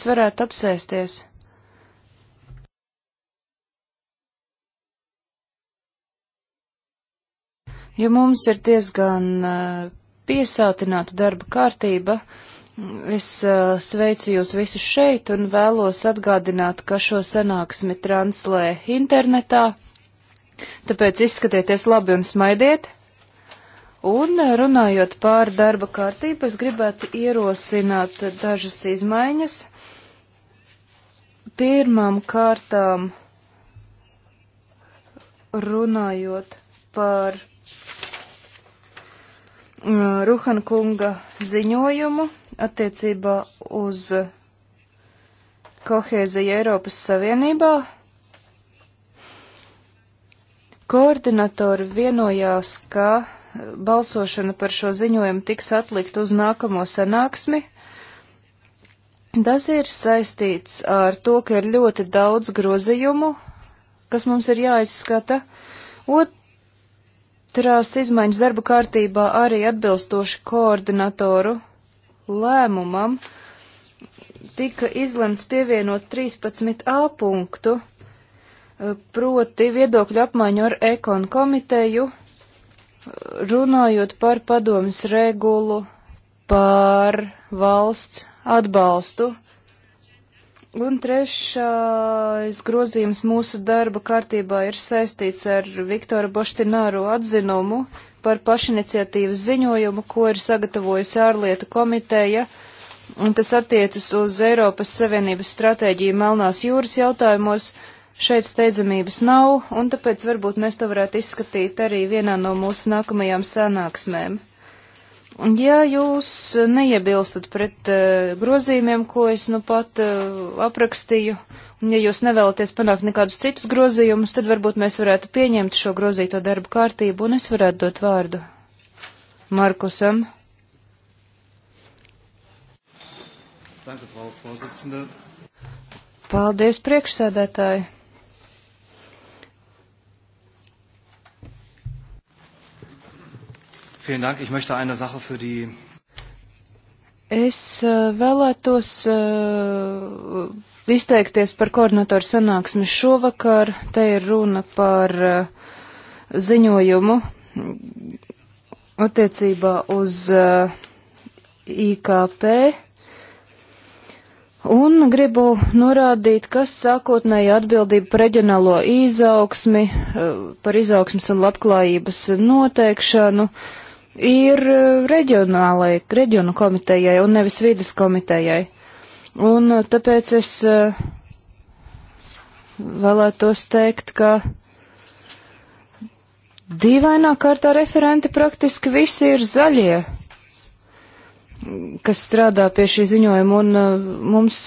Es varētu apsēsties. Jo mums ir diezgan eh, piesātināta darba kārtība, es eh, sveicu jūs visus šeit un vēlos atgādināt, ka šo sanāksmi translē internetā, tāpēc izskatieties labi un smaidiet. Un eh, runājot pār darba kārtību, es gribētu ierosināt dažas izmaiņas. Pirmām kārtām runājot par uh, Ruhana kunga ziņojumu attiecībā uz kohēziju Eiropas Savienībā. Koordinatori vienojās, ka balsošana par šo ziņojumu tiks atlikt uz nākamo sanāksmi, Tas ir saistīts ar to, ka ir ļoti daudz grozījumu, kas mums ir jāizskata. Otrās izmaiņas darba kārtībā arī atbilstoši koordinatoru lēmumam tika izlemts pievienot 13a punktu, proti viedokļu apmaiņu ar ekonu komiteju, runājot par padomas regulu par valsts atbalstu. Un trešais grozījums mūsu darba kārtībā ir saistīts ar Viktora Boštināru atzinumu par pašiniciatīvas ziņojumu, ko ir sagatavojusi ārlietu komiteja, un tas attiecas uz Eiropas Savienības stratēģiju Melnās jūras jautājumos. Šeit steidzamības nav, un tāpēc varbūt mēs to varētu izskatīt arī vienā no mūsu nākamajām sanāksmēm. Un ja jūs neiebilstat pret uh, grozījumiem, ko es nu pat uh, aprakstīju, un ja jūs nevēlaties panākt nekādus citus grozījumus, tad varbūt mēs varētu pieņemt šo grozīto darbu kārtību, un es varētu dot vārdu Markusam. Paldies, priekšsēdētāji! Vielen Dank. Ich möchte eine Sache für die. Es äh, vēlētos uh, izteikties par koordinatoru sanāksmi šovakar. Te ir runa par uh, ziņojumu attiecībā uz uh, IKP. Un gribu norādīt, kas sākotnēji atbildība par reģionālo izaugsmi, uh, par izaugsmas un labklājības noteikšanu, uh, ir e, reģionālai, reģionu komitejai un nevis vidas komitejai. Un e, tāpēc es e, vēlētos teikt, ka dīvainā kārtā referenti praktiski visi ir zaļie, kas strādā pie šī ziņojuma, un mums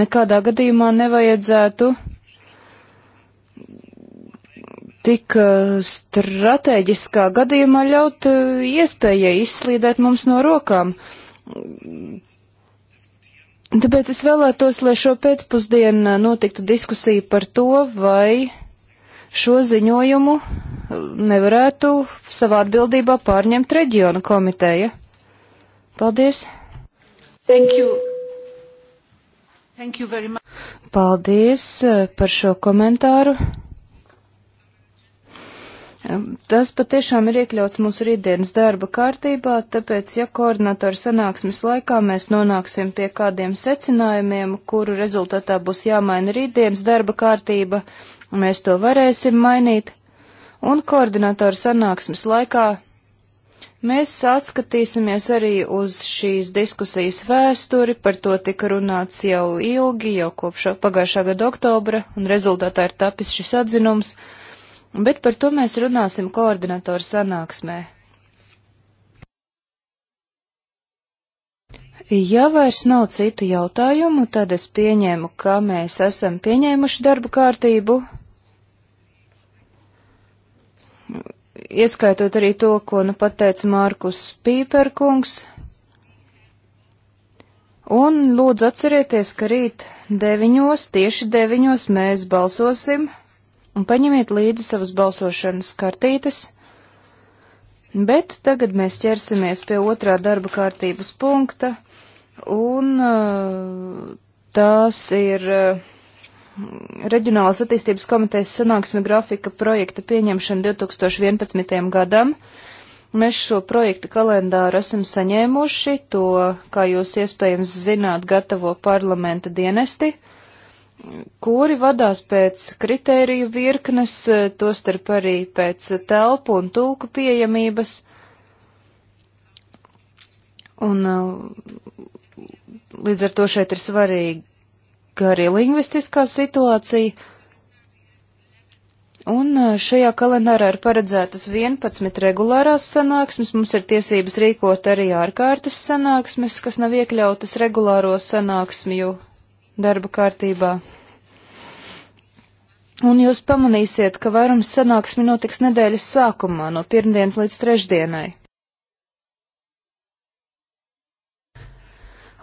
nekādā gadījumā nevajadzētu uh, tik eh, strateģiskā gadījumā ļaut eh, iespējai izslīdēt mums no rokām. Tāpēc es vēlētos, lai šo pēcpusdienu eh, notiktu diskusija par to, vai šo ziņojumu nevarētu savā atbildībā pārņemt reģiona komiteja. Paldies! Thank you. Thank you Paldies par šo komentāru. Tas patiešām ir iekļauts mūsu rītdienas darba kārtībā, tāpēc, ja koordinatoru sanāksmes laikā mēs nonāksim pie kādiem secinājumiem, kuru rezultātā būs jāmaina rītdienas darba kārtība, mēs to varēsim mainīt, un koordinatoru sanāksmes laikā mēs atskatīsimies arī uz šīs diskusijas vēsturi, par to tika runāts jau ilgi, jau kopš pagājušā gada oktobra, un rezultātā ir tapis šis atzinums bet par to mēs runāsim koordinatoru sanāksmē. Ja vairs nav citu jautājumu, tad es pieņēmu, ka mēs esam pieņēmuši darba kārtību, ieskaitot arī to, ko nu pateica Mārkus Pīperkungs. Un lūdzu atcerieties, ka rīt deviņos, tieši deviņos mēs balsosim un paņemiet līdzi savas balsošanas kartītes. Bet tagad mēs ķersimies pie otrā darba kārtības punkta, un uh, tās ir uh, Reģionālās attīstības komitejas sanāksme grafika projekta pieņemšana 2011. gadam. Mēs šo projektu kalendāru esam saņēmuši, to, kā jūs iespējams zināt, gatavo parlamenta dienesti. Uh, kuri vadās pēc kritēriju virknes, e, tostarp arī pēc telpu un tulku pieejamības. Un e, līdz ar to šeit ir svarīga arī lingvistiskā situācija. Un e, šajā kalendārā ir paredzētas 11 regulārās sanāksmes, mums ir tiesības rīkot arī ārkārtas sanāksmes, kas nav iekļautas regulāro sanāksmju darba kārtībā. Un jūs pamanīsiet, ka vairums sanāksmi notiks nedēļas sākumā, no pirmdienas līdz trešdienai.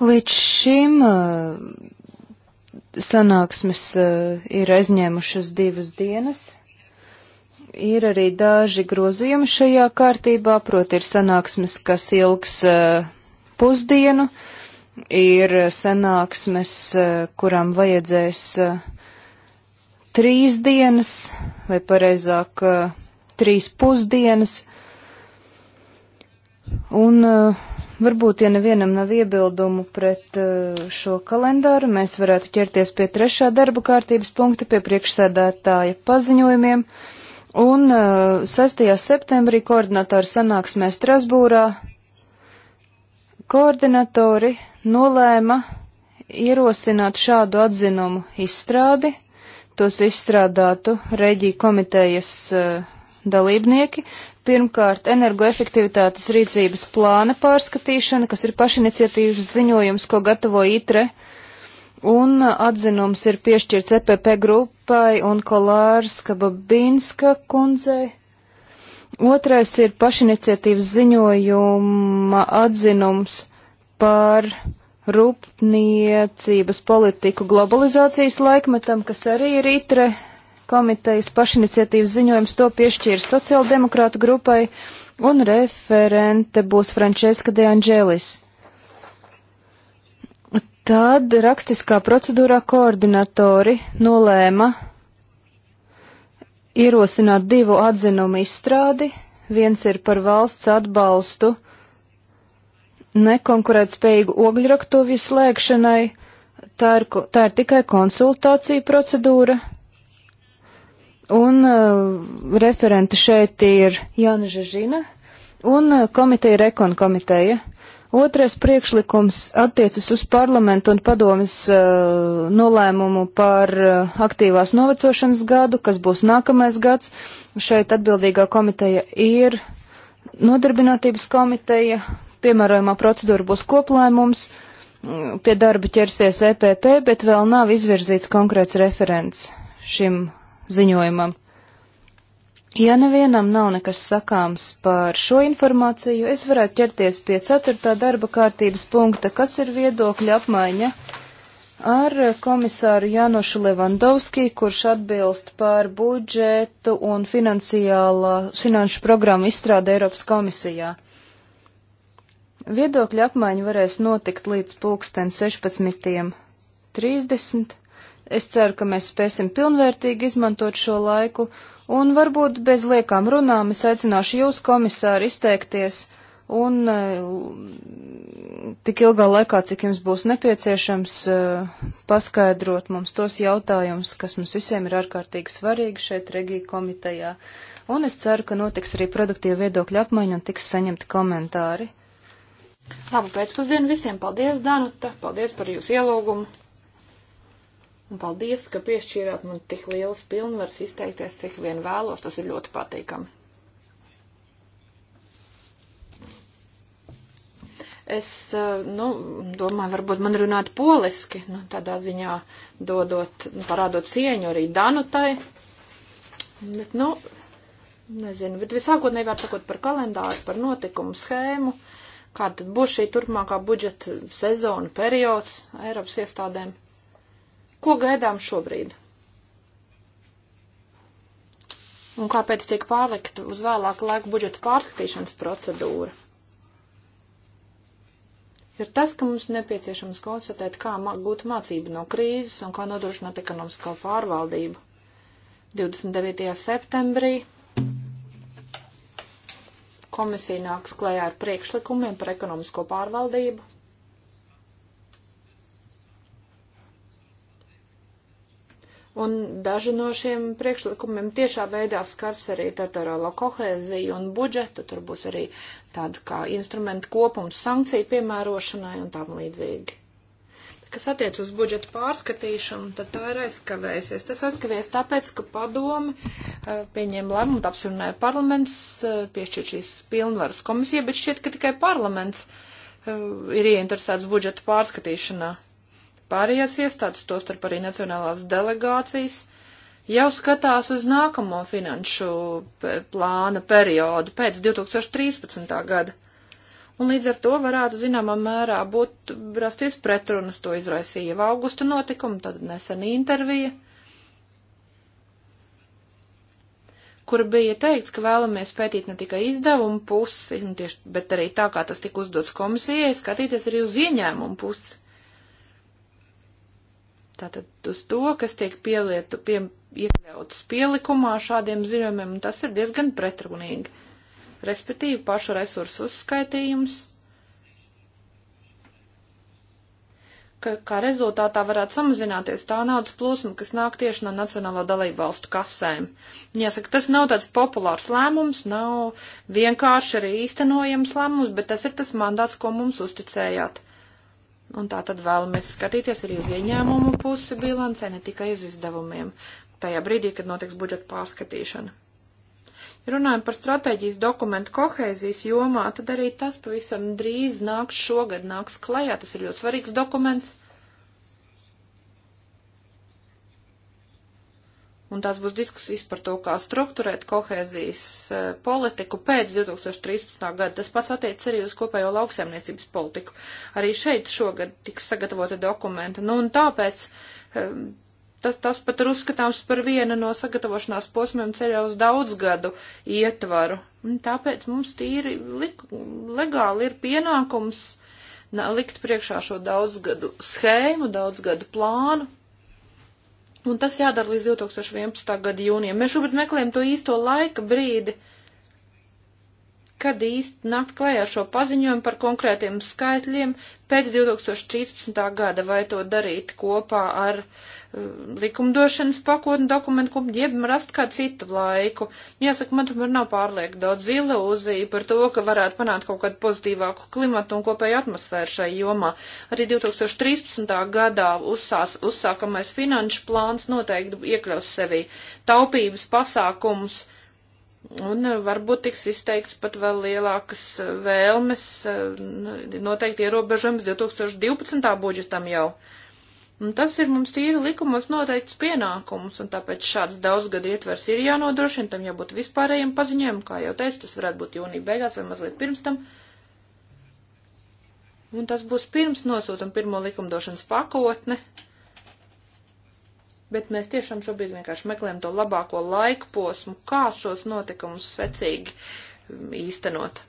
Līdz šim eh, sanāksmes eh, ir aizņēmušas divas dienas. Ir arī daži grozījumi šajā kārtībā, proti ir sanāksmes, kas ilgs eh, pusdienu. Uh, ir sanāksmes, eh, kurām vajadzēs eh, trīs dienas, vai pareizāk eh, trīs pusdienas. Un varbūt, ja nevienam nav iebildumu pret šo kalendāru, mēs varētu ķerties pie trešā darba kārtības punkta, pie priekšsēdētāja paziņojumiem. Un 6. septembrī koordinatoru sanāksmē Strasbūrā Koordinatori nolēma ierosināt šādu atzinumu izstrādi, tos izstrādātu reģiju komitejas uh, dalībnieki. Pirmkārt, energoefektivitātes rīcības plāna pārskatīšana, kas ir pašiniciatīvas ziņojums, ko gatavo ITRE, un eh, atzinums ir piešķirts EPP grupai un Kolārska Babinska kundzei. Otrais ir pašiniciatīvas ziņojuma atzinums par rūpniecības politiku globalizācijas laikmetam, kas arī ir itre komitejas pašiniciatīvas ziņojums, to piešķīra sociāldemokrātu grupai, un referente būs Frančeska de Angelis. Tad rakstiskā procedūrā koordinatori nolēma ierosināt divu atzinumu izstrādi. Viens ir par valsts atbalstu nekonkurētspējīgu ogļraktuvju slēgšanai. Tā ir, tā ir tikai konsultācija procedūra. Un uh, referenti šeit ir Jāna Žežina un uh, komiteja Rekon komiteja. Uh, Otrais priekšlikums attiecas uz parlamentu un padomis uh, nolēmumu par uh, aktīvās novecošanas gadu, kas būs nākamais gads. Šeit atbildīgā komiteja ir nodarbinātības komiteja, piemērojumā procedūra būs koplēmums, mm, pie darba ķersies EPP, bet vēl nav izvirzīts konkrēts referents šim ziņojumam. Ja nevienam nav nekas sakāms par šo informāciju, es varētu ķerties pie ceturtā darba kārtības punkta, kas ir viedokļa apmaiņa ar komisāru Janošu Levandovski, kurš atbilst par budžetu un finanšu programmu izstrāde Eiropas komisijā. Viedokļa apmaiņa varēs notikt līdz pulksten 16.30. Es ceru, ka mēs spēsim pilnvērtīgi izmantot šo laiku Un varbūt bez liekām runām es aicināšu jūs, komisāri, izteikties un eh, tik ilgā laikā, cik jums būs nepieciešams, eh, paskaidrot mums tos jautājumus, kas mums visiem ir ārkārtīgi svarīgi šeit Regija komitejā. Un es ceru, ka notiks arī produktīva viedokļa apmaiņa un tiks saņemti komentāri. Labu pēcpusdienu visiem. Paldies, Danuta. Paldies par jūsu ielūgumu. Un paldies, ka piešķīrāt man tik liels pilnvars izteikties, cik vien vēlos. Tas ir ļoti patīkami. Es, eh, nu, domāju, varbūt man runāt poliski, nu, tādā ziņā dodot, parādot cieņu arī Danutai. Bet, nu, nezinu, bet visākotnēji var sakot par kalendāru, par notikumu schēmu, kāda būs šī turpmākā budžeta sezona periods Eiropas iestādēm. Ko gaidām šobrīd? Un kāpēc tiek pārlikta uz vēlāku laiku budžeta pārskatīšanas procedūra? Ir tas, ka mums nepieciešams konstatēt, kā gūt mācību no krīzes un kā nodrošināt ekonomisko pārvaldību. 29. septembrī komisija nāks klajā ar priekšlikumiem par ekonomisko pārvaldību. Un daži no šiem priekšlikumiem tiešā veidā skars arī teritoriālo kohēziju un budžetu. Tur būs arī tāda kā instrumenta kopums sankciju piemērošanai un tam līdzīgi. Kas attiec uz budžetu pārskatīšanu, tad tā ir aizkavējusies. Tas aizkavējies tāpēc, ka padomi eh, pieņēma lēmumu, apsvērnēja parlaments, eh, piešķir šīs pilnvaras komisija, bet šķiet, ka tikai parlaments eh, ir ieinteresēts budžetu pārskatīšanā. Pārējās iestādes, tostarp arī nacionālās delegācijas, jau skatās uz nākamo finanšu plāna periodu pēc 2013. gada. Un līdz ar to varētu zināmā mērā būt rasties pretrunas, to izraisīja jau augusta notikuma, tad nesen intervija, kur bija teikts, ka vēlamies pētīt ne tikai izdevumu pusi, tieši, bet arī tā, kā tas tika uzdots komisijai, skatīties arī uz ieņēmumu pusi Tātad uz to, kas tiek pielietu, pie, iekļauts pielikumā šādiem ziņojumiem, un tas ir diezgan pretrunīgi. Respektīvi pašu resursu uzskaitījums, ka kā rezultātā varētu samazināties tā naudas plūsma, kas nāk tieši no nacionālo dalību valstu kasēm. Jāsaka, tas nav tāds populārs lēmums, nav vienkārši arī īstenojams lēmums, bet tas ir tas mandāts, ko mums uzticējāt. Un tā tad vēlamies skatīties arī uz ieņēmumu pusi bilancē, ne tikai uz izdevumiem, tajā brīdī, kad notiks budžeta pārskatīšana. Ja runājam par stratēģijas dokumentu kohēzijas jomā, tad arī tas pavisam drīz nāks šogad, nāks klajā. Tas ir ļoti svarīgs dokuments. un tās būs diskusijas par to, kā strukturēt kohēzijas eh, politiku pēc 2013. gada. Tas pats attiec arī uz kopējo lauksaimniecības politiku. Arī šeit šogad tiks sagatavota dokumenta. Nu, un tāpēc ehm, tas, tas pat ir uzskatāms par vienu no sagatavošanās posmiem ceļā uz daudzgadu ietvaru. Un tāpēc mums tīri lik, legāli ir pienākums likt priekšā šo daudzgadu schēmu, daudzgadu plānu Un tas jādara līdz 2011. gada jūnijam. Mēs šobrīd meklējam to īsto laika brīdi, kad īsti nakt klajā šo paziņojumu par konkrētiem skaitļiem pēc 2013. gada, vai to darīt kopā ar uh, Uh, likumdošanas pakotni dokumentu kopumu, jeb rast kā citu laiku. Jāsaka, man tomēr nav pārlieku daudz ilūzija par to, ka varētu panākt kaut kādu pozitīvāku klimatu un kopēju atmosfēru šai jomā. Arī 2013. gadā uzsās, uzsākamais finanšu plāns noteikti iekļaus sevi taupības pasākumus. Un uh, varbūt tiks izteikts pat vēl lielākas uh, vēlmes, noteikti ierobežojums 2012. budžetam jau. Uh, Un tas ir mums tīri likumos noteikts pienākums, un tāpēc šāds daudzgadu ietvers ir jānodrošina, tam jābūt vispārējiem paziņojumam, kā jau teicu, tas varētu būt jūnija beigās vai mazliet pirms tam. Un tas būs pirms nosūtam pirmo likumdošanas pakotni. Bet mēs tiešām šobrīd vienkārši meklējam to labāko laikposmu, kā šos notikumus secīgi mm, īstenot.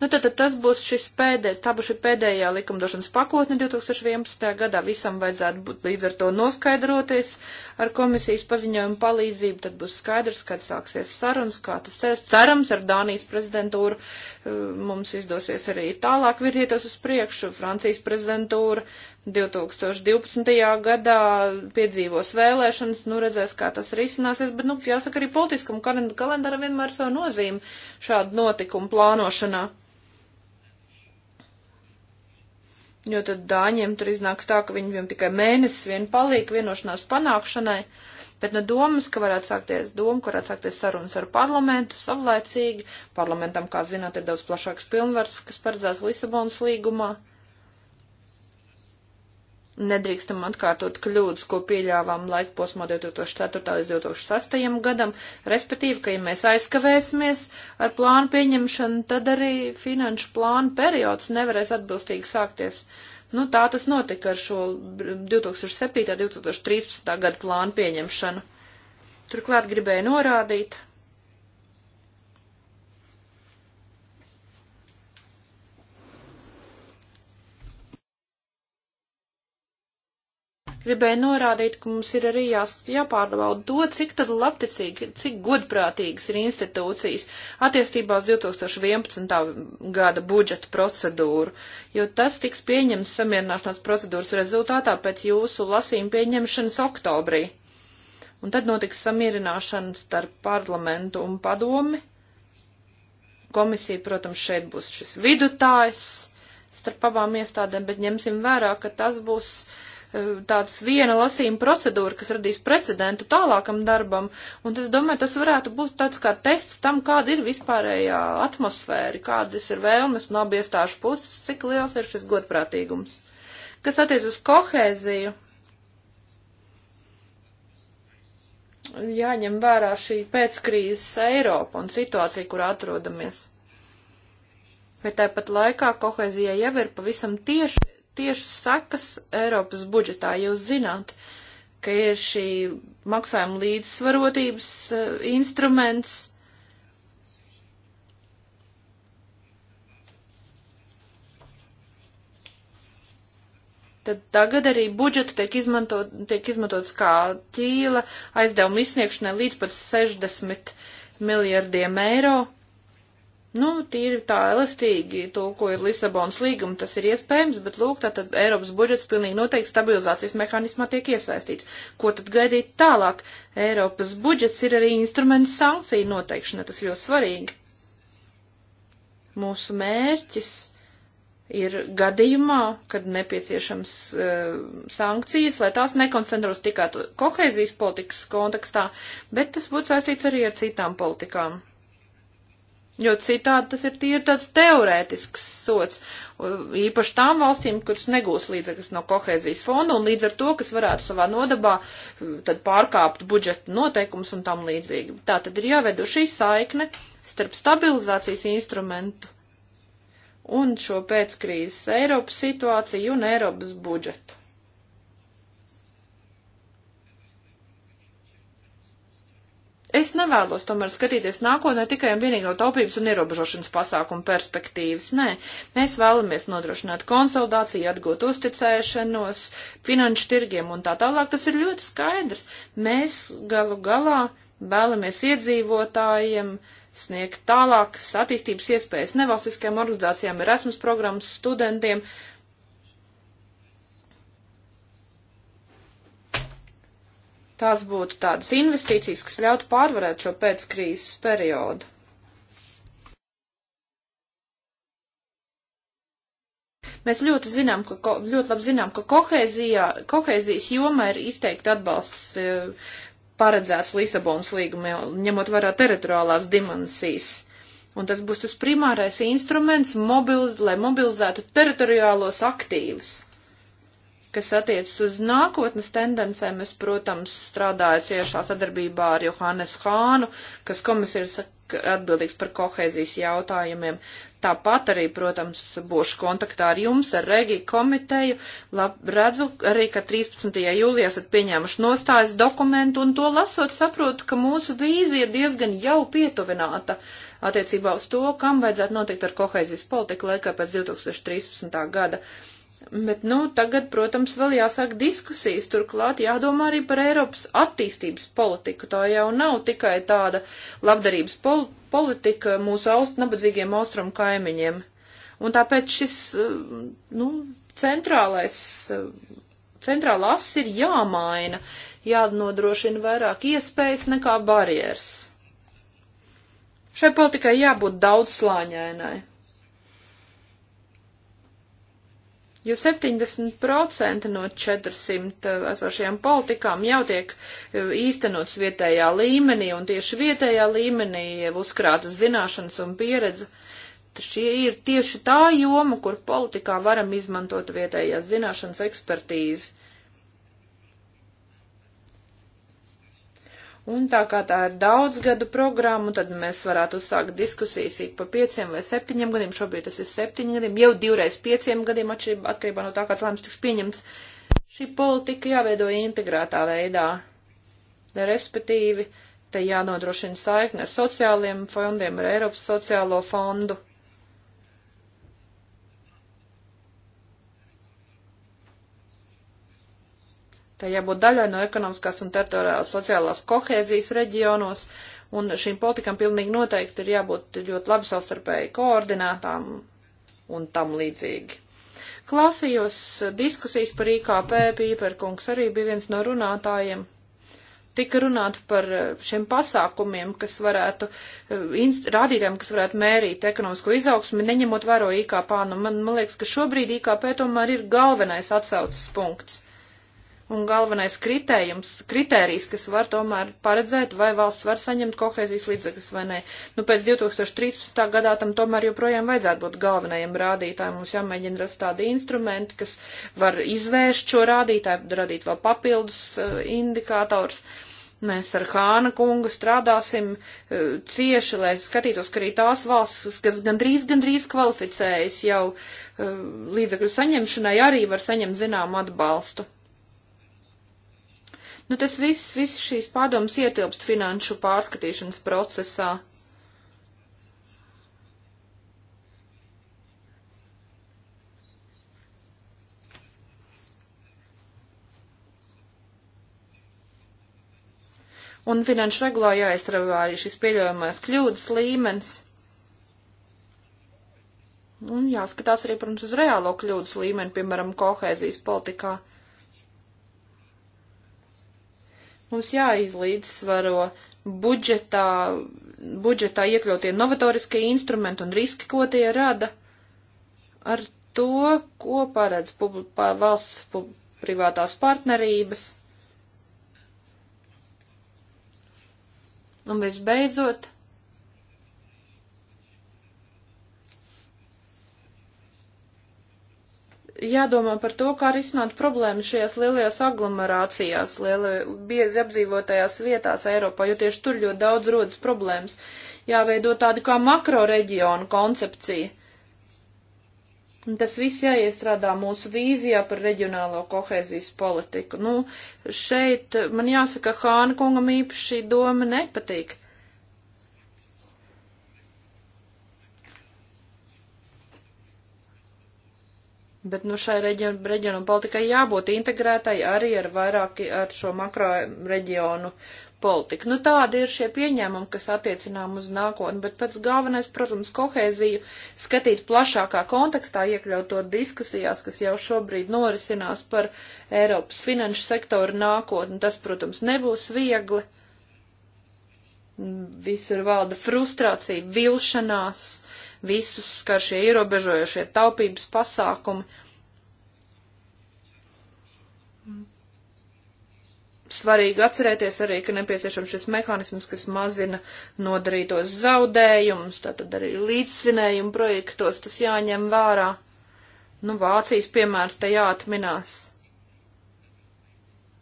Nu, tad, tad tas būs šis pēdējais, tā būs šī pēdējā likumdošanas pakotne 2011. gadā. Visam vajadzētu būt līdz ar to noskaidroties ar komisijas paziņojumu palīdzību. Tad būs skaidrs, kad sāksies sarunas, kā tas cerams. Cerams, ar Dānijas prezidentūru uh, mums izdosies arī tālāk virzieties uz priekšu. Francijas prezidentūra 2012. gadā piedzīvos vēlēšanas, nu redzēs, kā tas risināsies, bet, nu, jāsaka, arī politiskam kalendāram vienmēr savu nozīmi šādu notikumu plānošanā. Jo tad dāņiem tur iznāks tā, ka viņiem tikai mēnesis vien paliek vienošanās panākšanai, bet no domas, ka varētu sākties doma, ka varētu sākties sarunas ar parlamentu savlaicīgi. Parlamentam, kā zināt, ir daudz plašāks pilnvars, kas paredzēts Lisabonas līgumā. Uh, nedrīkstam atkārtot kļūdas, ko pieļāvām laika posmā 2004. līdz 2008. gadam, respektīvi, ka ja mēs aizkavēsimies ar plānu pieņemšanu, tad arī finanšu plānu periods nevarēs atbilstīgi sākties. Nu, tā tas notika ar šo 2007. 2013. gadu plānu pieņemšanu. Turklāt gribēju norādīt, Gribēju norādīt, ka mums ir arī jās, jāpārbauda to, cik tad labticīgi, cik godprātīgas ir institūcijas attiecībā uz 2011. gada budžeta procedūru, jo tas tiks pieņems samierināšanās procedūras rezultātā pēc jūsu lasījuma pieņemšanas oktobrī. Un tad notiks samierināšana starp parlamentu un padomi. Komisija, protams, šeit būs šis vidutājs starp abām iestādēm, bet ņemsim vērā, ka tas būs uh, tāds viena lasījuma procedūra, kas radīs precedentu tālākam darbam, un es domāju, tas varētu būt tāds kā tests tam, kāda ir vispārējā atmosfēra, kādas ir vēlmes no abi iestāžu puses, cik liels ir šis godprātīgums. Kas attiec uz kohēziju, jāņem vērā šī pēckrīzes Eiropa un situācija, kurā atrodamies. Bet tāpat laikā kohēzijai jau ir pavisam tieši tieši sekas Eiropas budžetā. Jūs zināt, ka ir šī maksājuma līdzsvarotības eh, instruments. Tad tagad arī budžetu tiek, izmantot, tiek izmantots kā ķīla aizdevuma izsniegšanai līdz pat 60 miljardiem eiro. Nu, tīri tā elastīgi, tulkojot Lisabonas līgumu, tas ir iespējams, bet lūk, tātad Eiropas budžets pilnīgi noteikti stabilizācijas mehānismā tiek iesaistīts. Ko tad gaidīt tālāk? Eiropas budžets ir arī instruments sankciju noteikšana, tas ļoti svarīgi. Mūsu mērķis ir gadījumā, kad nepieciešams uh, sankcijas, lai tās nekoncentros tikai kohēzijas politikas kontekstā, bet tas būtu saistīts arī ar citām politikām. Jo citādi tas ir tīri tāds teorētisks sots, īpaši tām valstīm, kuras negūs līdzekļus no kohēzijas fonda un līdz ar to, kas varētu savā nodabā tad pārkāpt budžeta noteikums un tam līdzīgi. Tā tad ir jāveido šī saikne starp stabilizācijas instrumentu un šo pēckrīzes Eiropas situāciju un Eiropas budžetu. Es nevēlos tomēr skatīties nākotnē tikai un vienīgi no taupības un ierobežošanas pasākumu perspektīvas. Nē, mēs vēlamies nodrošināt konsolidāciju, atgūt uzticēšanos finanšu tirgiem un tā tālāk. Tas ir ļoti skaidrs. Mēs galu galā vēlamies iedzīvotājiem sniegt tālākas attīstības iespējas nevalstiskajām organizācijām, Erasmus programmas studentiem Tās būtu tādas investīcijas, kas ļautu pārvarēt šo pēckrīzes periodu. Mēs ļoti, zinām, ka, ļoti labi zinām, ka kohēzijas jomā ir izteikti atbalsts e, paredzēts Lisabonas līgumā, ņemot vērā teritoriālās dimensijas. Un tas būs tas primārais instruments, mobiliz, lai mobilizētu teritoriālos aktīvus kas attiecas uz nākotnes tendencēm, es, protams, strādāju ciešā sadarbībā ar Johannes Hānu, kas komisijas atbildīgs par kohēzijas jautājumiem. Tāpat arī, protams, būšu kontaktā ar jums, ar Regi komiteju. Lab, redzu arī, ka 13. jūlijā esat pieņēmuši nostājas dokumentu un to lasot saprotu, ka mūsu vīzija ir diezgan jau pietuvināta attiecībā uz to, kam vajadzētu notikt ar kohēzijas politiku laikā pēc 2013. gada. Uh, Bet, nu, tagad, protams, vēl jāsāk diskusijas, turklāt jādomā arī par Eiropas attīstības politiku. Tā jau nav tikai tāda labdarības pol politika mūsu aust, nabadzīgiem austrumu kaimiņiem. Un tāpēc šis, eh, nu, centrālais, eh, centrāla ass ir jāmaina, jānodrošina vairāk iespējas nekā barjeras. Šai politikai jābūt daudz slāņainai. jo 70% no 400 eh, esošajām politikām jau tiek eh, īstenots vietējā līmenī, un tieši vietējā līmenī uzkrātas zināšanas un pieredze. Šī ir tieši tā joma, kur politikā varam izmantot vietējās zināšanas ekspertīzi. Un tā kā tā ir daudzgadu programma, tad mēs varētu uzsākt diskusijas ik pa pieciem vai septiņiem gadiem. Šobrīd tas ir septiņi gadiem, jau divreiz pieciem gadiem atšķirībā atkarībā no tā, kāds lēmums tiks pieņemts. Šī politika jāveido integrētā veidā. Respektīvi, te jānodrošina saikne ar sociāliem fondiem, ar Eiropas sociālo fondu Tā jābūt daļai no ekonomiskās un teritoriālās sociālās kohēzijas reģionos, un šīm politikām pilnīgi noteikti ir jābūt ļoti labi savstarpēji koordinētām un tam līdzīgi. Klausījos diskusijas par IKP, Pīperkungs arī bija viens no runātājiem. Tika runāt par šiem pasākumiem, kas varētu, rādītājiem, kas varētu mērīt ekonomisko izaugsmi, neņemot vēro IKP. Nu, man, man liekas, ka šobrīd IKP tomēr ir galvenais atsaucas punkts un galvenais kritējums, kritērijs, kas var tomēr paredzēt, vai valsts var saņemt kohēzijas līdzekļus vai nē. Nu, pēc 2013. gadā tam tomēr joprojām vajadzētu būt galvenajam rādītājam. Mums jāmēģina rast tādi instrumenti, kas var izvērst šo rādītāju, radīt vēl papildus uh, indikātors. Mēs ar Hāna kungu strādāsim uh, cieši, lai skatītos, ka arī tās valstis, kas gandrīz, gandrīz kvalificējas jau uh, līdzekļu saņemšanai, arī var saņemt zinām atbalstu. Nu, tas viss, viss šīs pārdomas ietilpst finanšu pārskatīšanas procesā. un finanšu regulā jāizstrādā arī šis pieļaujamās kļūdas līmenis. Un jāskatās arī, protams, uz reālo kļūdas līmeni, piemēram, kohēzijas politikā. Mums jāizlīdzsvaro budžetā, budžetā iekļautie novatoriskie instrumenti un riski, ko tie rada, ar to, ko paredz pub valsts pub privātās partnerības. Un visbeidzot, jādomā par to, kā risināt problēmas šajās lielajās aglomerācijās, lielai, biezi apdzīvotajās vietās Eiropā, jo tieši tur ļoti daudz rodas problēmas. Jāveido tādu kā makro reģionu koncepcija. Un tas viss jāiestrādā mūsu vīzijā par reģionālo kohēzijas politiku. Nu, šeit man jāsaka, Hāna kungam īpaši šī doma nepatīk. Bet nu, šai reģion, reģionu politikai jābūt integrētai arī ar vairāk ar šo makro reģionu politiku. Nu, tādi ir šie pieņēmumi, kas attiecinām uz nākotni, bet pēc galvenais, protams, kohēziju skatīt plašākā kontekstā, iekļaut to diskusijās, kas jau šobrīd norisinās par Eiropas finanšu sektoru nākotni. Tas, protams, nebūs viegli. Visur valda frustrācija, vilšanās visus skar šie ierobežojošie taupības pasākumi. Svarīgi atcerēties arī, ka nepieciešams šis mehānisms, kas mazina nodarītos zaudējumus, tātad arī līdzsvinējumu projektos tas jāņem vērā. Nu, Vācijas piemērs te jāatminās.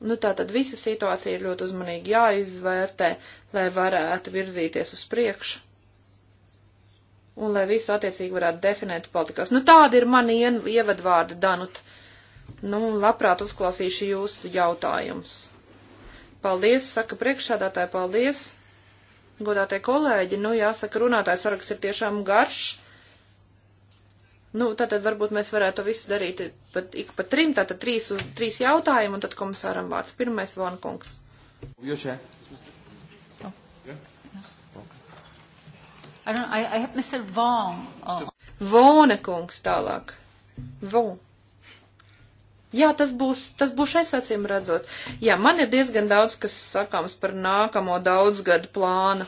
Nu, tā tad visa situācija ir ļoti uzmanīgi jāizvērtē, lai varētu virzīties uz priekšu un lai visu attiecīgi varētu definēt politikās. Nu, tādi ir mani ievadvārdi, Danut. Nu, labprāt uzklausīšu jūsu jautājumus. Paldies, saka priekšsādātāji, paldies. Godātie kolēģi, nu, jāsaka, runātājs saraksts ir tiešām garš. Nu, tātad varbūt mēs varētu to visu darīt pat, ik pa trim, tātad trīs, uz, trīs jautājumu, un tad komisāram vārds. Pirmais, Vonkungs. Jūčē. I don't, I, I have Mr. Vaughan. Oh. Vona kungs tālāk. Vaughan. Jā, tas būs, tas būs šais acīm redzot. Jā, man ir diezgan daudz, kas sakāms par nākamo daudzgadu plānu.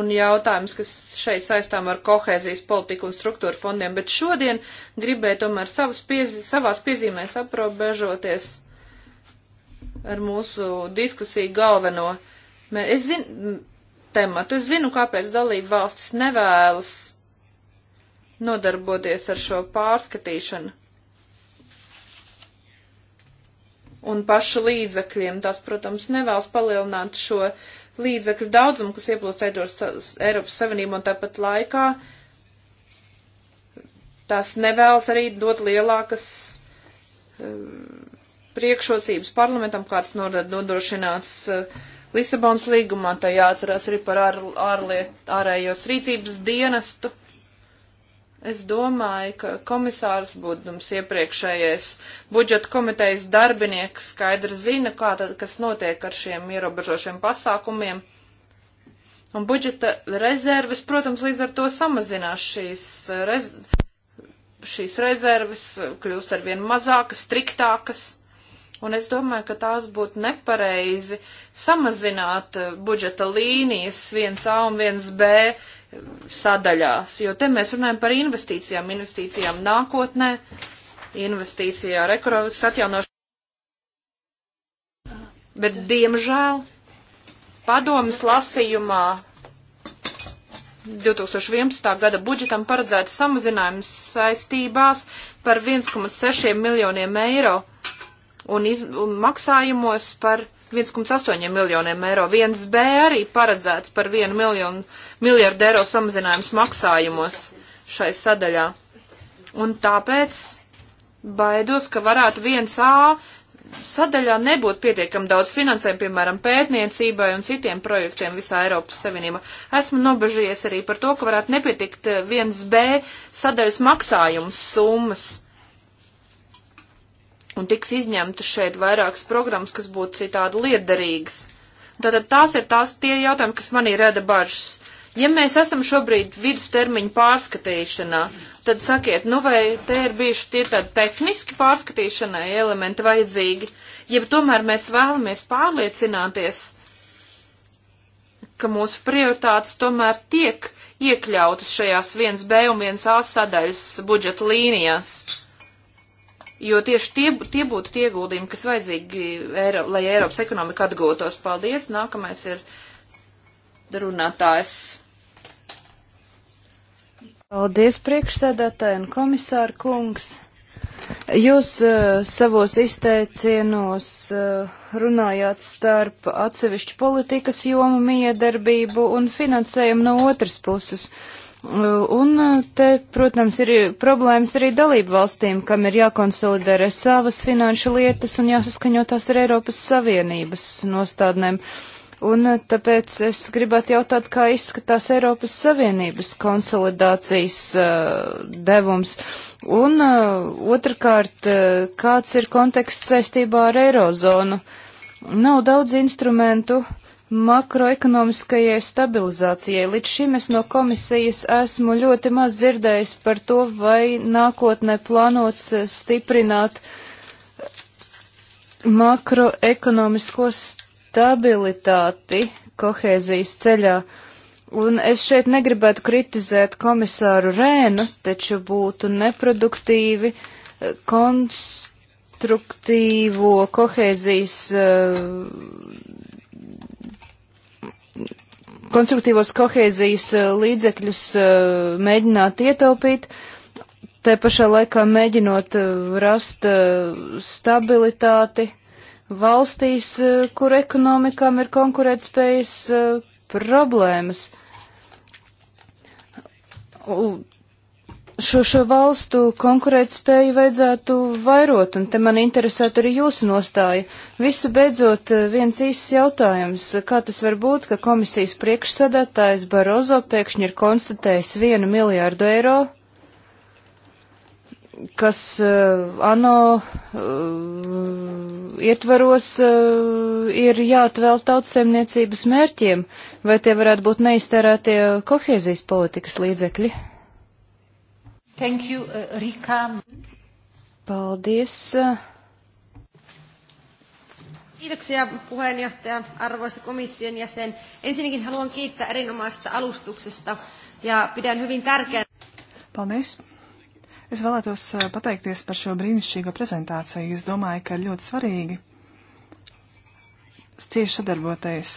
Un jautājums, kas šeit saistām ar kohēzijas politiku un struktūru fondiem, bet šodien gribēju tomēr savas piezi, savās piezīmēs aprobežoties ar mūsu diskusiju galveno. Es zinu, tematu. Es zinu, kāpēc dalība valstis nevēlas nodarboties ar šo pārskatīšanu. Un pašu līdzakļiem tās, protams, nevēlas palielināt šo līdzakļu daudzumu, kas ieplūst Eiropas Savienību un tāpat laikā tās nevēlas arī dot lielākas eh, priekšrocības parlamentam, kāds nodrošinās uh, Lisabonas līgumā, tā jāatcerās arī par ār, ārliet, ārējos rīcības dienestu. Es domāju, ka komisārs Budums iepriekšējais budžeta komitejas darbinieks skaidri zina, kā tad, kas notiek ar šiem ierobežošiem pasākumiem. Un budžeta rezerves, protams, līdz ar to samazinās šīs, eh, rez šīs rezerves, kļūst arvien mazākas, striktākas. Un es domāju, ka tās būtu nepareizi samazināt eh, budžeta līnijas 1A un 1B eh, sadaļās, jo te mēs runājam par investīcijām, investīcijām nākotnē, investīcijā ar ekonomikas atjaunošanu. Bet, diemžēl, padomas lasījumā 2011. gada budžetam paredzēta samazinājums saistībās par 1,6 miljoniem eiro un, iz, un maksājumos par 1,8 miljoniem eiro. 1B arī paredzēts par 1 miljonu, miljardu eiro samazinājums maksājumos šai sadaļā. Un tāpēc baidos, ka varētu 1A sadaļā nebūt pietiekami daudz finansējumu, piemēram, pētniecībai un citiem projektiem visā Eiropas Savienībā. Esmu nobežījies arī par to, ka varētu nepietikt 1B sadaļas maksājums summas un tiks izņemtas šeit vairākas programmas, kas būtu citādi liederīgas. Tātad tās ir tās tie jautājumi, kas manī rada bažas. Ja mēs esam šobrīd vidustermiņu pārskatīšanā, tad sakiet, nu vai te ir bijuši tie tādi tehniski pārskatīšanai elementi vajadzīgi, ja tomēr mēs vēlamies pārliecināties, ka mūsu prioritātes tomēr tiek iekļautas šajās 1B un 1A sadaļas budžeta līnijās jo tieši tie, tie būtu tie ieguldījumi, kas vajadzīgi, Eiro, lai Eiropas ekonomika atgūtos. Paldies! Nākamais ir runātājs. Paldies, priekšsēdētāji un komisāra kungs! Jūs uh, savos izteicienos uh, runājāt starp atsevišķu politikas jomu miedarbību un finansējumu no otras puses. Uh, Un uh, te, protams, ir problēmas arī dalību valstīm, kam ir jākonsolidē savas finanšu lietas un jāsaskaņo tās ar Eiropas Savienības nostādnēm. Un uh, tāpēc es gribētu jautāt, kā izskatās Eiropas Savienības konsolidācijas uh, devums. Un uh, otrkārt, uh, kāds ir konteksts saistībā ar Eirozonu? Nav daudz instrumentu, uh, makroekonomiskajai stabilizācijai. Līdz šim es no komisijas esmu ļoti maz dzirdējis par to, vai nākotnē plānots eh, stiprināt eh, makroekonomisko stabilitāti kohēzijas ceļā. Un es šeit negribētu kritizēt komisāru Rēnu, taču būtu neproduktīvi eh, konstruktīvo kohēzijas uh, konstruktīvos kohēzijas eh, līdzekļus eh, mēģināt ietaupīt, te pašā laikā mēģinot eh, rast stabilitāti valstīs, kur ekonomikām ir konkurētspējas problēmas šo, šo valstu konkurētspēju vajadzētu vairot, un te man interesētu arī jūsu nostāja. Visu beidzot, eh, viens īsts jautājums. Kā tas var būt, ka komisijas priekšsēdētājs Barozo pēkšņi ir konstatējis vienu miljārdu eiro, kas uh, ANO uh, ietvaros uh, ir jāatvēl tautsemniecības mērķiem, vai tie varētu būt neiztērētie kohēzijas politikas līdzekļi? Thank you, uh, Rika. Paldies. Kiitoksia puheenjohtaja, arvoisa komission jäsen. Ensinnäkin haluan kiittää erinomaisesta alustuksesta ja pidän hyvin tärkeänä. Paldies. Es vēlētos uh, pateikties par šo brīnišķīgo prezentāciju. Es domāju, ka ļoti svarīgi cieši sadarboties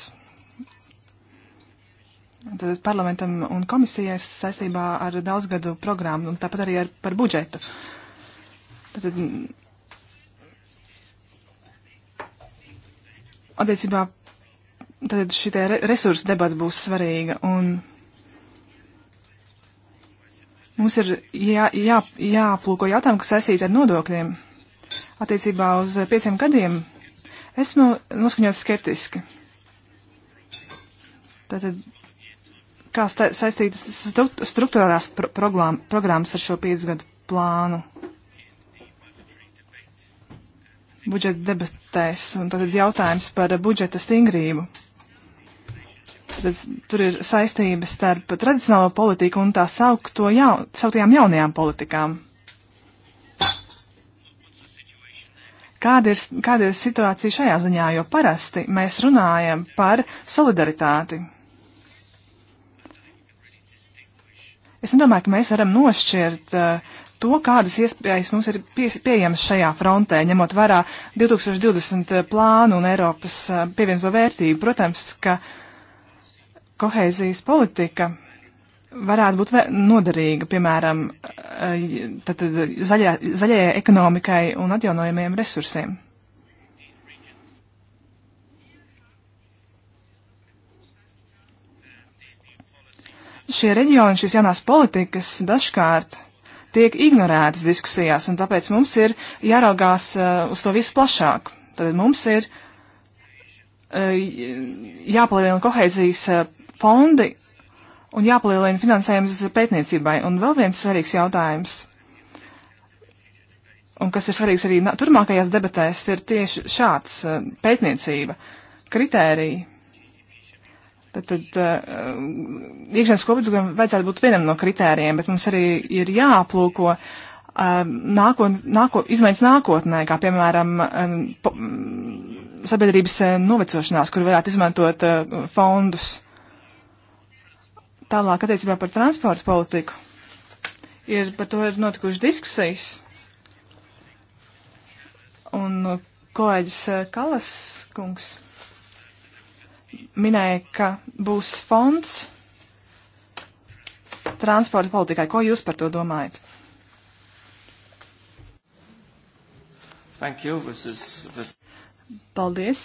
Tātad parlamentam un komisijai saistībā ar daudzgadu programmu un tāpat arī ar, par budžetu. Tātad, attiecībā, tātad šī re resursa debata būs svarīga un mums ir jā, jā, jāplūko jautājumu, kas saistīti ar nodokļiem. Attiecībā uz pieciem gadiem esmu noskaņots skeptiski. Tātad kā saistītas struktūrās pro programmas ar šo piecgadu plānu budžeta debatēs, un tad jautājums par budžeta stingrību. Tad, tur ir saistības starp tradicionālo politiku un tā saukto jaun, sauktajām jaunajām politikām. Kāda ir, kāda ir situācija šajā ziņā, jo parasti mēs runājam par solidaritāti Es nedomāju, ka mēs varam nošķirt uh, to, kādas iespējas mums ir pie, pieejamas šajā frontē, ņemot vērā 2020 eh, plānu un Eiropas uh, pievienoto vērtību. Protams, ka kohēzijas politika varētu būt noderīga, piemēram, tad, tad zaļā, zaļajai ekonomikai un atjaunojamiem resursiem. šie reģioni, šīs jaunās politikas dažkārt tiek ignorētas diskusijās, un tāpēc mums ir jāraugās uh, uz to visu plašāk. Tad mums ir uh, jāpalielina kohēzijas uh, fondi un jāpalielina finansējums pētniecībai. Un vēl viens svarīgs jautājums, un kas ir svarīgs arī turmākajās debatēs, ir tieši šāds pētniecība kritērija Tad, tad uh, iekšzemes koproduktam vajadzētu būt vienam no kritērijiem, bet mums arī ir jāaplūko uh, eh, nākot, nāko, izmaiņas nākotnē, kā piemēram uh, po, mm, sabiedrības uh, novecošanās, kur varētu izmantot uh, fondus. Tālāk attiecībā par transportu politiku. Ir, par to ir notikušas diskusijas. Un kolēģis Kalas kungs minēja, ka būs fonds transporta politikai. Ko jūs par to domājat? Thank you. This is the... Paldies.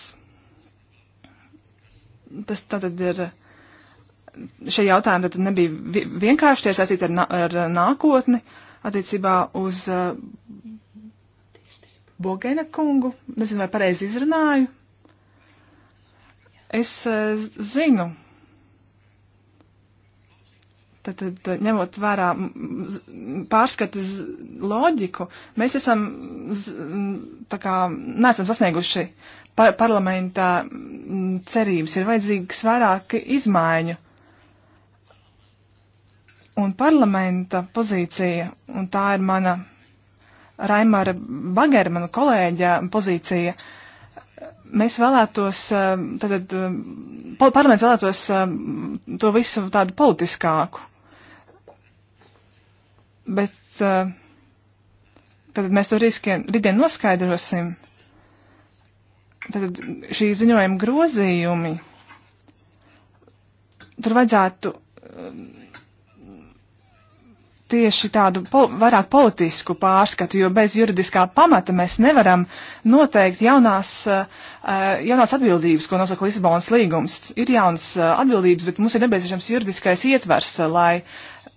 Tas tātad ir. Šie jautājumi tad nebija vienkārši tie saistīti ar, ar nākotni attiecībā uz uh, Bogena kungu. Nezinu, vai pareizi izrunāju. Es e, zinu, tad, tad ņemot vērā pārskatas loģiku, mēs esam, tā kā, neesam sasnieguši par parlamentā cerības, ir vajadzīgs vairāk izmaiņu. Un parlamenta pozīcija, un tā ir mana Raimara Bagera, mana kolēģa pozīcija, uh, mēs vēlētos, eh, tad eh, parlaments vēlētos eh, to visu tādu politiskāku. Bet tad mēs to riskien, rītdien noskaidrosim. Tad šī ziņojuma grozījumi, tur vajadzētu tieši tādu pol vairāk politisku pārskatu, jo bez juridiskā pamata mēs nevaram noteikt jaunās, eh, eh, jaunās atbildības, ko nosaka Lisabonas līgums. Ir jaunas eh, atbildības, bet mums ir nepieciešams juridiskais ietvers, lai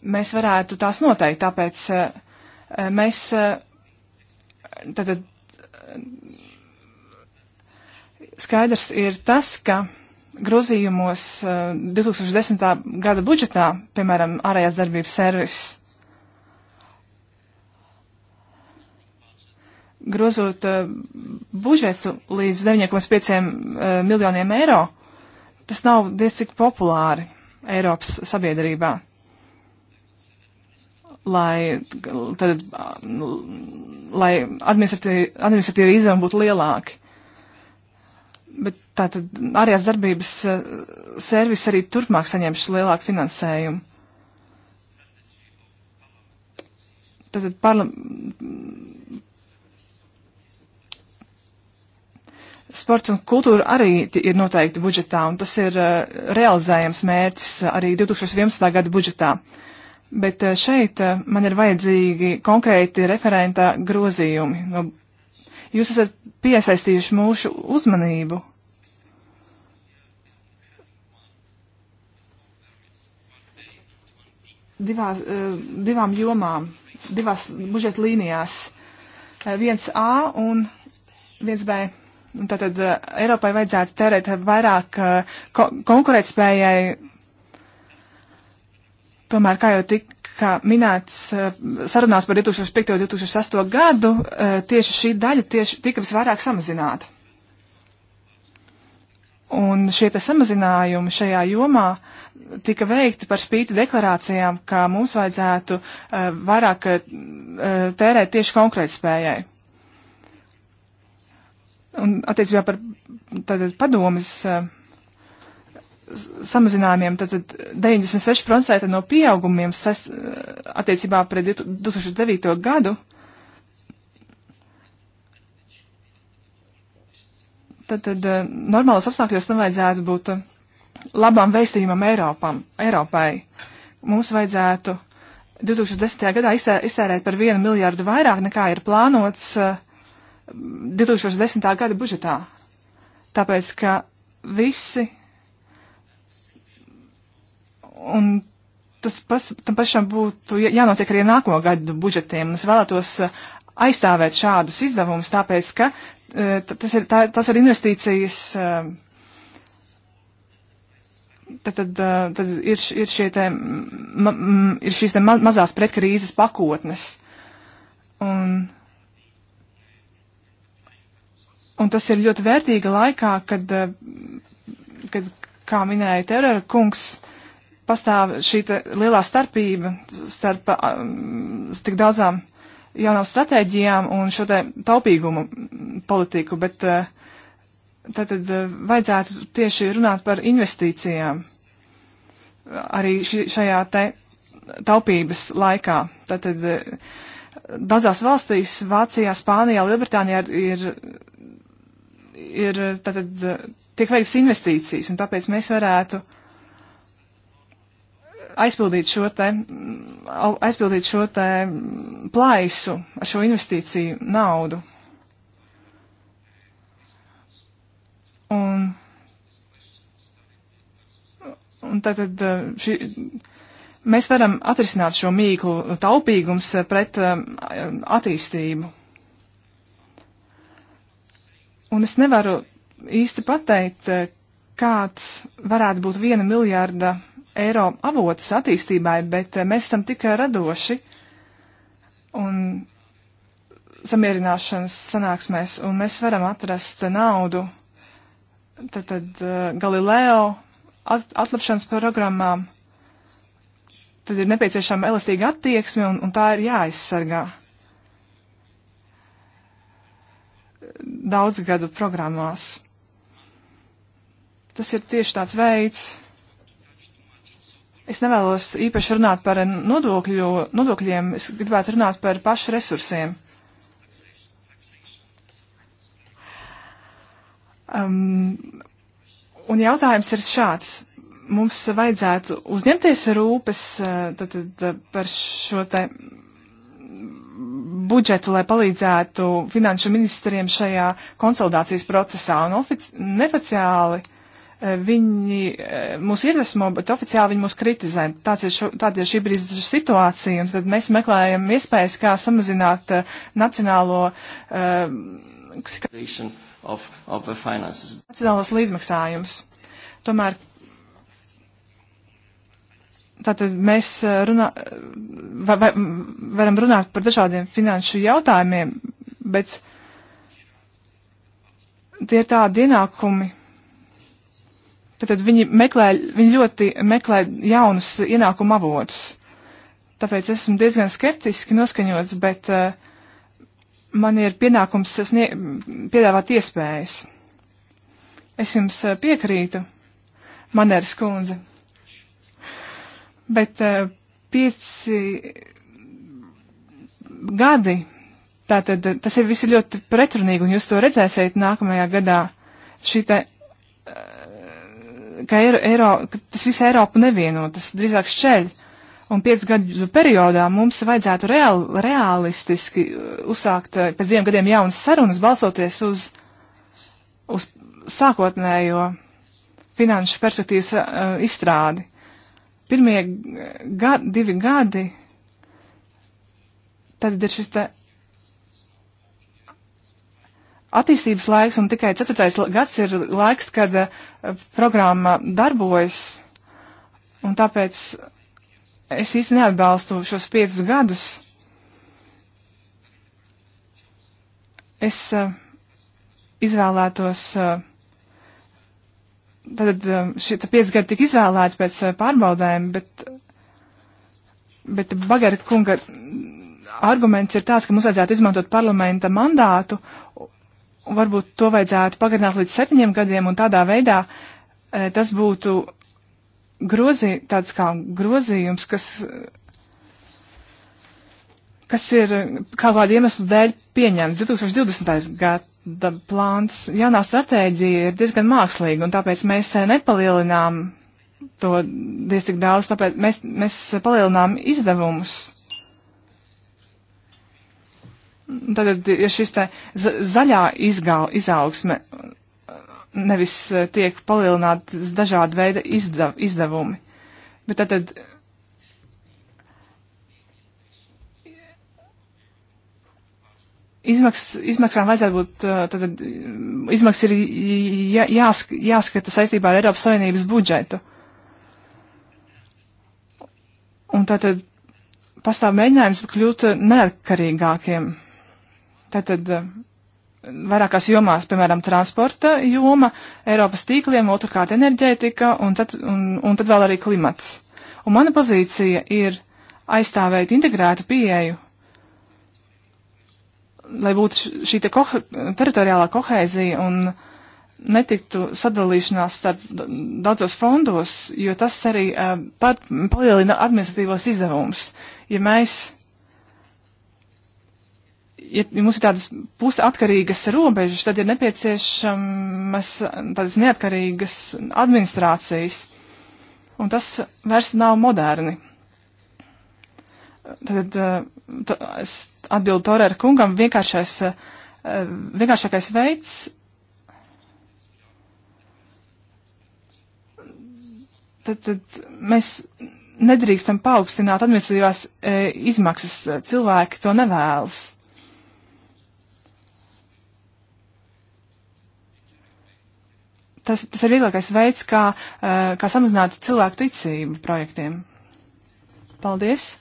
mēs varētu tās noteikt. Tāpēc mēs tātad skaidrs ir tas, ka grozījumos 2010. gada budžetā, piemēram, ārējās darbības servis, grozot uh, budžetu līdz 9,5 uh, eh, miljoniem eiro, tas nav diez cik populāri Eiropas sabiedrībā. Lai, tad, lai administratīvi izdevumi būtu lielāki. Bet tātad ārējās darbības uh, servis arī turpmāk saņemš lielāku finansējumu. Tātad parla Sports un kultūra arī ir noteikti budžetā, un tas ir uh, realizējams mērķis arī 2011. gada budžetā. Bet uh, šeit uh, man ir vajadzīgi konkrēti referenta grozījumi. No, jūs esat piesaistījuši mūsu uzmanību. Divās, divām jomām, divās budžeta līnijās. 1A un 1B Tātad eh, Eiropai vajadzētu tērēt vairāk eh, ko konkurētspējai. Tomēr, kā jau tika minēts eh, sarunās par 2005. un 2008. gadu, tieši šī daļa tieši tika visvairāk samazināta. Un šie te samazinājumi šajā jomā tika veikti par spīti deklarācijām, ka mums vajadzētu vairāk tērēt tieši konkrētspējai. spējai. Un attiecībā par tātad padomas samazinājumiem, tad 96% no pieaugumiem sas, attiecībā pret 2009. gadu. Tad, tad normālos apstākļos tam vajadzētu būt labām veistījumam Eiropam, Eiropai. Mums vajadzētu 2010. gadā iztērēt par vienu miljārdu vairāk nekā ir plānots uh, 2010. gada budžetā. Tāpēc, ka visi un tas pas, tam pašam būtu jānotiek arī nākamo gadu budžetiem. Es vēlētos uh, aizstāvēt šādus izdevumus, tāpēc, ka uh, tas ir, tā, tas ir investīcijas. Uh, tad, tad, tad ir, ir, šie te, ma, ir šīs te ma, mazās pretkrīzes pakotnes. Un Un tas ir ļoti vērtīga laikā, kad, eh, kad kā minēja Terora kungs, pastāv šī lielā starpība starp um, tik daudzām jaunām stratēģijām un šo te taupīgumu politiku, bet uh, tātad uh, vajadzētu tieši runāt par investīcijām arī ši, šajā te taupības laikā. Tātad uh, daudzās valstīs, Vācijā, Spānijā, Lielbritānijā ir, ir ir eh, tātad eh, tiek veikts investīcijas, un tāpēc mēs varētu aizpildīt šo te, mm, aizpildīt šo te mm, plaisu ar šo investīciju naudu. Un, un tātad eh, šī, mēs varam atrisināt šo mīklu taupīgums pret attīstību. Un es nevaru īsti pateikt, eh, kāds varētu būt viena miljārda eiro avots attīstībai, bet eh, mēs esam tikai radoši un samierināšanas sanāksmēs, un mēs varam atrast naudu tad, tad eh, Galileo at, atlapšanas programmām. Tad ir nepieciešama elastīga attieksme, un, un tā ir jāaizsargā. daudzgadu programmās. Tas ir tieši tāds veids. Es nevēlos īpaši runāt par nodokļu, nodokļiem, es gribētu runāt par pašu resursiem. Um, un jautājums ir šāds. Mums vajadzētu uzņemties rūpes uh, tad, tad, par šo te budžetu, lai palīdzētu finanšu ministriem šajā konsolidācijas procesā. Un neoficiāli e, viņi e, mūs iedvesmo, bet oficiāli viņi mūs kritizē. Tāds ir, šo, tāda ir šī brīža situācija, un tad mēs meklējam iespējas, kā samazināt uh, nacionālo. Uh, of, of Nacionālos līdzmaksājumus. Tomēr Tātad mēs eh, runā, va, va, varam runāt par dažādiem finanšu jautājumiem, bet tie ir tādi ienākumi. Tātad viņi, meklē, viņi ļoti meklē jaunus ienākumu avotus. Tāpēc esmu diezgan skeptiski noskaņots, bet uh, man ir pienākums sasnie, piedāvāt iespējas. Es jums eh, piekrītu, Maneris kundze bet eh, pieci gadi, tātad eh, tas ir visi ļoti pretrunīgi, un jūs to redzēsiet nākamajā gadā. Šita, eh, ka, Eiro, Eiro, ka tas visu Eiropu nevieno, tas drīzāk šķeļ. Un piecu gadu periodā mums vajadzētu reāli, realistiski uzsākt pēc diviem gadiem jaunas sarunas, balsoties uz, uz sākotnējo finanšu perspektīvas uh, izstrādi pirmie gad, divi gadi, tad ir šis te attīstības laiks, un tikai ceturtais gads ir laiks, kad uh, programma darbojas, un tāpēc es īsti neatbalstu šos piecus gadus. Es uh, izvēlētos uh, tad um, šie pieci gadi tika izvēlēti pēc uh, pārbaudēm, bet, bet Bagara kunga arguments ir tāds, ka mums vajadzētu izmantot parlamenta mandātu, un varbūt to vajadzētu pagarināt līdz septiņiem gadiem, un tādā veidā e, tas būtu grozī, tāds kā grozījums, kas, kas ir eh, kaut kāda iemesla dēļ pieņemts 2020. gads plāns, jaunā stratēģija ir diezgan mākslīga, un tāpēc mēs eh, nepalielinām to diezgan daudz, tāpēc mēs, mēs palielinām izdevumus. Tātad ir šis te zaļā izgau, izaugsme, nevis eh, tiek palielināts dažādi veidi izdev, izdevumi. Bet tātad Izmaks, izmaksām vajadzētu būt, tad izmaksas ir jā, jāsk, jāskata saistībā ar Eiropas Savienības budžetu. Un tātad pastāv mēģinājums kļūt neatkarīgākiem. Tātad vairākās jomās, piemēram, transporta joma, Eiropas tīkliem, otrkārt enerģētika un, cet, un, un tad vēl arī klimats. Un mana pozīcija ir aizstāvēt integrētu pieeju lai būtu šī te kohe, teritoriālā kohēzija un netiktu sadalīšanās starp daudzos fondos, jo tas arī uh, pat palielina administratīvos izdevumus. Ja mēs, ja, ja mums ir tādas pusatkarīgas robežas, tad ir nepieciešamas tādas neatkarīgas administrācijas, un tas vairs nav moderni. Tad, uh, tā, es atbildu Torēra kungam, vienkāršais, eh, vienkāršākais veids tad, tad mēs nedrīkstam paaugstināt administratīvās e, izmaksas. Cilvēki to nevēlas. Tas, tas ir vieglākais veids, kā, e, kā samazināt cilvēku ticību projektiem. Paldies!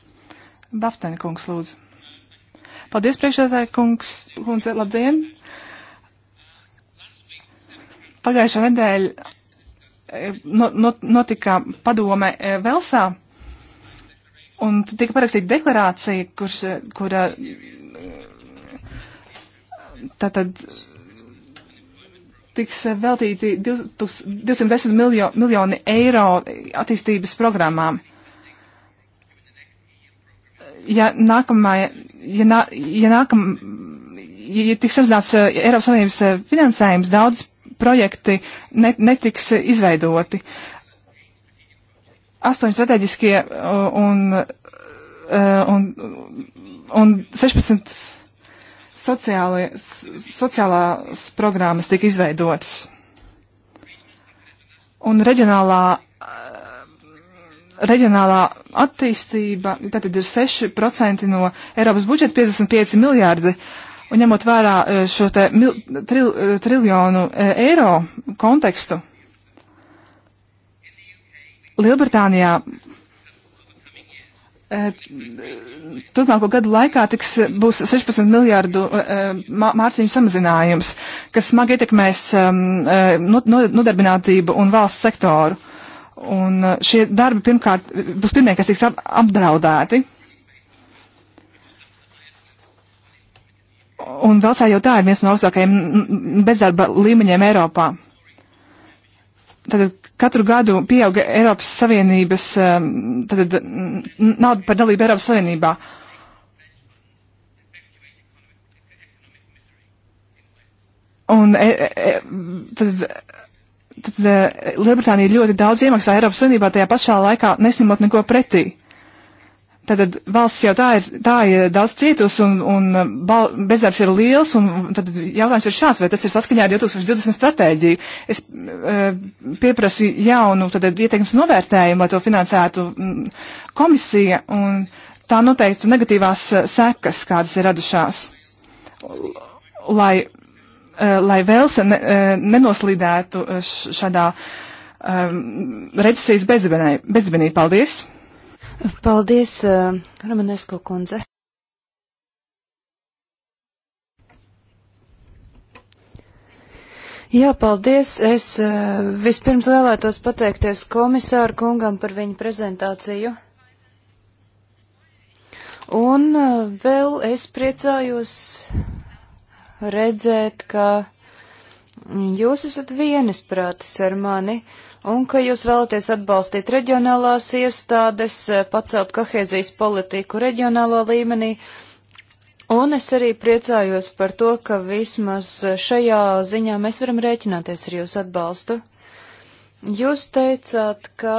Bafteni kungs lūdzu. Paldies, priekšsēdētāji kungs, kungs, labdien! Pagājušā nedēļa eh, not, not, notika padome eh, Velsā, un tika parakstīta deklarācija, kurš, eh, kura tātad tiks veltīti 210 miljo, miljoni eiro attīstības programmām. Ja nākamajā ja, nā, ja nākam, ja, ja tiks samazināts uh, eh, Eiropas Savienības uh, finansējums, daudz projekti ne, netiks uh, izveidoti. Astoņi strateģiskie eh, un, un, un 16 sociāli, sociālās programmas tika izveidotas. Un reģionālā reģionālā attīstība, tātad ir 6% no Eiropas budžeta 55 miljārdi, un ņemot vērā e, šo te mil, tril, e, triljonu e, eiro kontekstu, Lielbritānijā turpmāko gadu laikā tiks, būs 16 miljārdu mārciņu samazinājums, kas smagi ietekmēs nu, nu, nodarbinātību un valsts sektoru. Un uh, šie darbi pirmkārt uh, būs pirmie, kas tiks ap apdraudēti. Un Velsā jau tā ir viens no augstākajiem bezdarba līmeņiem Eiropā. Tātad katru gadu pieauga Eiropas Savienības, um, tātad nauda par dalību Eiropas Savienībā. Un e, e, e tad tad uh, Lielbritānija ļoti daudz iemaksā Eiropas Savienībā, tajā pašā laikā nesimot neko pretī. Tātad valsts jau tā ir, tā ir daudz cietus un, un eh, bal, bezdarbs ir liels, un tad jautājums ir šāds, vai tas ir saskaņā ar 2020 stratēģiju. Es uh, pieprasu jaunu ieteikums novērtējumu, lai to finansētu mm, komisija, un tā noteiktu negatīvās sekas, kādas ir radušās, lai Eh, lai Velsa ne, eh, nenoslīdētu eh, šādā um, recesijas bezdibenī. bezdibenī. Paldies! Paldies, uh, Romanesko kundze! Jā, paldies. Es vispirms vēlētos pateikties komisāru kungam par viņu prezentāciju. Un vēl es priecājos redzēt, ka jūs esat vienisprātis ar mani un ka jūs vēlaties atbalstīt reģionālās iestādes, pacelt kohēzijas politiku reģionālo līmenī. Un es arī priecājos par to, ka vismaz šajā ziņā mēs varam rēķināties ar jūsu atbalstu. Jūs teicāt, ka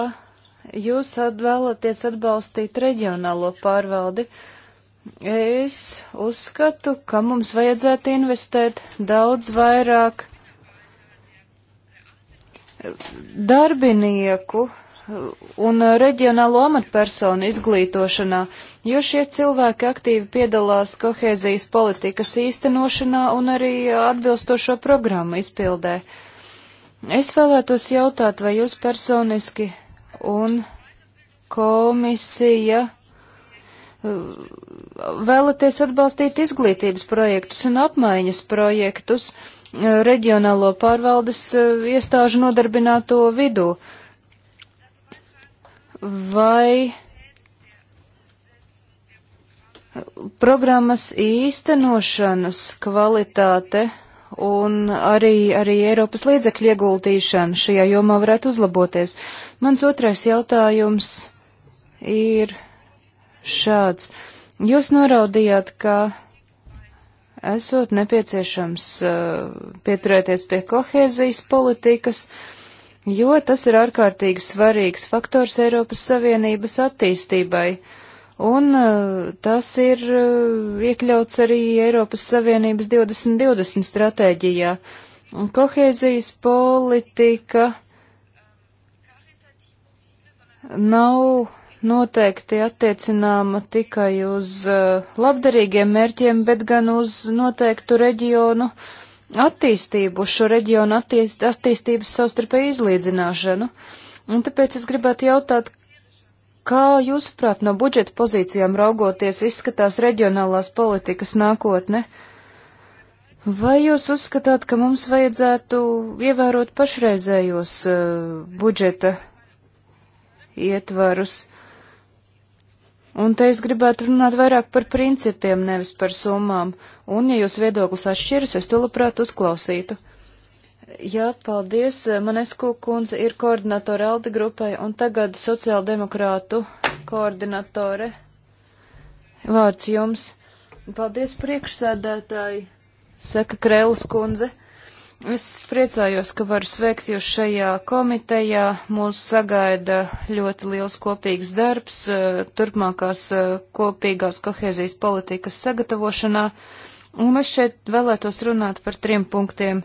jūs vēlaties atbalstīt reģionālo pārvaldi. Uh, Es uzskatu, ka mums vajadzētu investēt daudz vairāk darbinieku un reģionālo amatpersonu izglītošanā, jo šie cilvēki aktīvi piedalās kohēzijas politikas īstenošanā un arī atbilstošo programmu izpildē. Es vēlētos jautāt, vai jūs personiski un komisija vēlaties atbalstīt izglītības projektus un apmaiņas projektus eh, reģionālo pārvaldes eh, iestāžu nodarbināto vidū. Vai eh, programmas īstenošanas kvalitāte un arī, arī Eiropas līdzekļu ieguldīšana šajā jomā varētu uzlaboties. Mans otrais jautājums ir šāds. Jūs noraudījāt, ka esot nepieciešams uh, pieturēties pie kohēzijas politikas, jo tas ir ārkārtīgi svarīgs faktors Eiropas Savienības attīstībai. Un uh, tas ir uh, iekļauts arī Eiropas Savienības 2020 stratēģijā. Un kohēzijas politika nav noteikti attiecināma tikai uz eh, labdarīgiem mērķiem, bet gan uz noteiktu reģionu attīstību, šo reģionu attīst, attīstības savstarpēju izlīdzināšanu. Un tāpēc es gribētu jautāt, kā jūsuprāt no budžeta pozīcijām raugoties izskatās reģionālās politikas nākotne? Vai jūs uzskatāt, ka mums vajadzētu ievērot pašreizējos uh, budžeta ietvarus? Un te es gribētu runāt vairāk par principiem, nevis par summām, un, ja jūs viedoklis atšķiras, es to labprāt uzklausītu. Jā, paldies. Manesko kundze ir koordinatore Aldi grupai, un tagad sociāldemokrātu koordinatore. Vārds jums. Paldies priekšsēdētāji, saka Krēlas kundze. Es priecājos, ka varu sveikt jūs šajā komitejā. Mūs sagaida ļoti liels kopīgs darbs eh, turpmākās eh, kopīgās kohēzijas politikas sagatavošanā, un es šeit vēlētos runāt par trim punktiem.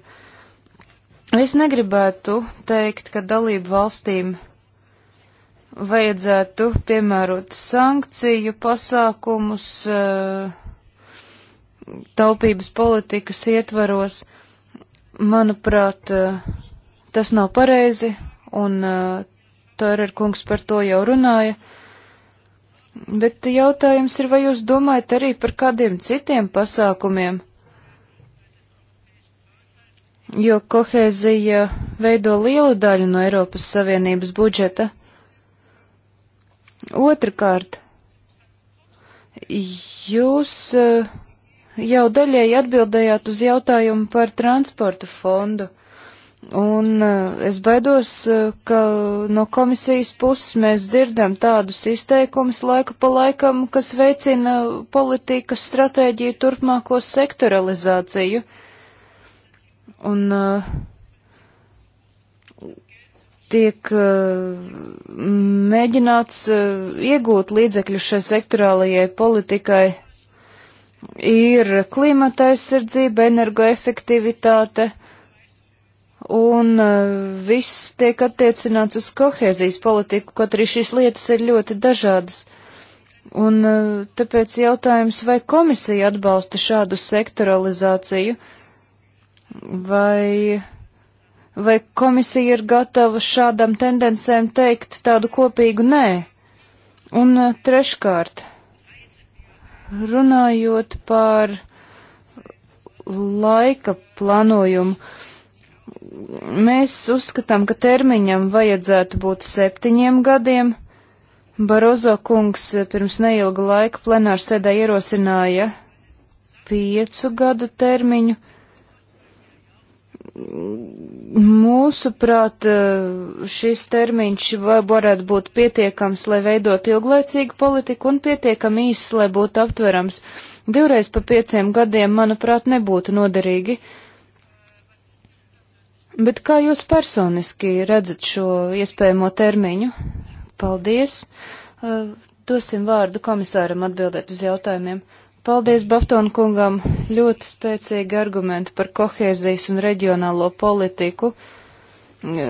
Es negribētu teikt, ka dalību valstīm vajadzētu piemērot sankciju pasākumus eh, taupības politikas ietvaros. Manuprāt, eh, tas nav pareizi, un eh, Tārēr kungs par to jau runāja. Bet jautājums ir, vai jūs domājat arī par kādiem citiem pasākumiem? Jo kohēzija veido lielu daļu no Eiropas Savienības budžeta. Otrakārt, jūs uh, jau daļēji atbildējāt uz jautājumu par transporta fondu. Un eh, es baidos, eh, ka no komisijas puses mēs dzirdam tādus izteikumus laiku pa laikam, kas veicina politikas stratēģiju turpmāko sektoralizāciju. Un uh, tiek uh, mēģināts uh, iegūt līdzekļu šai sektorālajai politikai ir klimata aizsardzība, energoefektivitāte, un uh, viss tiek attiecināts uz kohēzijas politiku, kaut arī šīs lietas ir ļoti dažādas. Un uh, tāpēc jautājums, vai komisija atbalsta šādu sektoralizāciju, vai, vai komisija ir gatava šādām tendencēm teikt tādu kopīgu nē? Un uh, treškārt. Runājot par laika plānojumu, mēs uzskatām, ka termiņam vajadzētu būt septiņiem gadiem. Barozo kungs pirms neilga laika plenārsēdē ierosināja piecu gadu termiņu. Mūsuprāt, šis termiņš varētu būt pietiekams, lai veidot ilglaicīgu politiku un pietiekami īss, lai būtu aptverams. Divreiz pa pieciem gadiem, manuprāt, nebūtu noderīgi. Bet kā jūs personiski redzat šo iespējamo termiņu? Paldies! Uh, dosim vārdu komisāram atbildēt uz jautājumiem. Paldies Baftona kungam ļoti spēcīgi argumenti par kohēzijas un reģionālo politiku, e,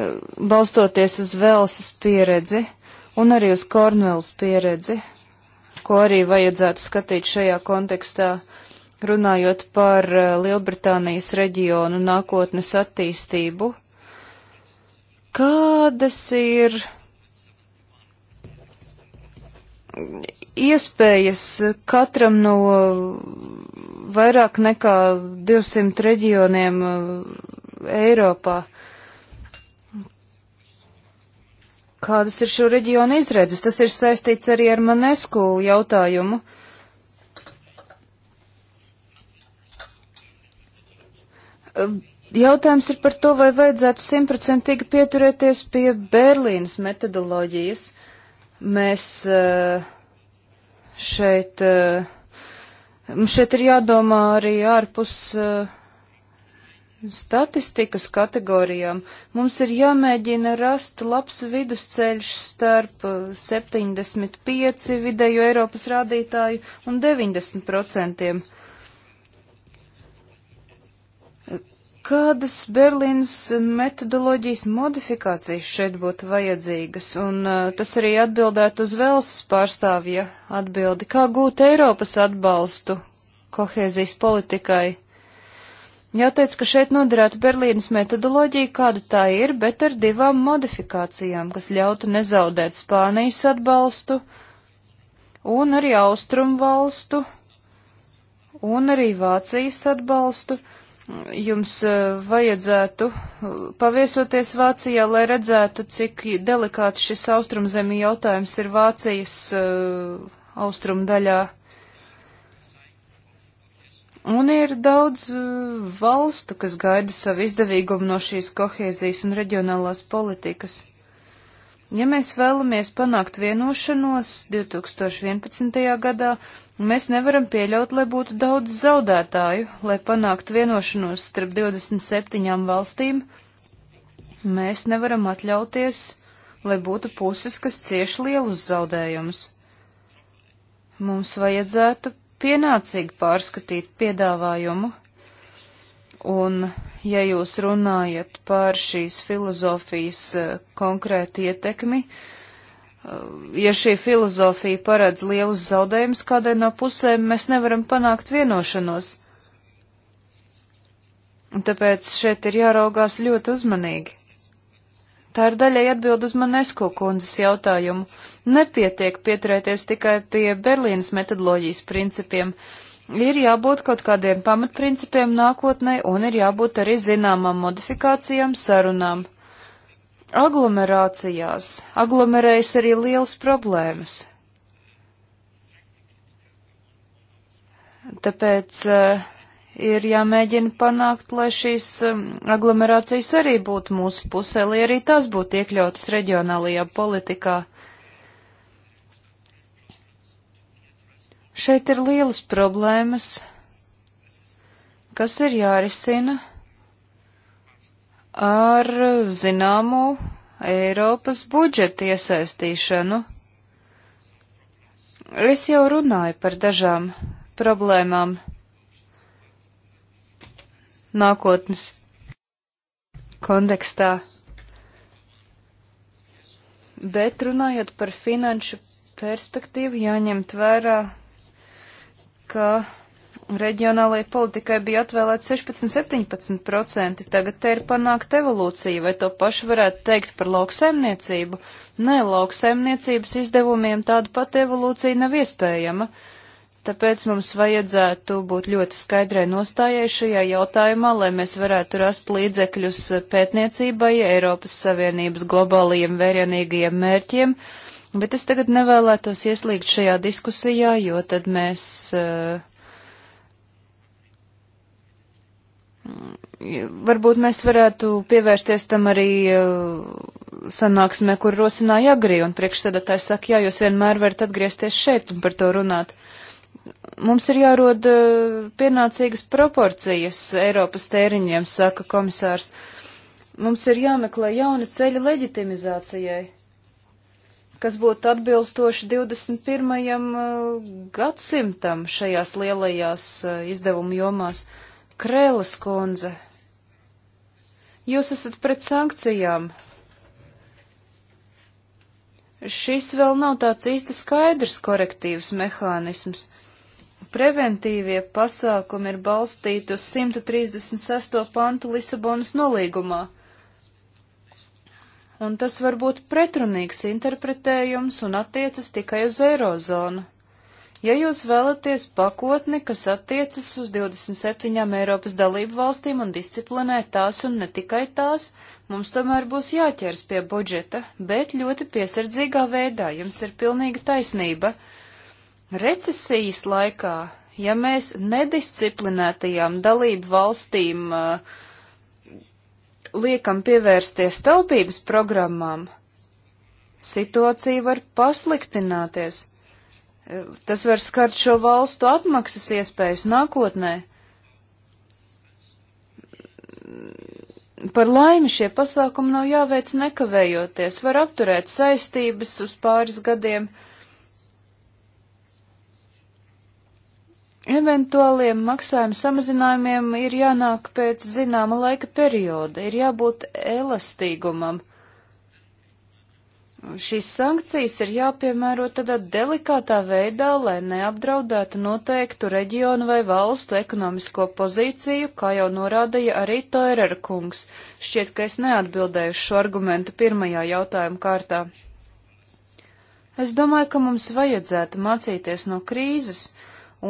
balstoties uz Velsas pieredzi un arī uz Kornvelas pieredzi, ko arī vajadzētu skatīt šajā kontekstā, runājot par e, Lielbritānijas reģionu nākotnes attīstību. Kādas ir iespējas katram no vairāk nekā 200 reģioniem uh, Eiropā. Kādas ir šo reģionu izredzes? Tas ir saistīts arī ar Manesku jautājumu. Jautājums ir par to, vai vajadzētu simtprocentīgi pieturēties pie Berlīnas metodoloģijas. Uh, Mēs eh, šeit, eh, šeit ir jādomā arī ārpus eh, statistikas kategorijām. Mums ir jāmēģina rast labs vidusceļš starp 75 vidējo Eiropas rādītāju un 90 procentiem. Kādas Berlīnas metodoloģijas modifikācijas šeit būtu vajadzīgas? Un uh, tas arī atbildētu uz Velsas pārstāvja atbildi. Kā gūt Eiropas atbalstu kohēzijas politikai? Jāteic, ka šeit noderētu Berlīnas metodoloģija, kāda tā ir, bet ar divām modifikācijām, kas ļautu nezaudēt Spānijas atbalstu un arī Austrumvalstu un arī Vācijas atbalstu. Uh, jums e, vajadzētu e, paviesoties Vācijā, lai redzētu, cik delikāts šis austrumzemi jautājums ir Vācijas e, austrumu daļā. Un ir daudz valstu, kas gaida savu izdevīgumu no šīs kohēzijas un reģionālās politikas. Ja mēs vēlamies panākt vienošanos 2011. gadā, Mēs nevaram pieļaut, lai būtu daudz zaudētāju, lai panāktu vienošanos starp 27 valstīm. Mēs nevaram atļauties, lai būtu puses, kas cieš lielus zaudējumus. Mums vajadzētu pienācīgi pārskatīt piedāvājumu. Un, ja jūs runājat par šīs filozofijas eh, konkrētu ietekmi, uh, Eh, ja šī filozofija paredz lielus zaudējumus kādai no pusēm, mēs nevaram panākt vienošanos. Un tāpēc šeit ir jāraugās ļoti uzmanīgi. Tā ir daļai atbild uz Manesko kundzes jautājumu. Nepietiek pieturēties tikai pie Berlīnas metodoloģijas principiem. Ir jābūt kaut kādiem pamatprincipiem nākotnē un ir jābūt arī zināmām modifikācijām sarunām. Aglomerācijās aglomerējas arī liels problēmas. Tāpēc uh, ir jāmēģina panākt, lai šīs eh, aglomerācijas arī būtu mūsu pusē, lai arī tās būtu iekļautas reģionālajā politikā. Šeit ir lielas problēmas, kas ir jārisina, ar zināmu Eiropas budžeta iesaistīšanu. Es jau runāju par dažām problēmām nākotnes kontekstā. Bet runājot par finanšu perspektīvu, jāņemt vērā, ka Reģionālajai politikai bija atvēlēts 16-17%, tagad te ir panākta evolūcija, vai to pašu varētu teikt par lauksaimniecību? Nē, lauksaimniecības izdevumiem tāda pat evolūcija nav iespējama, tāpēc mums vajadzētu būt ļoti skaidrai nostājai šajā jautājumā, lai mēs varētu rast līdzekļus pētniecībai Eiropas Savienības globālajiem vērienīgajiem mērķiem, bet es tagad nevēlētos ieslīgt šajā diskusijā, jo tad mēs. Uh, Varbūt mēs varētu pievērsties tam arī uh, sanāksmē, kur rosināja Agri, un priekšstādātājs saka, jā, jūs vienmēr varat atgriezties šeit un par to runāt. Mums ir jārod uh, pienācīgas proporcijas Eiropas tēriņiem, saka komisārs. Mums ir jāmeklē jauni ceļi leģitimizācijai, kas būtu atbilstoši 21. Uh, gadsimtam šajās lielajās izdevumu jomās. Uh, Krēlas kundze, jūs esat pret sankcijām. Šis vēl nav tāds īsti skaidrs korektīvs mehānisms. Preventīvie pasākumi ir balstīti uz 136. pantu Lisabonas nolīgumā. Un tas var būt pretrunīgs interpretējums un attiecas tikai uz eirozonu. Ja jūs vēlaties pakotni, kas attiecas uz 27 Eiropas dalību valstīm un disciplinē tās un ne tikai tās, mums tomēr būs jāķers pie budžeta, bet ļoti piesardzīgā veidā jums ir pilnīga taisnība. Recesijas laikā, ja mēs nedisciplinētajām dalību valstīm uh, liekam pievērsties taupības programmām, situācija var pasliktināties. Tas var skart šo valstu atmaksas iespējas nākotnē. Par laimi šie pasākumi nav jāveic nekavējoties, var apturēt saistības uz pāris gadiem. Eventuāliem maksājumu samazinājumiem ir jānāk pēc zināma laika perioda, ir jābūt elastīgumam šīs sankcijas ir jāpiemēro tādā delikātā veidā, lai neapdraudētu noteiktu reģionu vai valstu ekonomisko pozīciju, kā jau norādīja arī Toerera kungs. Šķiet, ka es neatbildēju šo argumentu pirmajā jautājuma kārtā. Es domāju, ka mums vajadzētu mācīties no krīzes,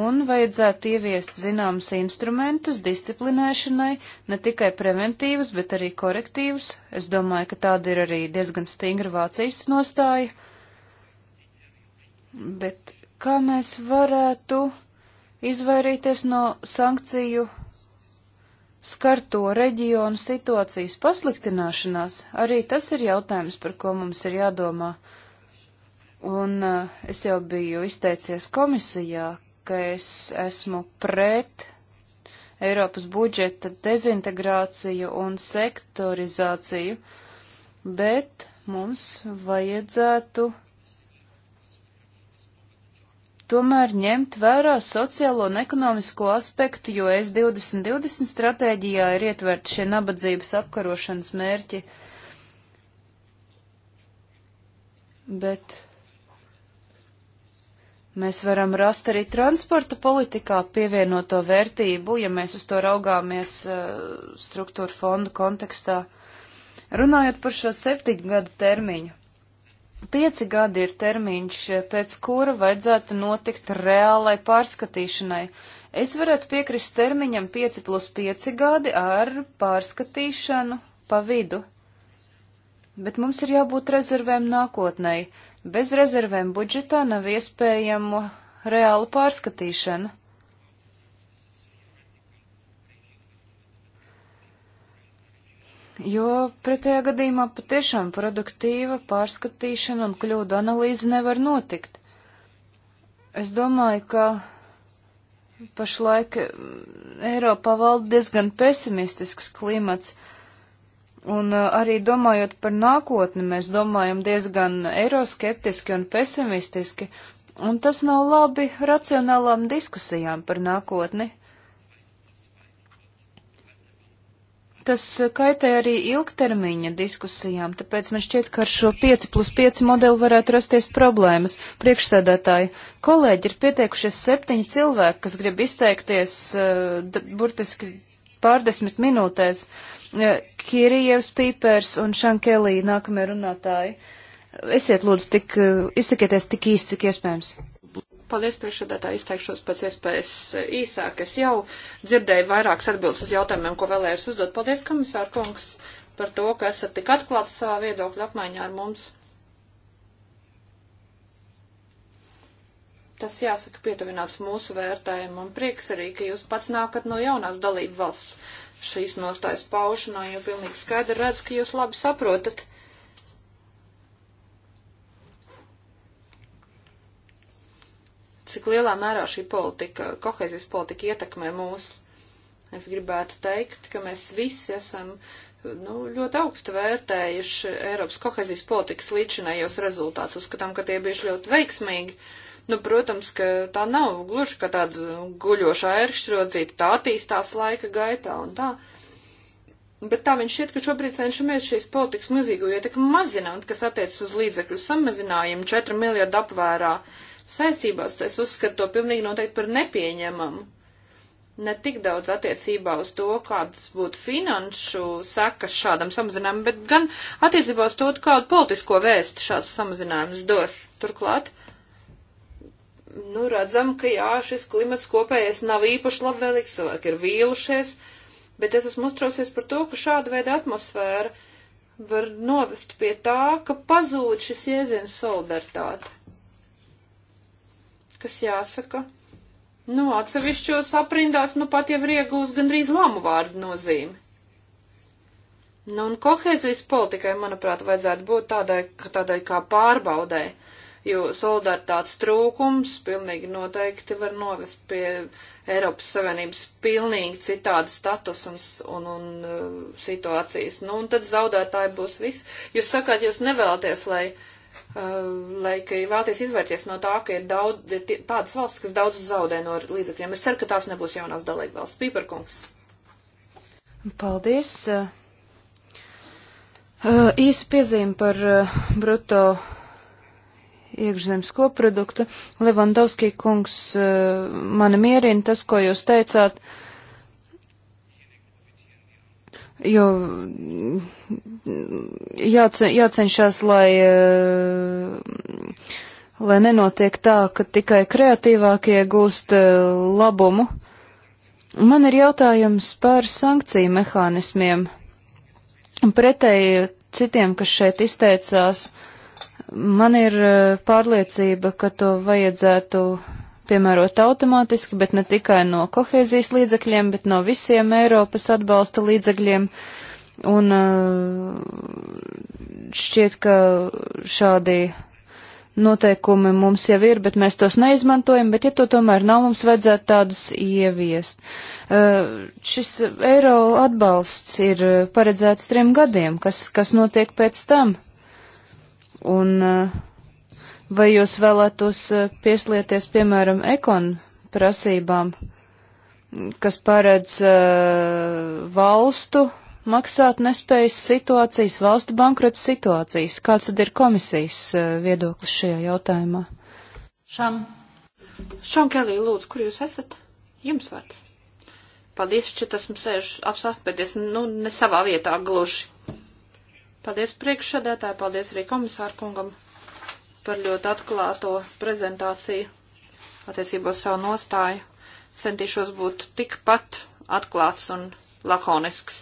un vajadzētu ieviest zināmus instrumentus disciplinēšanai, ne tikai preventīvus, bet arī korektīvus. Es domāju, ka tāda ir arī diezgan stingra Vācijas nostāja. Bet kā mēs varētu izvairīties no sankciju skarto reģionu situācijas pasliktināšanās? Arī tas ir jautājums, par ko mums ir jādomā. Un uh, es jau biju izteicies komisijā, ka es esmu pret Eiropas budžeta dezintegrāciju un sektorizāciju, bet mums vajadzētu tomēr ņemt vērā sociālo un ekonomisko aspektu, jo S2020 stratēģijā ir ietverti šie nabadzības apkarošanas mērķi. Bet Mēs varam rast arī transporta politikā pievienoto vērtību, ja mēs uz to raugāmies eh, struktūra fondu kontekstā. Runājot par šo septiņu gadu termiņu. Pieci gadi ir termiņš, eh, pēc kura vajadzētu notikt reālai pārskatīšanai. Es varētu piekrist termiņam 5 plus 5 gadi ar pārskatīšanu pa vidu. Bet mums ir jābūt rezervēm nākotnēji. Bez rezervēm budžetā nav iespējama reāla pārskatīšana. Jo pretējā gadījumā patiešām produktīva pārskatīšana un kļūdu analīze nevar notikt. Es domāju, ka pašlaik Eiropā valda diezgan pesimistisks klimats. Uh, Un uh, arī domājot par nākotni, mēs domājam diezgan eiroskeptiski un pesimistiski, un tas nav labi racionālām diskusijām par nākotni. Tas kaitē arī ilgtermiņa diskusijām, tāpēc man šķiet, ka ar šo 5 plus 5 modeli varētu rasties problēmas. Priekšsēdētāji, kolēģi ir pieteikušies septiņi cilvēki, kas grib izteikties uh, burtiski pārdesmit minūtēs. Uh, Eh, Kirijevs Pīpers un Šankelī nākamie runātāji. Esiet lūdzu tik, eh, izsakieties tik īsti, cik iespējams. Paldies, priekšsēdētāji, izteikšos pēc iespējas eh, īsāk. Es jau dzirdēju vairākas atbildes uz jautājumiem, ko vēlējos uzdot. Paldies, komisār kungs, par to, ka esat tik atklāts savā viedokļa apmaiņā ar mums. Tas jāsaka pietuvināts mūsu vērtējumam. Prieks arī, ka jūs pats nākat no jaunās dalību valsts šīs nostājas paušanā, jo pilnīgi skaidri redz, ka jūs labi saprotat. Cik lielā mērā šī politika, kohēzijas politika ietekmē mūs? Es gribētu teikt, ka mēs visi esam nu, ļoti augstu vērtējuši Eiropas kohēzijas politikas līdzinējos rezultātus. Uzskatām, ka tie bijuši ļoti veiksmīgi. Uh, Nu, protams, ka tā nav gluži kā tāda guļoša ērkšķrodzīta, tā attīstās laika gaitā un tā. Bet tā viņš šķiet, ka šobrīd cenšamies šīs politikas mazīgo ietekmi mazināt, kas attiecas uz līdzekļu samazinājumu 4 miljardu apvērā saistībās. Es uzskatu to pilnīgi noteikti par nepieņemamu ne tik daudz attiecībā uz to, kādas būtu finanšu sekas šādam samazinājumam, bet gan attiecībā uz to, kādu politisko vēstu šāds samazinājums dos. Turklāt nu, redzam, ka jā, šis klimats kopējais nav īpaši labvēlīgs, cilvēki ir vīlušies, bet es esmu uztraucies par to, ka šāda veida atmosfēra var novest pie tā, ka pazūd šis jēdziens solidaritāte. Kas jāsaka? Nu, atsevišķos aprindās, nu, pat jau ir iegūst gandrīz lamu vārdu nozīmi. Nu, un kohēzijas politikai, manuprāt, vajadzētu būt tādai, tādai kā pārbaudai. Uh, jo solidaritātes trūkums pilnīgi noteikti var novest pie Eiropas Savienības pilnīgi citāda status un, un, un uh, situācijas. Nu, un tad zaudētāji būs visi. Jūs sakāt, jūs nevēlaties, lai, uh, lai ka vēlaties izvairties no tā, ka ir, daudz, ir tādas valsts, kas daudz zaudē no līdzekļiem. Es ceru, ka tās nebūs jaunās dalībvalsts. Pīperkungs. Paldies. Uh, īsa piezīme par uh, bruto iekšzemes koprodukta. Levandovskī kungs, eh, mani mierina tas, ko jūs teicāt, jo mm, jāce, jāceņšās, lai, eh, lai nenotiek tā, ka tikai kreatīvākie gūst eh, labumu. Man ir jautājums par sankciju mehānismiem. Pretēji citiem, kas šeit izteicās, Man ir e, pārliecība, ka to vajadzētu piemērot automātiski, bet ne tikai no kohēzijas līdzekļiem, bet no visiem Eiropas atbalsta līdzekļiem. Un e, šķiet, ka šādi noteikumi mums jau ir, bet mēs tos neizmantojam, bet ja to tomēr nav, mums vajadzētu tādus ieviest. E, šis eiro atbalsts ir paredzēts trim gadiem, kas, kas notiek pēc tam. Un eh, vai jūs vēlētos eh, pieslieties, piemēram, ekon prasībām, kas paredz eh, valstu maksāt nespējas situācijas, valstu bankrota situācijas? Kāds tad ir komisijas viedoklis šajā jautājumā? Šan. Šan Kelī, lūdzu, kur jūs esat? Jums vārds. Paldies, šķiet esmu sēžu apsāpēties, nu, ne savā vietā gluži. Paldies priekšsēdētāji, paldies arī komisārkungam par ļoti atklāto prezentāciju attiecībā uz savu nostāju. Centīšos būt tikpat atklāts un lakonisks.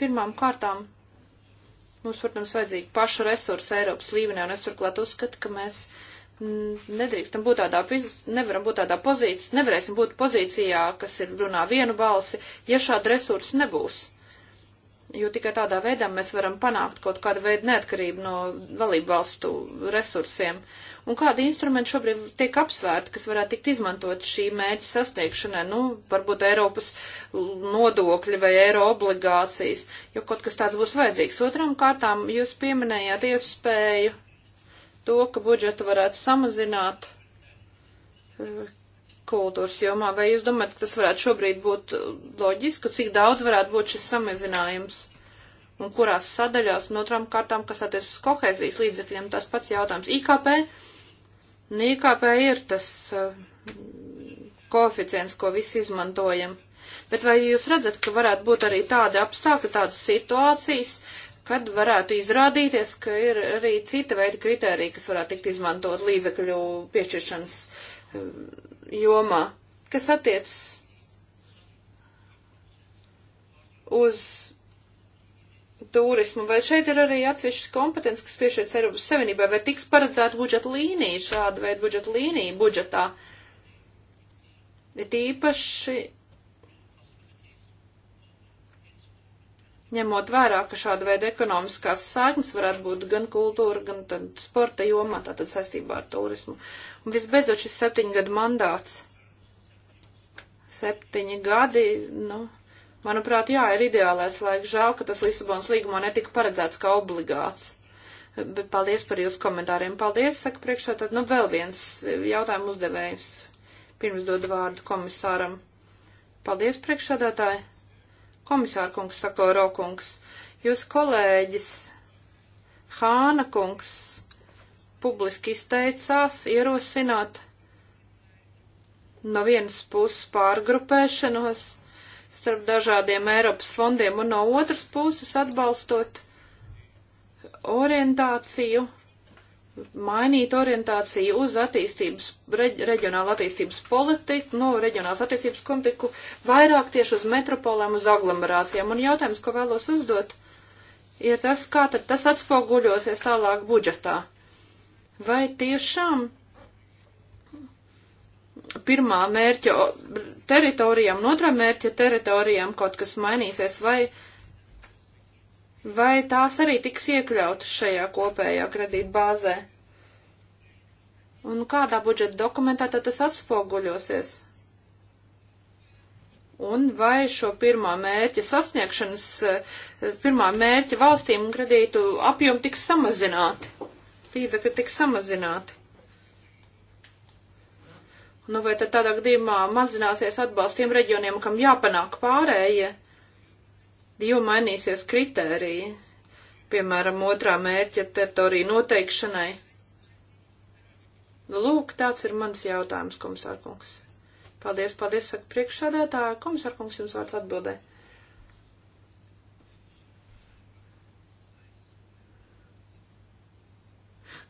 Pirmām kārtām mums, protams, vajadzīgi pašu resursu Eiropas līmenī, un es turklāt uzskatu, ka mēs nedrīkstam būt tādā, nevaram būt tādā pozīcijā, nevarēsim būt pozīcijā, kas ir runā vienu balsi, ja šāda resursa nebūs jo tikai tādā veidā mēs varam panākt kaut kādu veidu neatkarību no valību valstu resursiem. Un kādi instrumenti šobrīd tiek apsvērti, kas varētu tikt izmantot šī mērķa sasteigšanai, nu, varbūt Eiropas nodokļi vai eiro obligācijas, jo kaut kas tāds būs vajadzīgs. Otram kārtām jūs pieminējāt iespēju to, ka budžetu varētu samazināt kultūras jomā, vai jūs domājat, ka tas varētu šobrīd būt uh, loģiski, cik daudz varētu būt šis samazinājums? Un kurās sadaļās, un otrām kārtām, kas attiecas uz kohēzijas līdzekļiem, tas pats jautājums. IKP, nu, IKP ir tas uh, koeficients, ko visi izmantojam. Bet vai jūs redzat, ka varētu būt arī tādi apstākļi, tādas situācijas, kad varētu izrādīties, ka ir arī cita veida kritērija, kas varētu tikt izmantot līdzekļu piešķiršanas uh, jomā, kas attiecas uz turismu, vai šeit ir arī atsevišķas kompetences, kas piešķirts Eiropas Savienībai, vai tiks paredzēta budžeta līnija, šāda veida budžeta līnija budžetā. Ir tīpaši ņemot vērā, ka šāda veida ekonomiskās saiknes varētu būt gan kultūra, gan tad sporta jomā, tātad saistībā ar turismu. Un visbeidzot šis septiņu gadu mandāts. Septiņi gadi, nu, manuprāt, jā, ir ideālais laiks. Žēl, ka tas Lisabonas līgumā netika paredzēts kā obligāts. Bet paldies par jūsu komentāriem. Paldies, saka priekšā, tad nu vēl viens jautājumu uzdevējs. Pirms dodu vārdu komisāram. Paldies, priekšsādātāji! Komisāra kungs, saka Rokungs, jūs kolēģis Hāna kungs publiski izteicās ierosināt no vienas puses pārgrupēšanos starp dažādiem Eiropas fondiem un no otras puses atbalstot orientāciju mainīt orientāciju uz attīstības, reģ, reģionālu attīstības politiku, no reģionālas attīstības komitiku, vairāk tieši uz metropolēm, uz aglomerācijām. Un jautājums, ko vēlos uzdot, ir tas, kā tad tas atspoguļosies tālāk budžetā. Vai tiešām pirmā mērķa teritorijām un otrā mērķa teritorijām kaut kas mainīsies, vai Vai tās arī tiks iekļautas šajā kopējā kredītbāzē? Un kādā budžeta dokumentā tad tas atspoguļosies? Un vai šo pirmā mērķa sasniegšanas, eh, pirmā mērķa valstīm un kredītu apjomu tiks samazināti? Līdzekļi tiks samazināti. Nu, vai tad tādā gadījumā mazināsies atbalstiem reģioniem, kam jāpanāk pārējie? Ja? jo mainīsies kritēriji, piemēram, otrā mērķa teritorija noteikšanai. Lūk, tāds ir mans jautājums, komisārkungs. Paldies, paldies, saka priekšsādātāja. Komisārkungs jums vārds atbildē.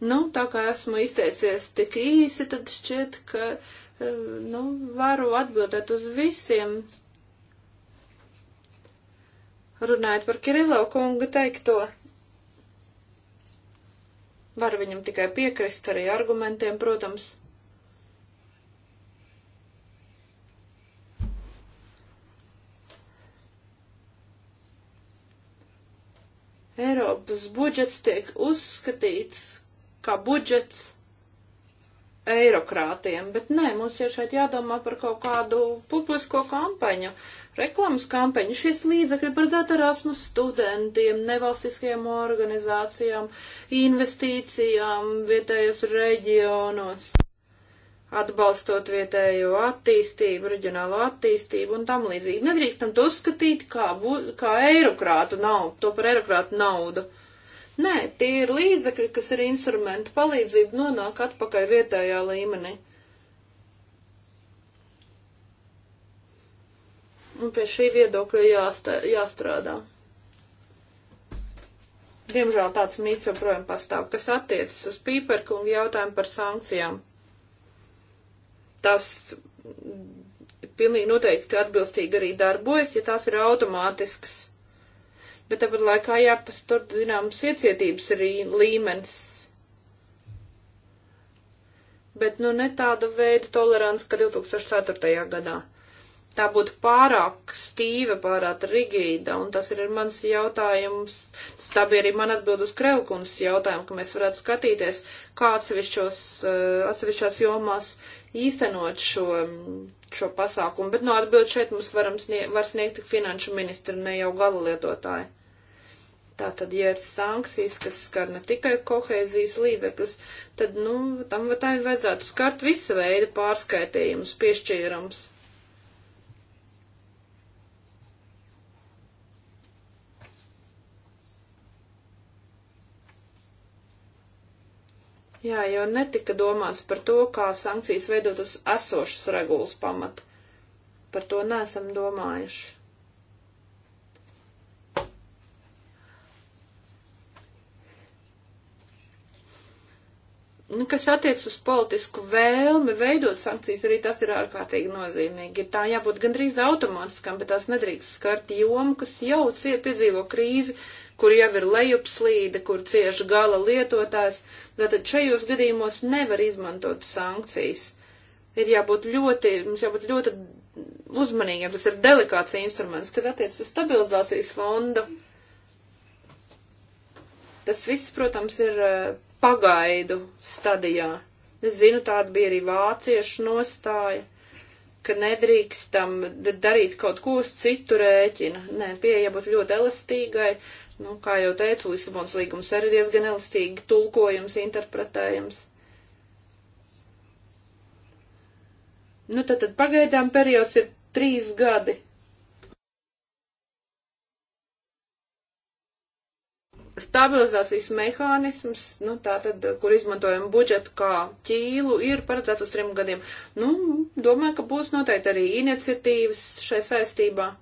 Nu, tā kā esmu izteicies tik īsi, tad šķiet, ka, eh, nu, varu atbildēt uz visiem Runājot par Kirilo kunga teikto, var viņam tikai piekrist arī argumentiem, protams. Eiropas budžets tiek uzskatīts kā budžets eirokrātiem, bet nē, mums ir šeit jādomā par kaut kādu publisko kampaņu, reklāmas kampaņu. Šis līdzekļi paredzēti Erasmus studentiem, nevalstiskajām organizācijām, investīcijām vietējos reģionos, atbalstot vietējo attīstību, reģionālo attīstību un tam līdzīgi. Nedrīkstam to uzskatīt, kā, bū, kā eirokrātu naudu, to par eirokrātu naudu. Nē, tie ir līdzekļi, kas ir instrumenti palīdzību nonāk atpakaļ vietējā līmenī. Un pie šī viedokļa jāsta, jāstrādā. Diemžēl tāds mīts joprojām pastāv, kas attiecas uz pīperkungu jautājumu par sankcijām. Tas pilnīgi noteikti atbilstīgi arī darbojas, ja tās ir automātiskas. Bet tāpat laikā jāpastur, zināms, iecietības arī līmenis. Bet nu ne tāda veida tolerants, kā 2004. gadā tā būtu pārāk stīva, pārāk rigīda, un tas ir mans jautājums, tā bija arī man atbild uz Krelkunas jautājumu, ka mēs varētu skatīties, kā atsevišķos, eh, atsevišķās jomās īstenot šo, šo pasākumu, bet no atbild šeit mums varam sniegt, var sniegt tik finanšu ministri, ne jau gala lietotāji. Tātad, ja ir sankcijas, kas skar ne tikai kohēzijas līdzekļus, tad, nu, tam vai tā vajadzētu skart visu veidu pārskaitījumus, piešķīrums. Jā, jo netika domāts par to, kā sankcijas veidot uz esošas regulas pamata. Par to nesam domājuši. Nu, kas attiec uz politisku vēlmi veidot sankcijas, arī tas ir ārkārtīgi nozīmīgi. Ir tā jābūt gandrīz automātiskam, bet tās nedrīkst skart jomu, kas jau ciep piedzīvo krīzi, kur jau ir lejupslīde, kur cieši gala lietotājs, tātad šajos gadījumos nevar izmantot sankcijas. Ir jābūt ļoti, mums jābūt ļoti uzmanīgiem, tas ir delikāts instruments, kad attiec uz stabilizācijas fondu. Tas viss, protams, ir eh, pagaidu stadijā. Es zinu, tāda bija arī vāciešu nostāja, ka nedrīkstam darīt kaut ko uz citu rēķina. Nē, pieeja būtu ļoti elastīgai, Nu, kā jau teicu, Lisabons līgums arī diezgan elastīgi tulkojams, interpretējams. Nu, tad, tad pagaidām periods ir trīs gadi. Stabilizācijas mehānisms, nu, tā tad, kur izmantojam budžetu kā ķīlu, ir paredzēts uz trim gadiem. Nu, domāju, ka būs noteikti arī iniciatīvas šai saistībā.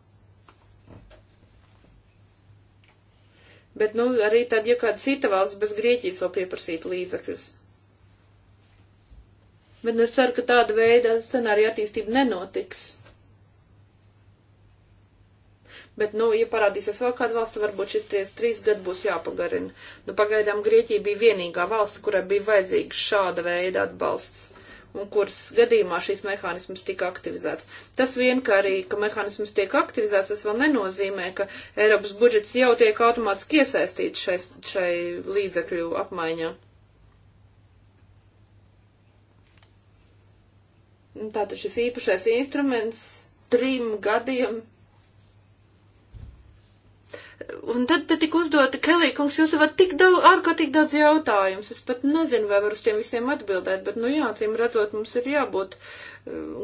Bet, nu, arī tad, ja kāda cita valsts bez Grieķijas vēl pieprasītu līdzekļus. Bet nu, es ceru, ka tāda veida scenārija attīstība nenotiks. Bet, nu, ja parādīsies vēl kāda valsts, varbūt šis ties trīs gadi būs jāpagarina. Nu, pagaidām Grieķija bija vienīgā valsts, kurai bija vajadzīga šāda veida atbalsts un kuras gadījumā šīs mehānismas tika aktivizēts. Tas vien, ka arī, ka mehānismas tiek aktivizēts, tas vēl nenozīmē, ka Eiropas budžets jau tiek automātiski iesaistīts šai, šai līdzekļu apmaiņā. Tātad šis īpašais instruments trim gadiem Un tad, tad tika uzdota Kelī, kungs, jūs varat tik daudz, ārkārtīgi daudz jautājumus. Es pat nezinu, vai varu uz tiem visiem atbildēt, bet, nu jā, cīm redzot, mums ir jābūt eh,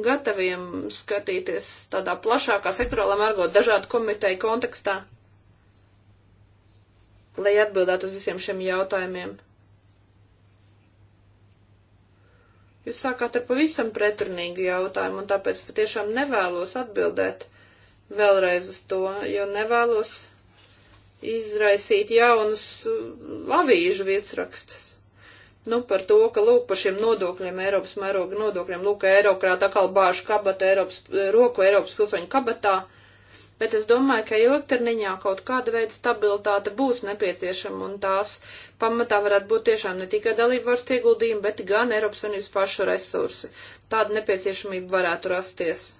gataviem skatīties tādā plašākā sektorālā mērgot dažādu komiteju kontekstā, lai atbildētu uz visiem šiem jautājumiem. Jūs sākāt ar pavisam pretrunīgu jautājumu, un tāpēc patiešām nevēlos atbildēt vēlreiz uz to, jo nevēlos izraisīt jaunus uh, avīžu vietsrakstus. Nu, par to, ka, lūk, par šiem nodokļiem, Eiropas mēroga nodokļiem, lūk, eirokrāta atkal bāžu kabata, Eiropas, eh, roku Eiropas pilsoņu kabatā, bet es domāju, ka ilgtermiņā kaut kāda veida stabilitāte būs nepieciešama, un tās pamatā varētu būt tiešām ne tikai dalību valsts ieguldījumi, bet gan Eiropas Savienības pašu resursi. Tāda nepieciešamība varētu rasties.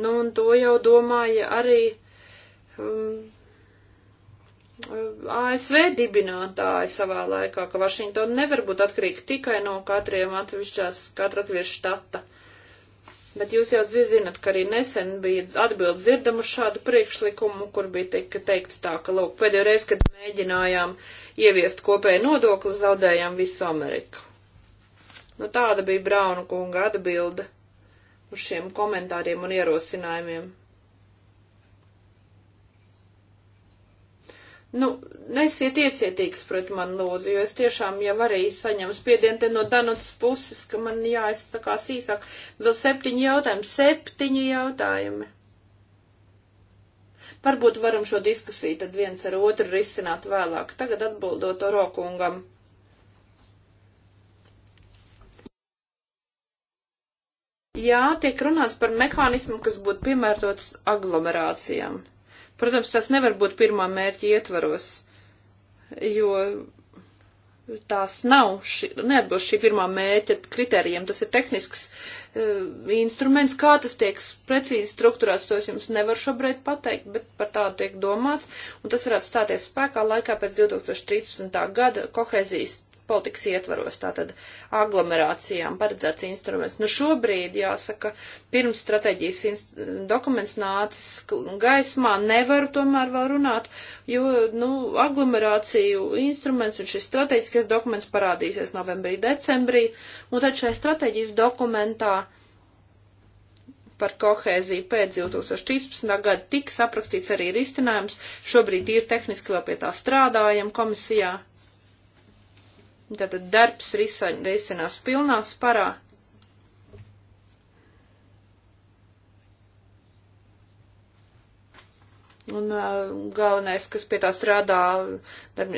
Nu, un to jau domāja arī um, ASV dibinātāji savā laikā, ka Vašingtona nevar būt atkarīga tikai no katriem atsevišķās, katra atsevišķa štata. Bet jūs jau zinat, ka arī nesen bija atbild dzirdama šādu priekšlikumu, kur bija teik, teikts tā, ka, lūk, pēdējo reizi, kad mēģinājām ieviest kopēju nodokli, zaudējām visu Ameriku. Nu, tāda bija Brauna kunga atbilde uz šiem komentāriem un ierosinājumiem. Nu, nesiet iecietīgs pret mani, lūdzu, jo es tiešām jau arī saņemu spiedienu te no Danutas puses, ka man jāizsakās īsāk. Vēl septiņi jautājumi, septiņi jautājumi. Varbūt varam šo diskusiju tad viens ar otru risināt vēlāk. Tagad atbildot Orokungam. Jā, tiek runāts par mehānismu, kas būtu piemērots aglomerācijām. Protams, tas nevar būt pirmā mērķa ietvaros, jo tās nav, ši, neatbilst šī pirmā mērķa kritērijiem. Tas ir tehnisks uh, instruments, kā tas tiek precīzi struktūrēts, to es jums nevaru šobrīd pateikt, bet par tādu tiek domāts, un tas varētu stāties spēkā laikā pēc 2013. gada kohēzijas politikas ietvaros, tātad aglomerācijām paredzēts instruments. Nu šobrīd, jāsaka, pirms strateģijas dokuments nācis gaismā, nevaru tomēr vēl runāt, jo, nu, aglomerāciju instruments un šis strateģiskais dokuments parādīsies novembrī, decembrī, un tad šai strateģijas dokumentā par kohēziju pēc 2013. gada tiks aprakstīts arī risinājums. Šobrīd ir tehniski vēl pie tā strādājam komisijā. Tātad darbs risa, risinās pilnā sparā. Un uh, galvenais, kas pie tā strādā, darb,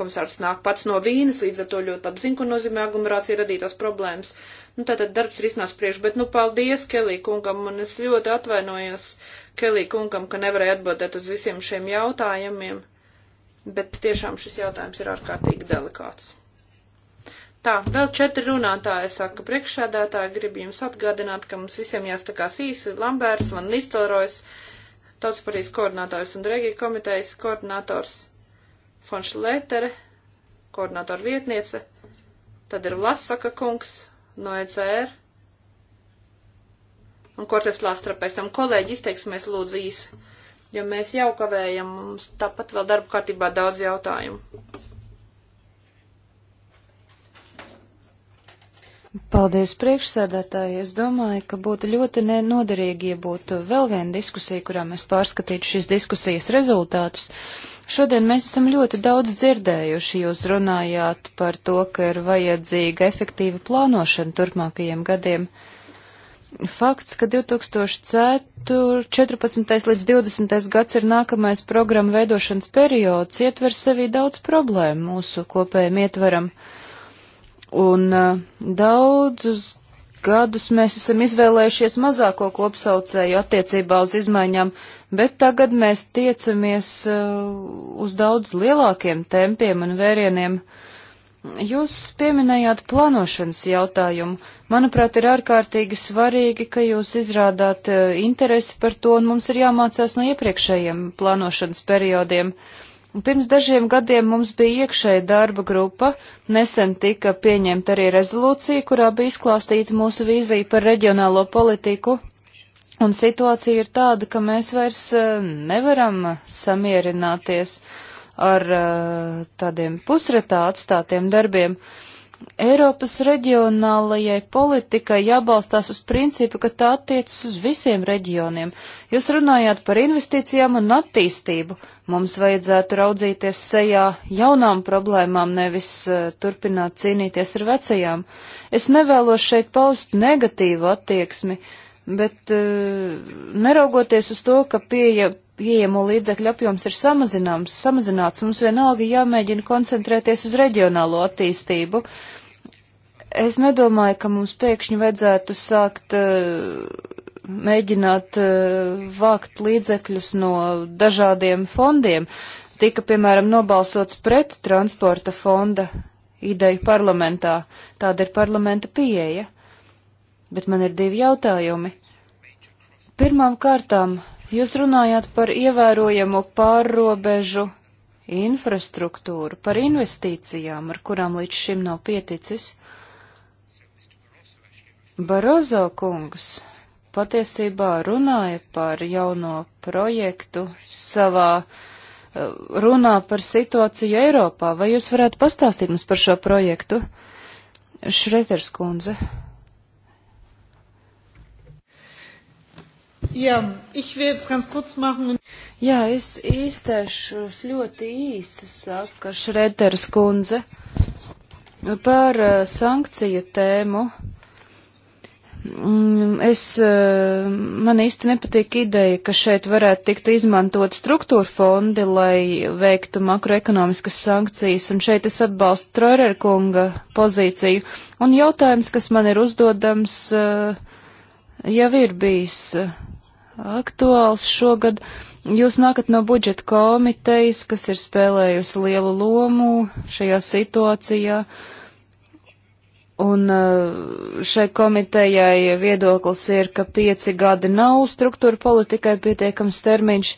komisārs nāk pats no vīnas, līdz ar to ļoti labi zina, ko nozīmē aglomerācija radītās problēmas. Nu, tātad darbs risinās priekš, bet, nu, paldies Kelī kungam, un es ļoti atvainojos Kelī kungam, ka nevarēju atbildēt uz visiem šiem jautājumiem, bet tiešām šis jautājums ir ārkārtīgi delikāts. Tā, vēl četri runātāji saka, priekšsēdētāji grib jums atgādināt, ka mums visiem jāstakās īsi Lambērs, Van Nistelrojs, Tautsparīs koordinātājs un Regija komitejas koordinātors Fonš Letere, koordinātora vietniece, tad ir Vlasaka kungs no ECR un Kortes Lastra, pēc tam kolēģi izteiksimies lūdzu īsi, jo mēs jau kavējam, mums tāpat vēl darba kārtībā daudz jautājumu. Paldies priekšsēdētāji. Es domāju, ka būtu ļoti noderīgi, ja būtu vēl viena diskusija, kurā mēs pārskatītu šīs diskusijas rezultātus. Šodien mēs esam ļoti daudz dzirdējuši, jūs runājāt par to, ka ir vajadzīga efektīva plānošana turpmākajiem gadiem. Fakts, ka 2014. līdz 2020. gads ir nākamais programma veidošanas periods, ietver sevī daudz problēmu mūsu kopējiem ietveram. Uh, Un uh, daudzus gadus mēs esam izvēlējušies mazāko kopsaucēju attiecībā uz izmaiņām, bet tagad mēs tiecamies uh, uz daudz lielākiem tempiem un vērieniem. Jūs pieminējāt plānošanas jautājumu. Manuprāt, ir ārkārtīgi svarīgi, ka jūs izrādāt interesi par to, un mums ir jāmācās no iepriekšējiem plānošanas periodiem. Pirms dažiem gadiem mums bija iekšēja darba grupa, nesen tika pieņemta arī rezolūcija, kurā bija izklāstīta mūsu vīzija par reģionālo politiku, un situācija ir tāda, ka mēs vairs eh, nevaram samierināties ar eh, tādiem pusretā atstātiem darbiem. Uh, Eiropas reģionālajai politikai jābalstās uz principu, ka tā attiecas uz visiem reģioniem. Jūs runājāt par investīcijām un attīstību. Mums vajadzētu raudzīties sejā jaunām problēmām, nevis uh, turpināt cīnīties ar vecajām. Es nevēlos šeit paust negatīvu attieksmi, bet uh, neraugoties uz to, ka pieeja pieejamo līdzekļu apjoms ir samazināms, samazināts, mums vienalga jāmēģina koncentrēties uz reģionālo attīstību. Es nedomāju, ka mums pēkšņi vajadzētu sākt eh, mēģināt eh, vākt līdzekļus no dažādiem fondiem. Tika, piemēram, nobalsots pret transporta fonda ideju parlamentā. Tāda ir parlamenta pieeja. Bet man ir divi jautājumi. Pirmām kārtām, Jūs runājāt par ievērojamu pārrobežu infrastruktūru, par investīcijām, ar kurām līdz šim nav pieticis. Barozo kungs patiesībā runāja par jauno projektu savā eh, runā par situāciju Eiropā. Vai jūs varētu pastāstīt mums par šo projektu? Šreters kundze. Jā, ich will jetzt ganz kurz machen. Jā, es izteikšos ļoti īsi, saka Šrederis kundze, par eh, sankciju tēmu. Mm, es, eh, man īsti nepatīk ideja, ka šeit varētu tikt izmantot struktūra fondi, lai veiktu makroekonomiskas sankcijas, un šeit es atbalstu Trorerkunga pozīciju. Un jautājums, kas man ir uzdodams, eh, jau ir bijis aktuāls šogad. Jūs nākat no budžeta komitejas, kas ir spēlējusi lielu lomu šajā situācijā. Un eh, šai komitejai viedoklis ir, ka pieci gadi nav struktūra politikai pietiekams termiņš.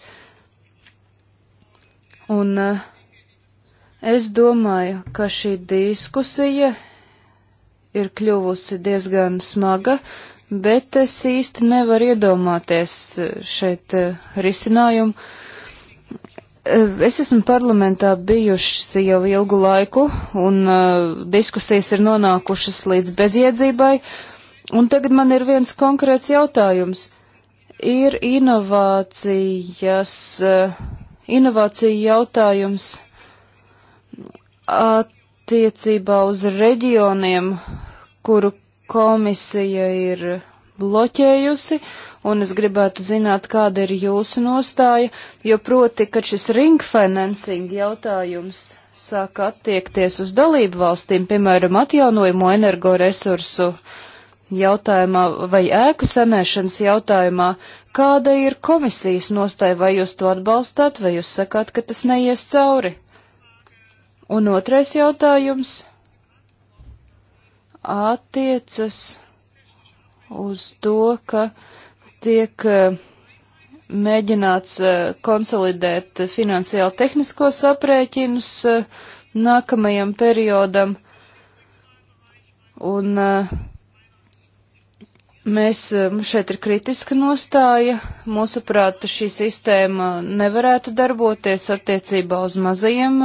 Un eh, es domāju, ka šī diskusija ir kļuvusi diezgan smaga. Uh, bet es īsti nevaru iedomāties šeit eh, risinājumu. Eh, es esmu parlamentā bijušas jau ilgu laiku, un uh, diskusijas ir nonākušas līdz bezjēdzībai, un tagad man ir viens konkrēts jautājums. Ir inovācijas, uh, inovācija jautājums attiecībā uz reģioniem, kuru komisija ir bloķējusi, un es gribētu zināt, kāda ir jūsu nostāja, jo proti, kad šis ringfinancing jautājums sāk attiekties uz dalību valstīm, piemēram, atjaunojumu energoresursu jautājumā vai ēku sanēšanas jautājumā, kāda ir komisijas nostāja, vai jūs to atbalstāt, vai jūs sakāt, ka tas neies cauri? Un otrais jautājums attiecas uz to, ka tiek eh, mēģināts eh, konsolidēt finansiāli tehniskos aprēķinus eh, nākamajam periodam, un mēs, mums šeit ir kritiska nostāja, mūsuprāt, šī sistēma nevarētu darboties attiecībā uz mazajiem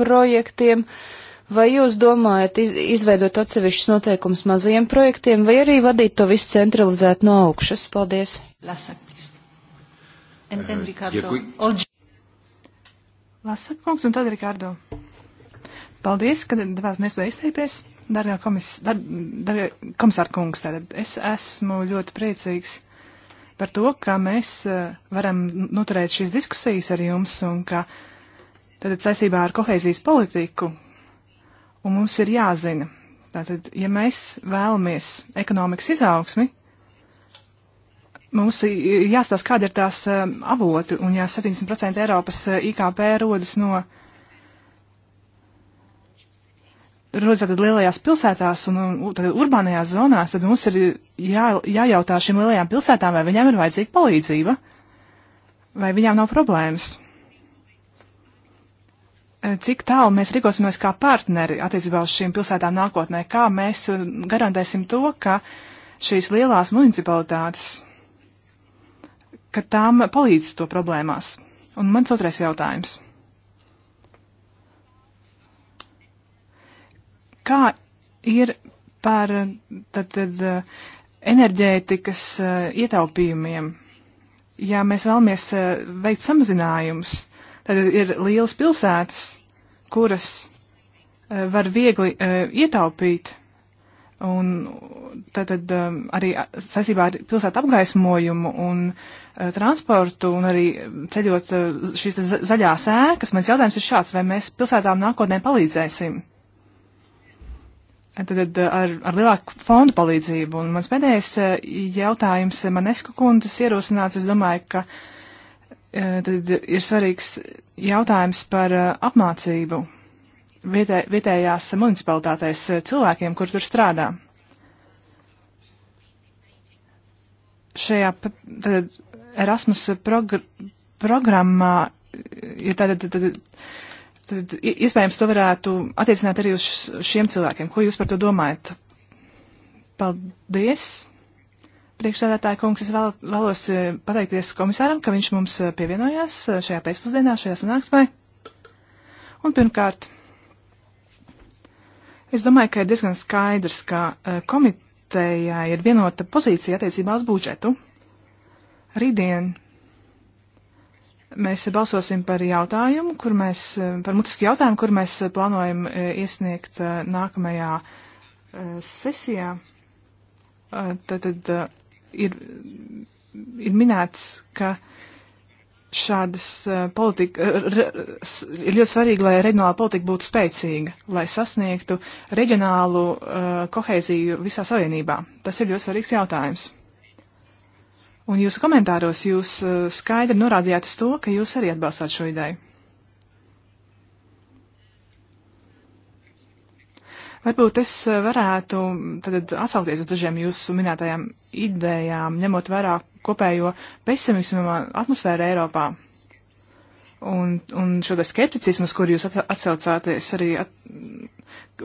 projektiem, uh, Vai jūs domājat iz, izveidot atsevišķus noteikumus mazajiem projektiem, vai arī vadīt to visu centralizēt no augšas? Paldies! Lasa, uh, kungs, un tad Rikārdo. Paldies, ka devāt mēs vēl izteikties. Dargā komis, dar, dargā komisāra kungs, tātad es esmu ļoti priecīgs par to, ka mēs uh, varam noturēt šīs diskusijas ar jums un ka tātad saistībā ar kohēzijas politiku, Un mums ir jāzina, tātad, ja mēs vēlamies ekonomikas izaugsmi, mums ir jāstāsta, kāda ir tās um, avoti, un ja 70% Eiropas eh, IKP rodas no. Rodas tātad lielajās pilsētās un, un tātad urbānajās zonās, tad mums ir jā, jājautā šīm lielajām pilsētām, vai viņām ir vajadzīga palīdzība, vai viņām nav problēmas cik tālu mēs rīkosimies kā partneri attiecībā uz šīm pilsētām nākotnē, kā mēs uh, garantēsim to, ka šīs lielās municipalitātes, ka tām palīdz to problēmās. Un mans otrais jautājums. Kā ir par uh, tad, tad, uh, enerģētikas ietaupījumiem? Ja mēs vēlamies veikt samazinājumus, Tad ir lielas pilsētas, kuras eh, var viegli eh, ietaupīt. Un tātad um, arī saistībā ar pilsētu apgaismojumu un uh, transportu un arī ceļot uh, šīs zaļās ēkas, mans jautājums ir šāds, vai mēs pilsētām nākotnē palīdzēsim? Tātad ar, ar lielāku fondu palīdzību. Un mans pēdējais uh, jautājums Manesku kundzes ierosināts, es domāju, ka uh, Eh, tad ir svarīgs jautājums par eh, apmācību vietē, vietējās municipalitātēs eh, cilvēkiem, kur tur strādā. Šajā tad, Erasmus progr programmā ir tāda. Tad, tad iespējams to varētu attiecināt arī uz šiem cilvēkiem. Ko jūs par to domājat? Paldies! Priekšsēdētāja kungs, es vēl, vēlos eh, pateikties komisāram, ka viņš mums eh, pievienojās eh, šajā pēcpusdienā, šajā sanāksmē. Un pirmkārt, es domāju, ka ir diezgan skaidrs, ka komitejā ir vienota pozīcija attiecībā uz budžetu. Rītdien mēs balsosim par jautājumu, kur mēs, par mutisku jautājumu, kur mēs plānojam iesniegt nākamajā sesijā. Tad, tad ir, ir minēts, ka šādas eh, politika, ir ļoti svarīgi, lai reģionāla politika būtu spēcīga, lai sasniegtu reģionālu uh, eh, koheiziju visā savienībā. Tas ir ļoti svarīgs jautājums. Un jūsu komentāros jūs uh, skaidri norādījāt uz to, ka jūs arī atbalstāt šo ideju. Varbūt es eh, varētu tad atsaukties uz dažiem jūsu minētajām idejām, ņemot vērā kopējo pesimismu atmosfēru Eiropā. Un, un šo te skepticismu, uz kuru jūs atsaucāties arī, at,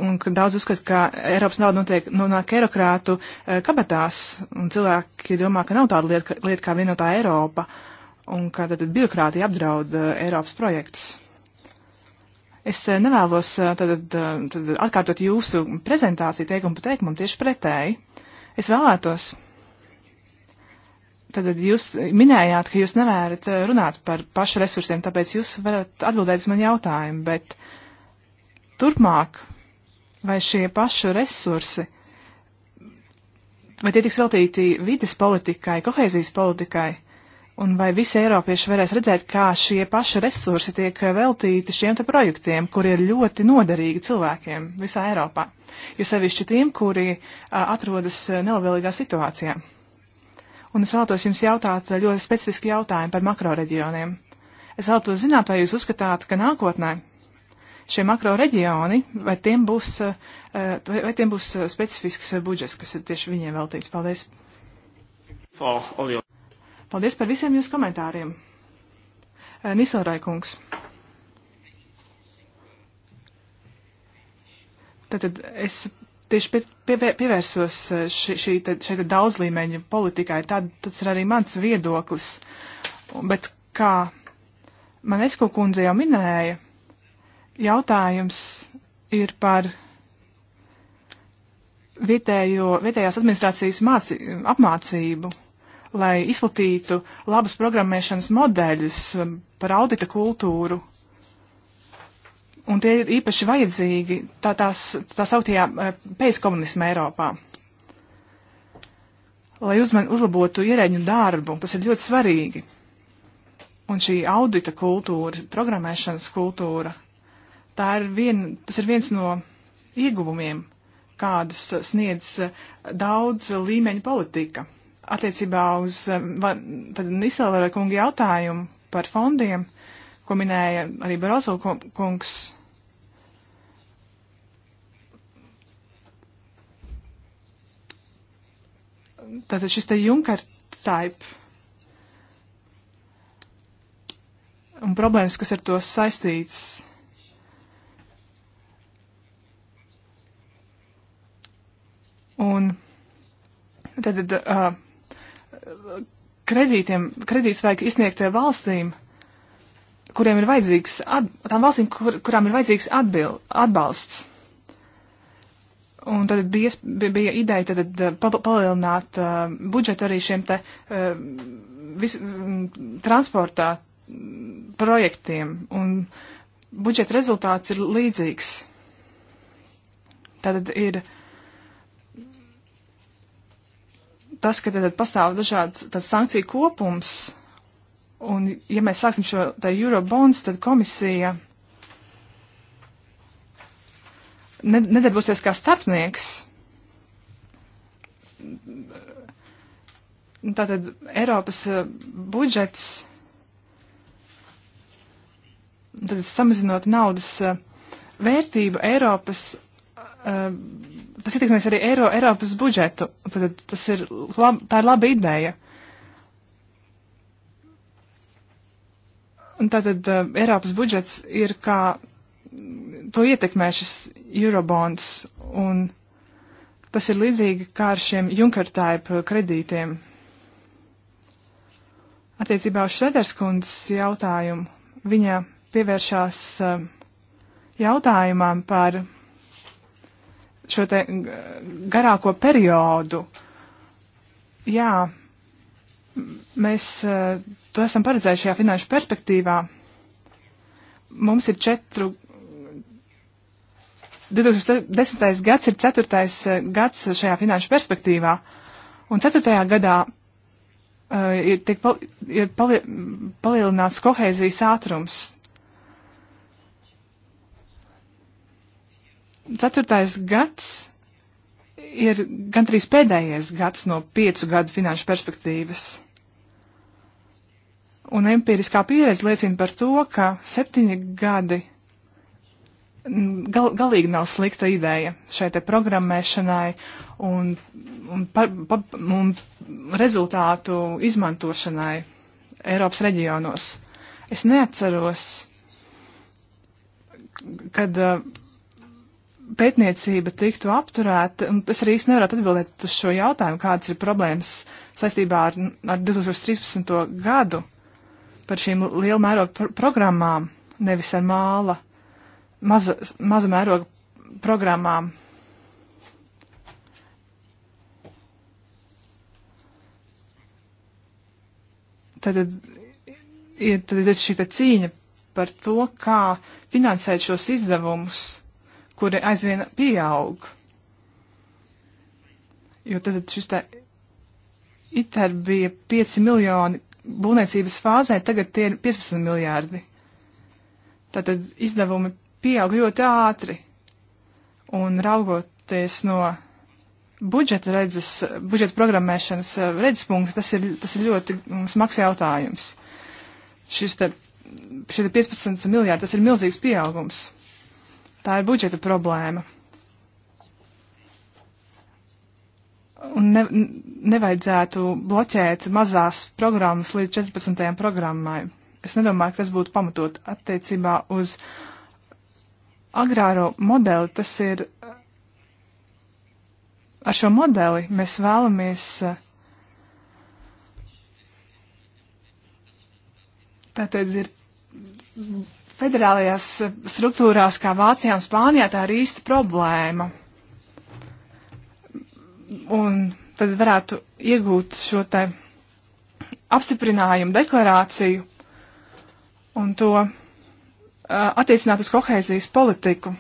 un daudz uzskat, ka Eiropas nauda notiek, nonāk eirokrātu eh, kabatās, un cilvēki domā, ka nav tāda lieta, lieta kā vienotā Eiropa, un ka tad, tad birokrātija apdraud eh, Eiropas projekts. Es eh, nevēlos eh, tad, tad, eh, tad atkārtot jūsu prezentāciju teikumu pa teikumam tieši pretēji. Es vēlētos. Tad jūs minējāt, ka jūs nevērat runāt par pašu resursiem, tāpēc jūs varat atbildēt uz man jautājumu, bet turpmāk vai šie pašu resursi, vai tie tiks veltīti vides politikai, kohēzijas politikai? Un vai visi eiropieši varēs redzēt, kā šie paši resursi tiek veltīti šiem te projektiem, kuri ir ļoti noderīgi cilvēkiem visā Eiropā, jo sevišķi tiem, kuri a, atrodas nelabvēlīgā situācijā. Un es vēlētos jums jautāt ļoti specifisku jautājumu par makroreģioniem. Es vēlētos zināt, vai jūs uzskatāt, ka nākotnē šie makroreģioni, vai tiem būs, a, vai, vai tiem būs specifisks budžets, kas ir tieši viņiem veltīts. Paldies! For all your Paldies par visiem jūsu komentāriem. Eh, Nisorai kungs. Tātad es tieši pie, pie, pievērsos eh, šī, šī tad, šeit daudzlīmeņa politikai. Tad, tas ir arī mans viedoklis. Bet kā man Esko kundze jau minēja, jautājums ir par vietējo, vietējās administrācijas māci, apmācību lai izplatītu labus programmēšanas modeļus um, par audita kultūru. Un tie ir īpaši vajadzīgi tā, tās, tā sauktajā eh, pēckomunisma Eiropā. Lai uzman, uzlabotu ierēģu darbu, tas ir ļoti svarīgi. Un šī audita kultūra, programmēšanas kultūra, tā ir vien, tas ir viens no ieguvumiem, kādus sniedz eh, daudz līmeņu politika attiecībā uz um, Niselera kunga jautājumu par fondiem, ko minēja arī Barozo kungs. Tātad šis te Junker type un problēmas, kas ar to saistīts. Un tad, tad uh, kredītiem, kredītus vajag izsniegt valstīm, kuriem ir vajadzīgs, at, tām valstīm, kur, kurām ir vajadzīgs atbil, atbalsts. Un tad bija, bija ideja tad, eh, palielināt uh, budžetu arī šiem te uh, vis, mm, transportā mm, projektiem. Un budžeta rezultāts ir līdzīgs. Tātad ir uh, tas, ka tad pastāv dažādas sankciju kopums, un ja mēs sāksim šo Eurobonds, tad komisija nedarbosies kā starpnieks. Tātad Eiropas eh, budžets, tad samazinot naudas eh, vērtību Eiropas Ehm, tas ietekmēs arī Eiro, Eiropas budžetu. Tad tas ir lab, tā ir laba ideja. Un tātad uh, ehm, Eiropas budžets ir kā to ietekmē šis Eurobonds, un tas ir līdzīgi kā ar šiem Junker type kredītiem. Attiecībā uz Šrederskundas jautājumu viņa pievēršās uh, jautājumam par šo te garāko periodu. Jā, mēs e, to esam paredzējuši šajā finanšu perspektīvā. Mums ir četru. 2010. gads ir ceturtais e, gads šajā finanšu perspektīvā, un ceturtajā gadā uh, ir, tiek pal ir pali palielināts kohēzijas ātrums. Ceturtais gads ir gandrīz pēdējais gads no piecu gadu finanšu perspektīvas. Un empiriskā pieredze liecina par to, ka septiņi gadi gal, galīgi nav slikta ideja šai te programmēšanai un, un, par, pa, un rezultātu izmantošanai Eiropas reģionos. Es neatceros, kad uh, pētniecība tiktu apturēta, un es arī īsti nevarētu atbildēt uz šo jautājumu, kādas ir problēmas saistībā ar, ar 2013. gadu par šīm liela mēroga pr programmām, nevis ar māla, maza, maza mēroga programmām. Tad, tad ir šī cīņa par to, kā finansēt šos izdevumus kuri aizvien pieaug. Jo tad šis tā ITER bija 5 miljoni būvniecības fāzē, tagad tie ir 15 miljārdi. Tātad izdevumi pieaug ļoti ātri. Un raugoties no budžeta redzes, budžeta programmēšanas eh, redzes punkta, tas ir, tas ir ļoti mm, smags jautājums. Šis te, šie 15 miljārdi, tas ir milzīgs pieaugums. Tā ir budžeta problēma. Un ne, nevajadzētu bloķēt mazās programmas līdz 14. programmai. Es nedomāju, ka tas būtu pamatot attiecībā uz agrāro modeli. Tas ir ar šo modeli mēs vēlamies tātad ir federālajās eh, struktūrās, kā Vācijā un Spānijā, tā ir īsta problēma. Un tad varētu iegūt šo te apstiprinājumu deklarāciju un to uh, attiecināt uz kohēzijas politiku.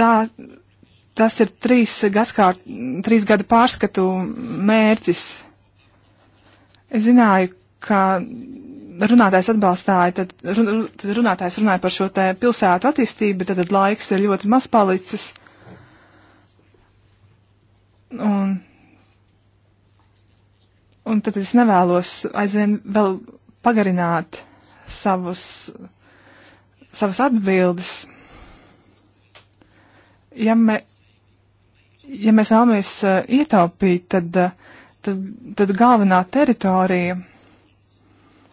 Tā, tas ir trīs, gaskārt, trīs gadu pārskatu mērķis. Es zināju, ka runātājs atbalstāja, tad, run, tad runātājs runāja par šo te pilsētu attīstību, tad, tad laiks ir ļoti maz palicis. Un, un tad es nevēlos aizvien vēl pagarināt savus, savas atbildes. Ja, me, ja mēs vēlamies uh, ietaupīt, tad, uh, tad, tad galvenā teritorija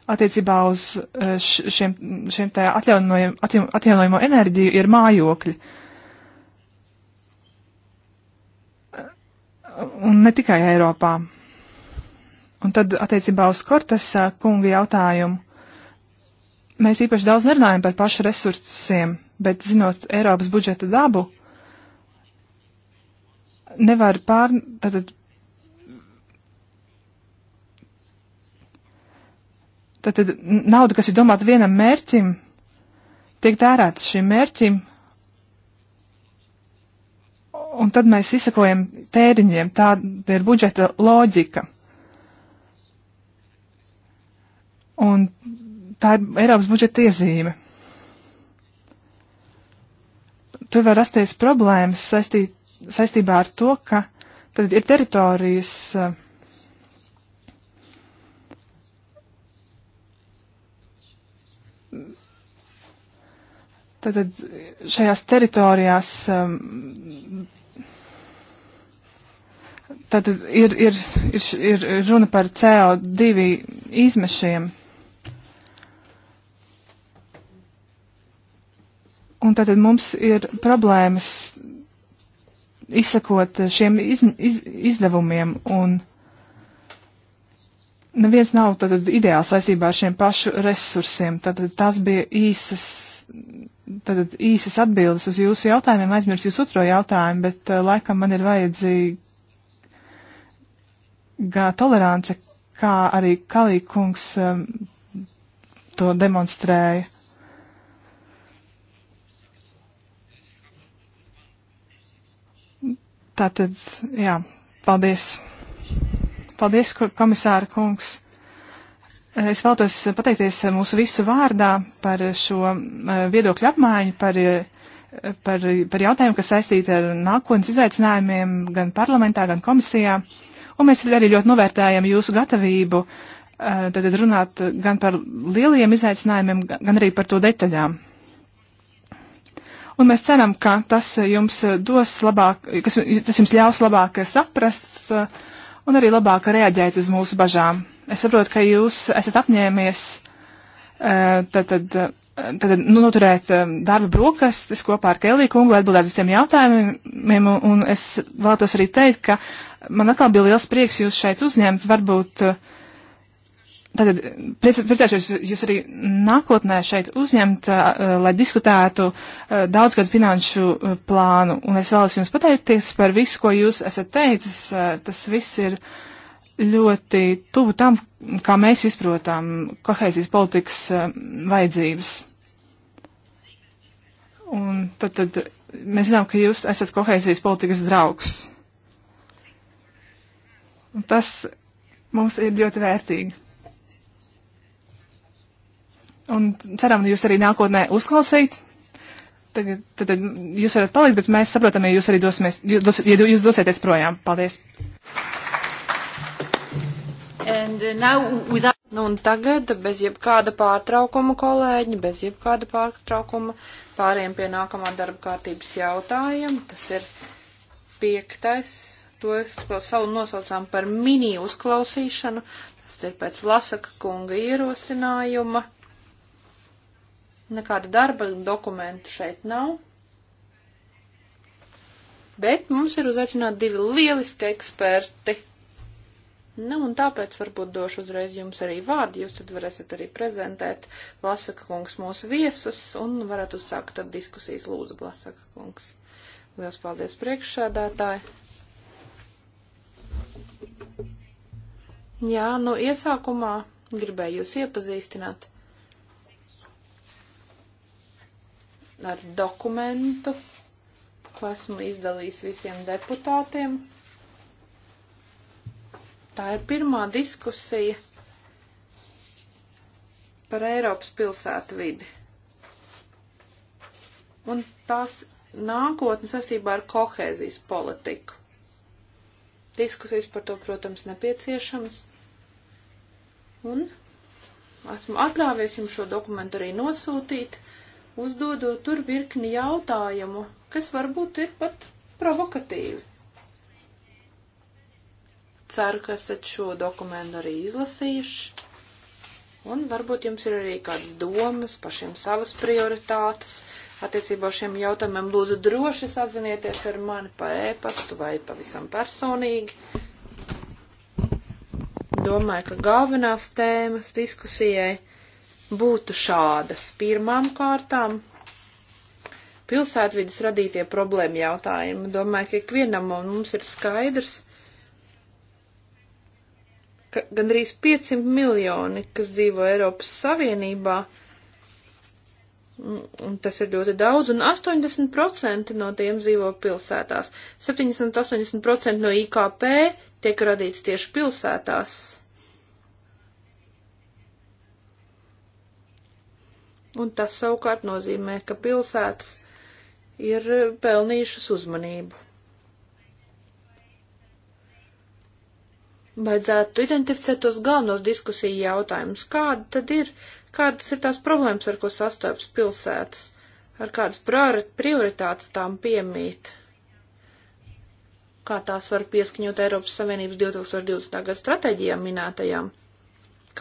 attiecībā uz eh, šiem, šiem tā atjaunojamo enerģiju ir mājokļi. Un ne tikai Eiropā. Un tad attiecībā uz Kortes kunga jautājumu. Mēs īpaši daudz nerunājam par pašu resursiem, bet zinot Eiropas budžeta dabu, nevar pār, tātad, Tad, tad nauda, kas ir domāta vienam mērķim, tiek tērēta šim mērķim, un tad mēs izsakojam tēriņiem. Tāda ir budžeta loģika. Un tā ir Eiropas budžeta iezīme. Tur var rasties problēmas saistī, saistībā ar to, ka tad ir teritorijas. Uh, Tātad šajās teritorijās um, tātad ir, ir, ir, ir runa par CO2 izmešiem. Un tātad mums ir problēmas izsakot šiem iz, iz, izdevumiem, un neviens nav tātad ideāls saistībā ar šiem pašu resursiem. Tātad tās bija īsas tad īsas atbildes uz jūsu jautājumiem. Aizmirsu jūs otro jautājumu, bet uh, laikam man ir vajadzīga tolerance, kā arī Kalīkungs um, ehm, to demonstrēja. Tātad, jā, paldies. Paldies, komisāra kungs. Es vēlos pateikties mūsu visu vārdā par šo eh, viedokļu apmaiņu, par, eh, par, par jautājumu, kas saistīti ar nākotnes izaicinājumiem gan parlamentā, gan komisijā. Un mēs arī ļoti novērtējam jūsu gatavību eh, tad runāt gan par lieliem izaicinājumiem, gan arī par to detaļām. Un mēs ceram, ka tas jums dos labāk, kas, tas jums ļaus labāk saprast un arī labāk reaģēt uz mūsu bažām. Es saprotu, ka jūs esat apņēmies eh, tad, tad, eh, tad nu, noturēt eh, darba brokastis kopā ar Kelī kungu, lai atbildētu visiem jautājumiem, un es vēlētos arī teikt, ka man atkal bija liels prieks jūs šeit uzņemt, varbūt tātad priecāšos jūs arī nākotnē šeit uzņemt, lai diskutētu daudzgadu finanšu plānu, un es vēlos jums pateikties par visu, ko jūs esat teicis, tas viss ir ļoti tuvu tam, kā mēs izprotam kohēzijas politikas uh, vajadzības. Un tad, tad mēs zinām, ka jūs esat kohēzijas politikas draugs. Un tas mums ir ļoti vērtīgi. Un ceram, ka jūs arī nākotnē uzklausīt. Tagad, tad, tad jūs varat palikt, bet mēs saprotam, ja jūs arī dosimies, jūs dos, ja jūs dosieties projām. Paldies! Uh, without... Nu, un tagad bez jebkāda pārtraukuma, kolēģi, bez jebkāda pārtraukuma pāriem pie nākamā darba kārtības jautājuma. Tas ir piektais, to es savu nosaucām par mini uzklausīšanu. Tas ir pēc Vlasaka kunga ierosinājuma. Nekāda darba dokumentu šeit nav. Bet mums ir uzaicināti divi lieliski eksperti Nu, un tāpēc varbūt došu uzreiz jums arī vārdu, jūs tad varēsiet arī prezentēt Vlasaka kungs mūsu viesus un varat uzsākt tad diskusijas lūdzu, Vlasaka kungs. Lielas paldies priekšsēdētāji. Jā, nu iesākumā gribēju jūs iepazīstināt ar dokumentu, ko esmu izdalījis visiem deputātiem. Tā ir pirmā diskusija par Eiropas pilsētu vidi. Un tās nākotnes saistībā ar kohēzijas politiku. Diskusijas par to, protams, nepieciešamas. Un esmu atļāvies jums šo dokumentu arī nosūtīt, uzdodot tur virkni jautājumu, kas varbūt ir pat provokatīvi. Ceru, ka esat šo dokumentu arī izlasījuši. Un varbūt jums ir arī kādas domas, pašiem savas prioritātes. Attiecībā šiem jautājumiem lūdzu droši sazinieties ar mani pa ēpastu e vai pavisam personīgi. Domāju, ka galvenās tēmas diskusijai būtu šādas. Pirmām kārtām pilsētvidas radītie problēma jautājumi. Domāju, ka ikvienam mums ir skaidrs, ka gandrīz 500 miljoni, kas dzīvo Eiropas Savienībā, un tas ir ļoti daudz, un 80% no tiem dzīvo pilsētās. 70-80% no IKP tiek radīts tieši pilsētās. Un tas savukārt nozīmē, ka pilsētas ir pelnījušas uzmanību. Vajadzētu identificēt tos galvenos diskusiju jautājumus. Kāda tad ir, kādas ir tās problēmas, ar ko sastopas pilsētas? Ar kādas prioritātes tām piemīt? Kā tās var pieskaņot Eiropas Savienības 2020. gada stratēģijām minētajām?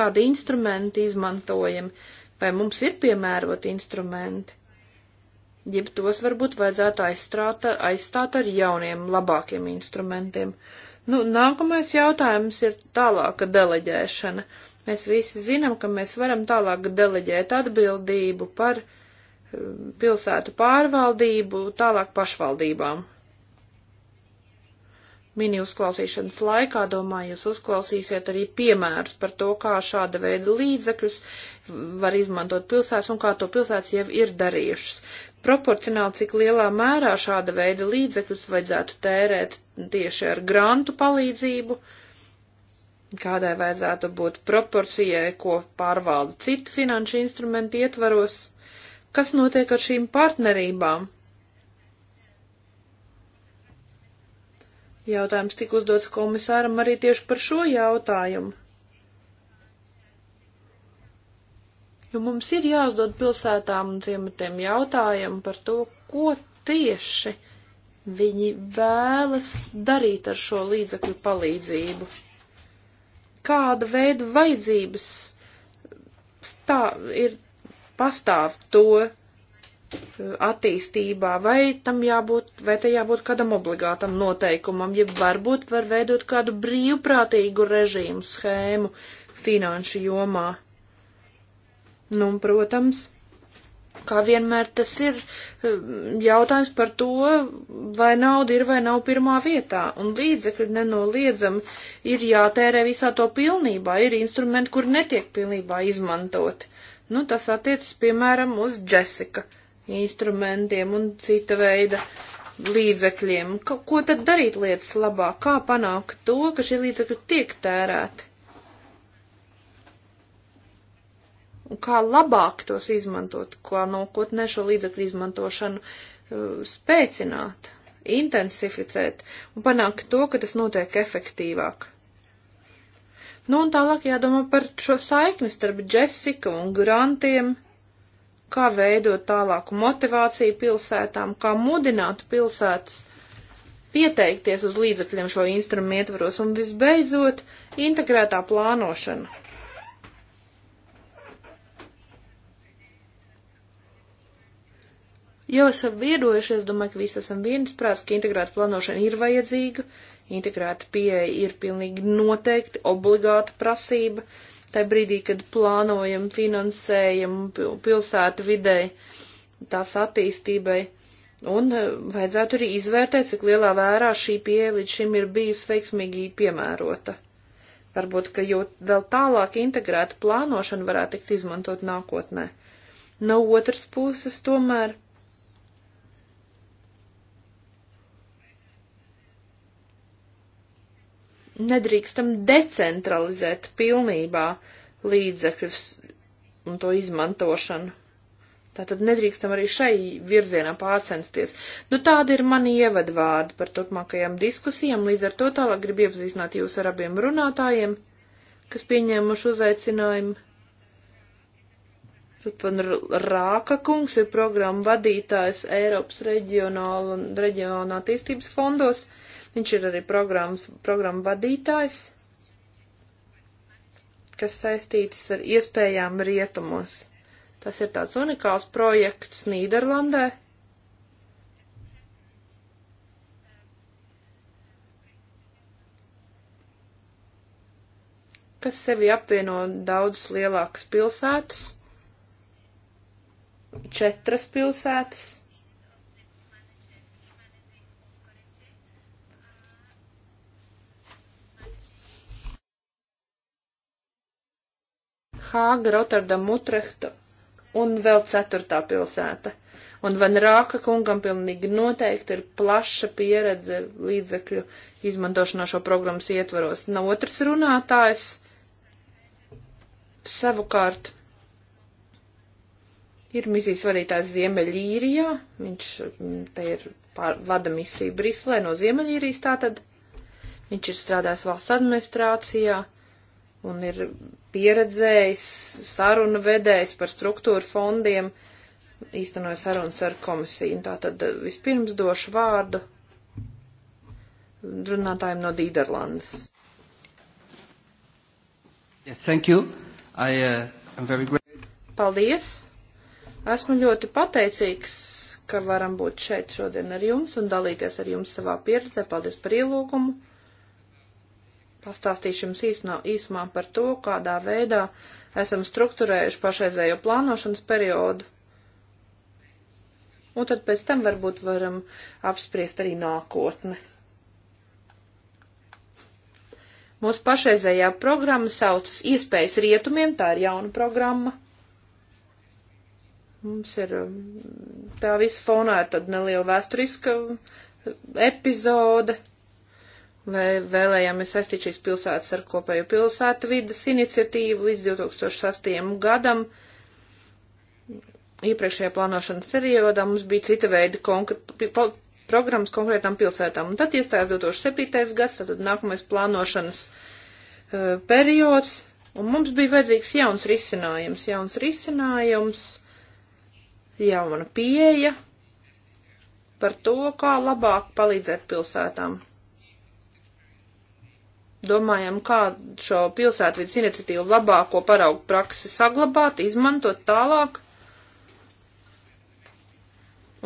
Kādi instrumenti izmantojam? Vai mums ir piemēroti instrumenti? jeb tos varbūt vajadzētu aizstrāt, aizstāt ar jauniem, labākiem instrumentiem. Nu, nākamais jautājums ir tālāka deleģēšana. Mēs visi zinām, ka mēs varam tālāk deleģēt atbildību par um, pilsētu pārvaldību tālāk pašvaldībām. Mini uzklausīšanas laikā, domāju, jūs uzklausīsiet arī piemērus par to, kā šāda veida līdzekļus var izmantot pilsētas un kā to pilsētas jau ir darījušas proporcionāli, cik lielā mērā šāda veida līdzekļus vajadzētu tērēt tieši ar grantu palīdzību, kādai vajadzētu būt proporcijai, ko pārvalda citu finanšu instrumentu ietvaros, kas notiek ar šīm partnerībām. Jautājums tika uzdots komisāram arī tieši par šo jautājumu. jo mums ir jāuzdod pilsētām un ciematiem jautājumu par to, ko tieši viņi vēlas darīt ar šo līdzekļu palīdzību. Kāda veida vajadzības stā, ir pastāv to uh, attīstībā, vai tam jābūt, vai tai jābūt kādam obligātam noteikumam, ja varbūt var veidot kādu brīvprātīgu režīmu schēmu finanšu jomā. Nu, protams, kā vienmēr tas ir eh, jautājums par to, vai nauda ir vai nav pirmā vietā, un līdzekļi nenoliedzami ir jātērē visā to pilnībā, ir instrumenti, kur netiek pilnībā izmantoti. Nu, tas attiecas, piemēram, uz Jessica instrumentiem un cita veida līdzekļiem. Ko, ko tad darīt lietas labā? Kā panākt to, ka šie līdzekļi tiek tērēti? un kā labāk tos izmantot, kā nākotnē šo līdzekļu izmantošanu uh, spēcināt, intensificēt un panākt to, ka tas notiek efektīvāk. Nu un tālāk jādomā par šo saikni starp Jessica un grantiem, kā veidot tālāku motivāciju pilsētām, kā mudināt pilsētas pieteikties uz līdzekļiem šo instrumentu ietvaros un visbeidzot integrētā plānošana jau esam viedojušies, domāju, ka visi esam viensprāts, ka integrēta plānošana ir vajadzīga, integrēta pieeja ir pilnīgi noteikti obligāta prasība. Tā brīdī, kad plānojam, finansējam pilsētu videi, tās attīstībai, un e, vajadzētu arī izvērtēt, cik lielā vērā šī pieeja līdz šim ir bijusi veiksmīgi piemērota. Varbūt, ka jau vēl tālāk integrēta plānošana varētu tikt izmantot nākotnē. No otras puses, tomēr nedrīkstam decentralizēt pilnībā līdzekļus un to izmantošanu. Tātad nedrīkstam arī šai virzienā pārcensties. Nu, tādi ir mani ievadvārdi par turpmākajām diskusijām, līdz ar to tālāk gribu iepazīstināt jūs ar abiem runātājiem, kas pieņēmuši uzaicinājumu. Van Rāka kungs ir programma vadītājs Eiropas reģionāla un reģionā attīstības fondos. Uh, Viņš ir arī programmas, programma vadītājs, kas saistīts ar iespējām rietumos. Tas ir tāds unikāls projekts Nīderlandē. kas sevi apvieno daudzas lielākas pilsētas, četras pilsētas, Hāga, Rotterdam, Utrehta un vēl ceturtā pilsēta. Un Van Rāka kungam pilnīgi noteikti ir plaša pieredze līdzekļu izmantošanā šo programmas ietvaros. Nav otrs runātājs savukārt ir misijas vadītājs Ziemeļīrijā. Viņš mm, te ir pār, vada misiju Briselē no Ziemeļīrijas tātad. Viņš ir strādājis valsts administrācijā un ir pieredzējis sarunu vedējs par struktūru fondiem, īstenoja sarunas ar komisiju. Tā tad eh, vispirms došu vārdu runātājiem no Dīderlandes. Yes, thank you. I uh, am very grateful. Paldies. Esmu ļoti pateicīgs, ka varam būt šeit šodien ar jums un dalīties ar jums savā pieredzē. Paldies par ielūgumu pastāstīšu jums īsumā, īsumā par to, kādā veidā esam strukturējuši pašreizējo plānošanas periodu. Un tad pēc tam varbūt varam apspriest arī nākotni. Mūsu pašreizējā programma saucas Iespējas rietumiem, tā ir jauna programma. Mums ir um, tā visa fonā ir tad neliela vēsturiska um, epizode. Vai vēlējāmies saistīt šīs pilsētas ar kopēju pilsētu vidas iniciatīvu līdz 2008. gadam. Iepriekšējā plānošanas periodā mums bija cita veida konkre programmas konkrētām pilsētām. Un tad iestājās 2007. gads, tad nākamais plānošanas uh, periods, un mums bija vajadzīgs jauns risinājums, jauns risinājums, jauna pieeja par to, kā labāk palīdzēt pilsētām domājam, kā šo pilsētvidas iniciatīvu labāko paraugu praksi saglabāt, izmantot tālāk,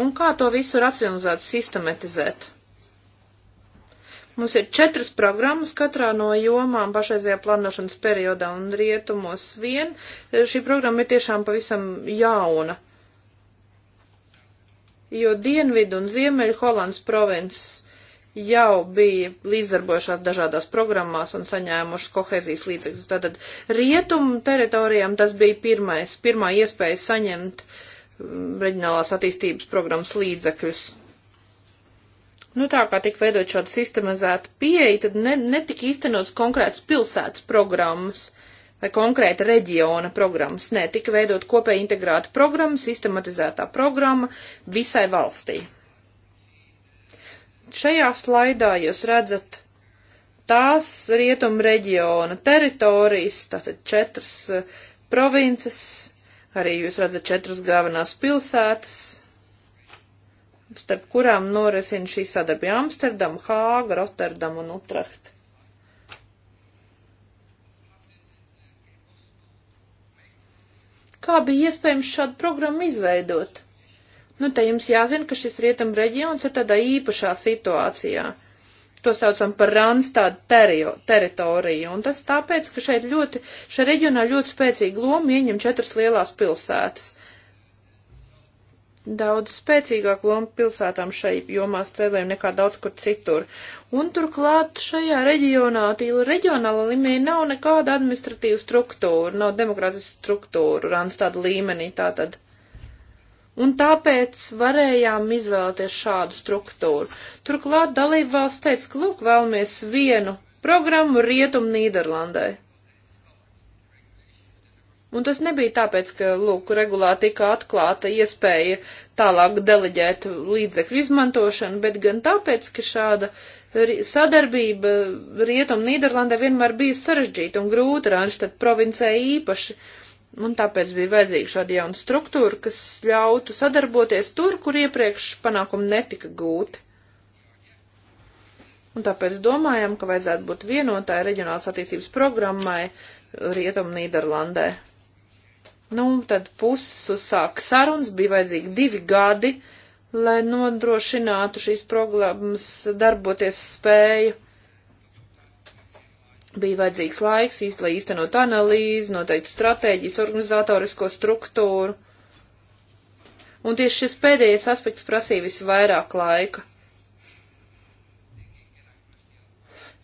un kā to visu racionalizēt, sistematizēt. Mums ir četras programmas katrā no jomām pašreizajā plānošanas periodā un rietumos vien. Šī programma ir tiešām pavisam jauna. Jo Dienvidu un Ziemeļu Holandas provinces jau bija līdzdarbojušās dažādās programmās un saņēmušas kohezijas līdzekļus. Tātad rietumu teritorijām tas bija pirmais, pirmā iespēja saņemt mm, reģionālās attīstības programmas līdzekļus. Nu tā kā tik veidot šādu sistemizētu pieeju, tad ne, netika īstenots konkrēts pilsētas programmas vai konkrēta reģiona programmas. Nē, tika veidot kopēji integrēta programma, sistematizētā programma visai valstī. Šajā slaidā jūs redzat tās rietumu reģiona teritorijas, tātad četras eh, provinces, arī jūs redzat četras galvenās pilsētas, starp kurām norisina šī sadarbība Amsterdam, Hāga, Rotterdam un Utrecht. Kā bija iespējams šādu programmu izveidot? Nu, te jums jāzina, ka šis rietam reģions ir tādā īpašā situācijā. To saucam par Randstad terio, teritoriju, un tas tāpēc, ka šeit ļoti, šajā reģionā ļoti spēcīgi lomu ieņem četras lielās pilsētas. Daudz spēcīgāk loma pilsētām šai jomā spēlēm nekā daudz kur citur. Un turklāt šajā reģionā, tīla reģionāla līmenī nav nekāda administratīva struktūra, nav demokrātiska struktūra, Randstad līmenī tātad un tāpēc varējām izvēlēties šādu struktūru. Turklāt dalību valsts teica, ka lūk, vēlamies vienu programmu Rietum Nīderlandē. Un tas nebija tāpēc, ka, lūk, regulā tika atklāta iespēja tālāk deleģēt līdzekļu izmantošanu, bet gan tāpēc, ka šāda sadarbība Rietum Nīderlandē vienmēr bija sarežģīta un grūta, Ranštad provincē īpaši, uh, Un tāpēc bija vajadzīga šāda jauna struktūra, kas ļautu sadarboties tur, kur iepriekš panākumi netika gūti. Un tāpēc domājam, ka vajadzētu būt vienotāja reģionāls attīstības programmai Rietumu Nīderlandē. Nu, tad puses uzsāka sarunas, bija vajadzīgi divi gadi, lai nodrošinātu šīs programmas darboties spēju bija vajadzīgs laiks, īsti, lai īstenot analīzi, noteikti stratēģijas, organizatorisko struktūru. Un tieši šis pēdējais aspekts prasīja visvairāk laika.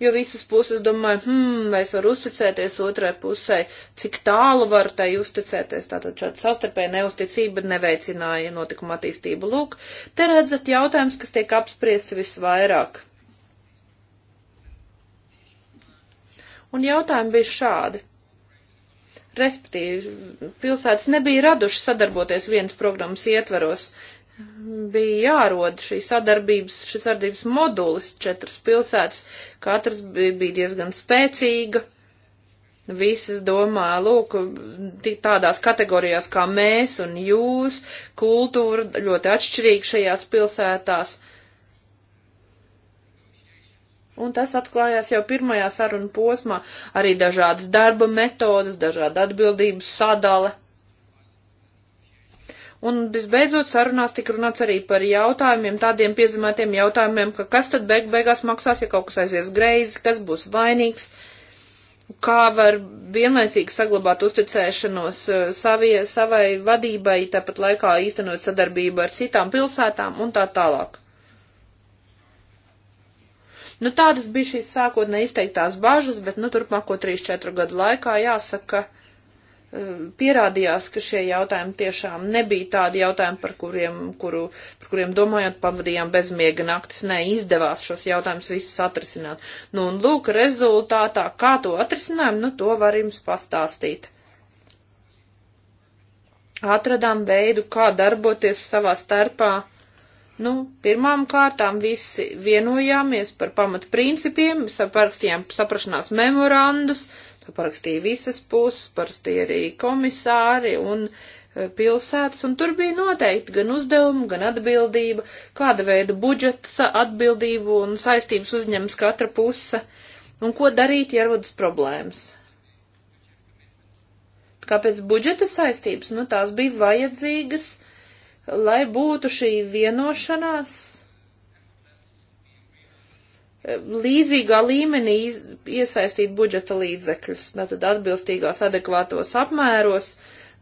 Jo visas puses domāja, hmm, vai es varu uzticēties otrai pusē, cik tālu var tai uzticēties. Tātad šāda savstarpēja neusticība neveicināja notikuma attīstību. Lūk, te redzat jautājums, kas tiek apspriesti visvairāk. un jautājumi bija šādi. Respektīvi, pilsētas nebija radušas sadarboties vienas programmas ietvaros. Bija jārod šī sadarbības, šis sadarbības modulis četras pilsētas, katrs bija diezgan spēcīga, Visas domā, lūk, tādās kategorijās kā mēs un jūs, kultūra ļoti atšķirīga šajās pilsētās. Uh, Un tas atklājās jau pirmajā saruna posmā, arī dažādas darba metodas, dažāda atbildības sadale. Un visbeidzot sarunās tika runāts arī par jautājumiem, tādiem piezīmētiem jautājumiem, ka kas tad beig beigās maksās, ja kaut kas aizies greizi, kas būs vainīgs, kā var vienlaicīgi saglabāt uzticēšanos eh, savie, savai vadībai, tāpat laikā īstenot sadarbību ar citām pilsētām un tā tālāk. Nu, tādas bija šīs sākotnē izteiktās bažas, bet, nu, turpmāko 3-4 gadu laikā jāsaka, eh, pierādījās, ka šie jautājumi tiešām nebija tādi jautājumi, par kuriem, kuru, par kuriem domājot, pavadījām bezmiega naktis. Nē, izdevās šos jautājumus visus atrisināt. Nu, un lūk, rezultātā, kā to atrisinājām, nu, to var jums pastāstīt. Atradām veidu, kā darboties savā starpā Nu, pirmām kārtām visi vienojāmies par pamatprincipiem, saparakstījām saprašanās memorandus, parakstīja visas puses, parakstīja arī komisāri un e, pilsētas, un tur bija noteikti gan uzdevumi, gan atbildība, kāda veida budžets atbildību un saistības uzņems katra puse, un ko darīt, ja rodas problēmas. Kāpēc budžeta saistības? Nu, tās bija vajadzīgas lai būtu šī vienošanās līdzīgā līmenī iesaistīt budžeta līdzekļus, tātad atbilstīgās adekvātos apmēros,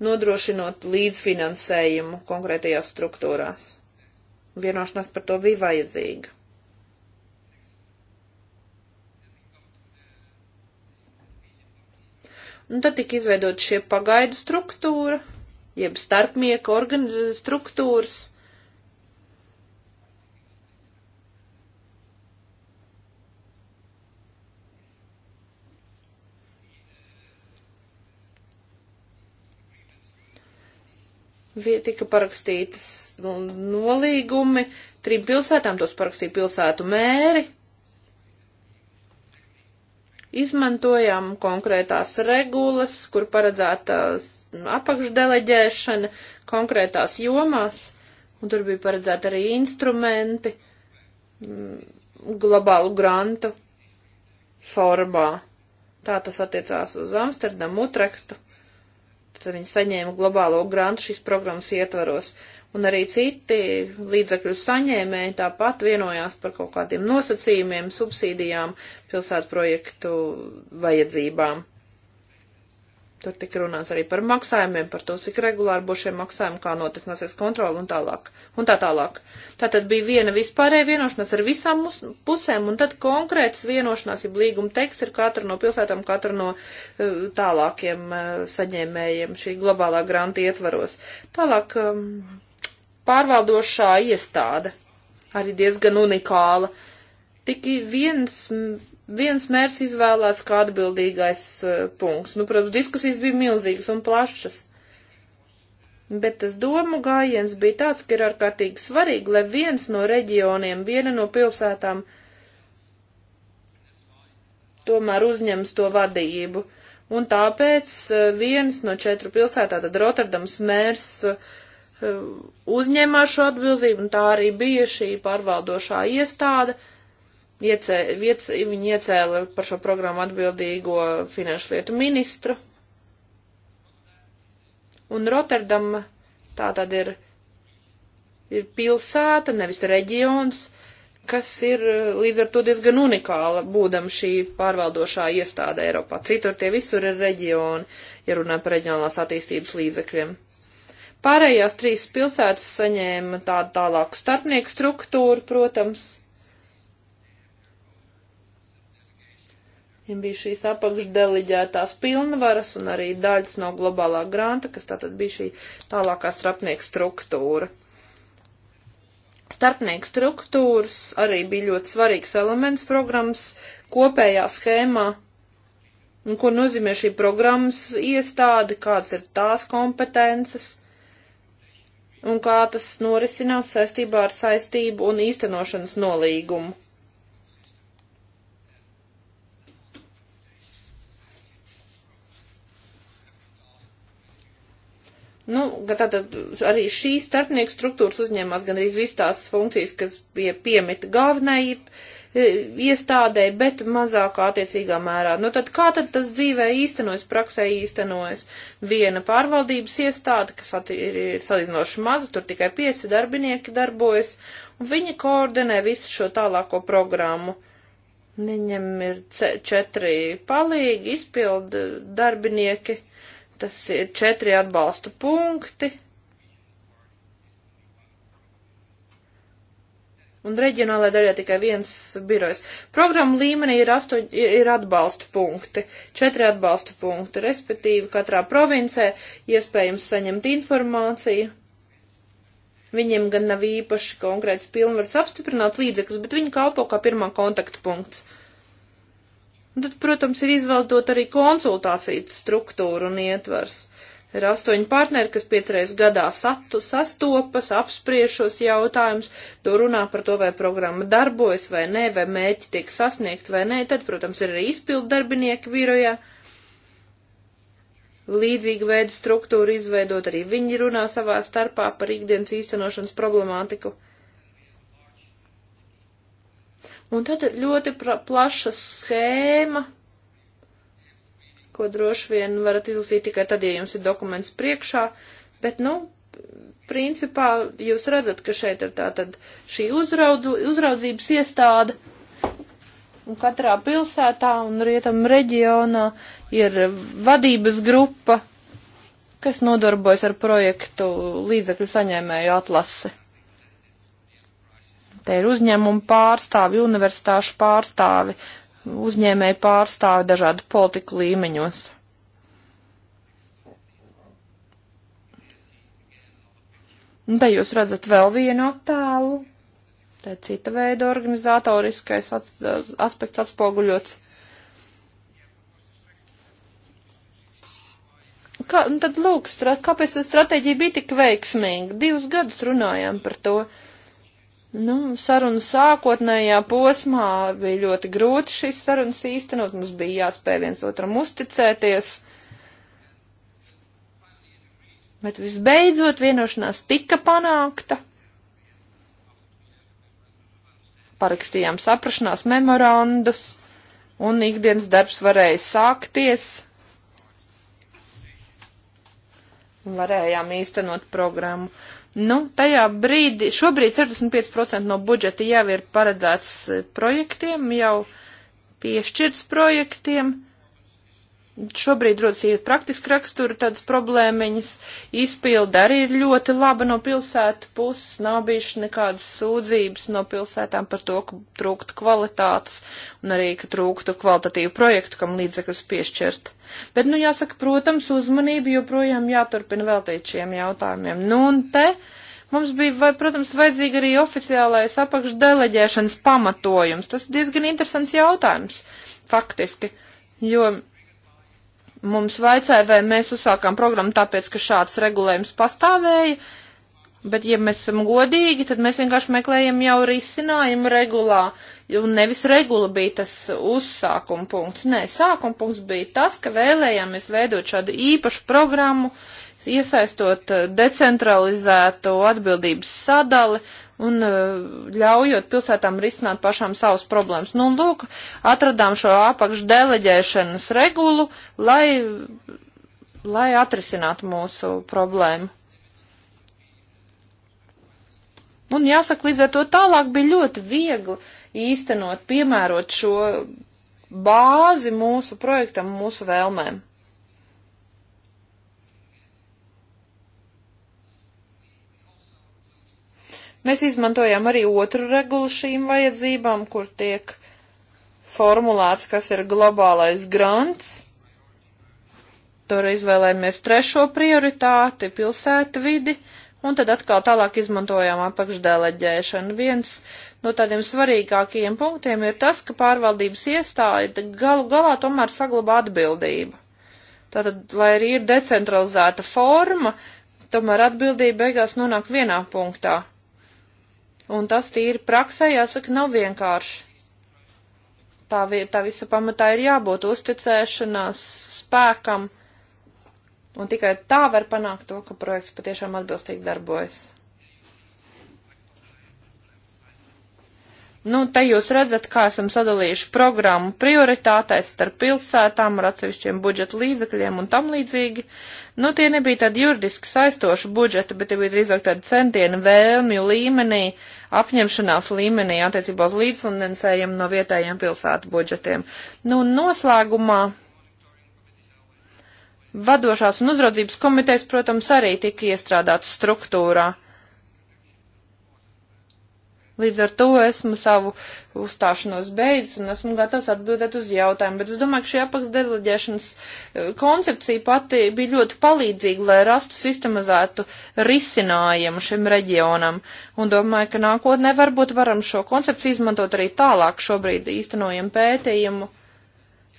nodrošinot līdzfinansējumu konkrētajās struktūrās. Vienošanās par to bija vajadzīga. Un tad tika izveidot šie pagaidu struktūra, jeb starpnieku struktūras. tika parakstītas nolīgumi trim pilsētām, tos parakstīja pilsētu mēri. Izmantojām konkrētās regulas, kur paredzētās apakšdeleģēšana konkrētās jomās, un tur bija paredzēti arī instrumenti mm, globālu grantu formā. Tā tas attiecās uz Amsterdamu, Utrektu. Tad viņi saņēma globālo grantu šīs programmas ietvaros un arī citi līdzakļu saņēmēji tāpat vienojās par kaut kādiem nosacījumiem, subsīdijām, pilsētu projektu vajadzībām. Tur tika runāts arī par maksājumiem, par to, cik regulāri būs šie maksājumi, kā notiksnāsies kontroli un tālāk. Un tā tālāk. Tātad bija viena vispārēja vienošanās ar visām pusēm, un tad konkrēts vienošanās, ja līguma teksts ir katra no pilsētām, katra no eh, tālākiem eh, saņēmējiem šī globālā granta ietvaros. Tālāk ehm, pārvaldošā iestāde, arī diezgan unikāla. Tik viens, viens mērs izvēlās kā atbildīgais uh, punkts. Nu, protams, diskusijas bija milzīgas un plašas. Bet tas domu gājiens bija tāds, ka ir ārkārtīgi svarīgi, lai viens no reģioniem, viena no pilsētām tomēr uzņems to vadību. Un tāpēc uh, viens no četru pilsētā, tad Rotterdams mērs uh, uzņēmās šo atbildību, un tā arī bija šī pārvaldošā iestāde. Iecē, viec, viņi iecēla par šo programmu atbildīgo finanšu lietu ministru. Un Rotterdama tā tad ir, ir pilsēta, nevis reģions, kas ir eh, līdz ar to diezgan unikāla, būdam šī pārvaldošā iestāde Eiropā. Citur tie visur ir reģioni, ja runājam par reģionālās attīstības līdzekļiem. Pārējās trīs pilsētas saņēma tādu tālāku starpnieku struktūru, protams. Viņam bija šīs apakšdeliģētās pilnvaras un arī daļas no globālā granta, kas tātad bija šī tālākā starpnieku struktūra. Starpnieku struktūras arī bija ļoti svarīgs elements programmas kopējā schēmā. Un ko nozīmē šī programmas iestāde, kādas ir tās kompetences? un kā tas norisinās saistībā ar saistību un īstenošanas nolīgumu. Nu, tātad arī šī starpnieku struktūras uzņēmās gan arī visu tās funkcijas, kas bija piemita galvenai E, iestādē, bet mazākā attiecīgā mērā. Nu tad kā tad tas dzīvē īstenojas, praksē īstenojas? Viena pārvaldības iestāde, kas ir salīdzinoši maza, tur tikai pieci darbinieki darbojas, un viņi koordinē visu šo tālāko programmu. Viņam ir četri palīgi, izpildu darbinieki, tas ir četri atbalsta punkti un reģionālajā daļā tikai viens birojs. Programma līmenī ir, astoņ, ir atbalsta punkti, četri atbalsta punkti, respektīvi katrā provincē iespējams saņemt informāciju. Viņiem gan nav īpaši konkrēts pilnvars apstiprināt līdzekļus, bet viņi kalpo kā pirmā kontakta punkts. Un tad, protams, ir izveidot arī konsultāciju struktūru un ietvars. Uh, Ir astoņi partneri, kas piecreiz gadā satu, sastopas, apspriež šos jautājumus, to runā par to, vai programma darbojas vai nē, vai mēķi tiek sasniegt vai nē. Tad, protams, ir arī izpildu darbinieki virojā. Līdzīga veida struktūra izveidot arī viņi runā savā starpā par ikdienas īstenošanas problemātiku. Un tad ir ļoti plaša schēma ko droši vien varat izlasīt tikai tad, ja jums ir dokuments priekšā, bet, nu, principā jūs redzat, ka šeit ir tā tad šī uzraudzu, uzraudzības iestāde, un katrā pilsētā un rietam reģionā ir vadības grupa, kas nodarbojas ar projektu līdzekļu saņēmēju atlasi. Te ir uzņēmumu pārstāvi, universitāšu pārstāvi, uzņēmēji pārstāvi dažādu politiku līmeņos. Un te jūs redzat vēl vienu attēlu, te cita veida organizatoriskais at, aspekts atspoguļots. Kā, un tad lūk, strat, kāpēc tā stratēģija bija tik veiksmīga? Divus gadus runājām par to. Uh, Nu, saruna sākotnējā posmā bija ļoti grūti šīs sarunas īstenot, mums bija jāspēj viens otram uzticēties. Bet visbeidzot vienošanās tika panākta. Parakstījām saprašanās memorandus, un ikdienas darbs varēja sākties. Un varējām īstenot programmu. Nu, tajā brīdī, šobrīd 65% no budžeta jau ir paredzēts eh, projektiem, jau piešķirts projektiem. Uh, Šobrīd rodas ir praktiski rakstura tādas problēmiņas, izpildi arī ir ļoti laba no pilsētu puses, nav bijušas nekādas sūdzības no pilsētām par to, ka trūktu kvalitātes un arī, ka trūktu kvalitatīvu projektu, kam līdzekļus piešķirt. Bet, nu, jāsaka, protams, uzmanību joprojām jāturpina veltīt šiem jautājumiem. Nu, un te mums bija, vai, protams, vajadzīga arī oficiālais apakšdeleģēšanas pamatojums. Tas ir diezgan interesants jautājums, faktiski, jo Mums vaicāja, vai mēs uzsākām programmu tāpēc, ka šāds regulējums pastāvēja, bet ja mēs esam godīgi, tad mēs vienkārši meklējam jau risinājumu regulā, un nevis regula bija tas uzsākuma punkts. Nē, sākuma punkts bija tas, ka vēlējāmies veidot šādu īpašu programmu, iesaistot eh, decentralizēto atbildības sadali, un e, ļaujot pilsētām risināt pašām savas problēmas. Nu, un lūk, atradām šo apakšdeleģēšanas regulu, lai, lai atrisinātu mūsu problēmu. Un jāsaka, līdz ar to tālāk bija ļoti viegli īstenot, piemērot šo bāzi mūsu projektam, mūsu vēlmēm. Mēs izmantojam arī otru regulu šīm vajadzībām, kur tiek formulēts, kas ir globālais grants. Tur izvēlējamies trešo prioritāti - pilsētu vidi, un tad atkal tālāk izmantojām apakšdeleģēšanu. Viens no tādiem svarīgākajiem punktiem ir tas, ka pārvaldības iestāde galu galā tomēr saglabā atbildību. Tātad, lai arī ir decentralizēta forma, tomēr atbildība beigās nonāk vienā punktā Un tas tīri praksē, jāsaka, nav vienkārši. Tā, tā visa pamatā ir jābūt uzticēšanās spēkam, un tikai tā var panākt to, ka projekts patiešām atbilstīgi darbojas. Nu, te jūs redzat, kā esam sadalījuši programmu prioritātēs starp pilsētām ar atsevišķiem budžeta līdzekļiem un tam līdzīgi. Nu, tie nebija tādi juridiski saistoši budžeti, bet tie bija drīzāk tādi centieni vēlmju līmenī uh, apņemšanās līmenī attiecībā uz līdzfinansējumu no vietējiem pilsētu budžetiem. Nu, noslēgumā vadošās un uzraudzības komitejas, protams, arī tika iestrādāts struktūrā. Līdz ar to esmu savu uzstāšanos beidzis un esmu gatavs atbildēt uz jautājumu, bet es domāju, ka šī apakšdeleģēšanas e, koncepcija pati bija ļoti palīdzīga, lai rastu sistemizētu risinājumu šim reģionam. Un domāju, ka nākotnē varbūt varam šo koncepciju izmantot arī tālāk. Šobrīd īstenojam pētījumu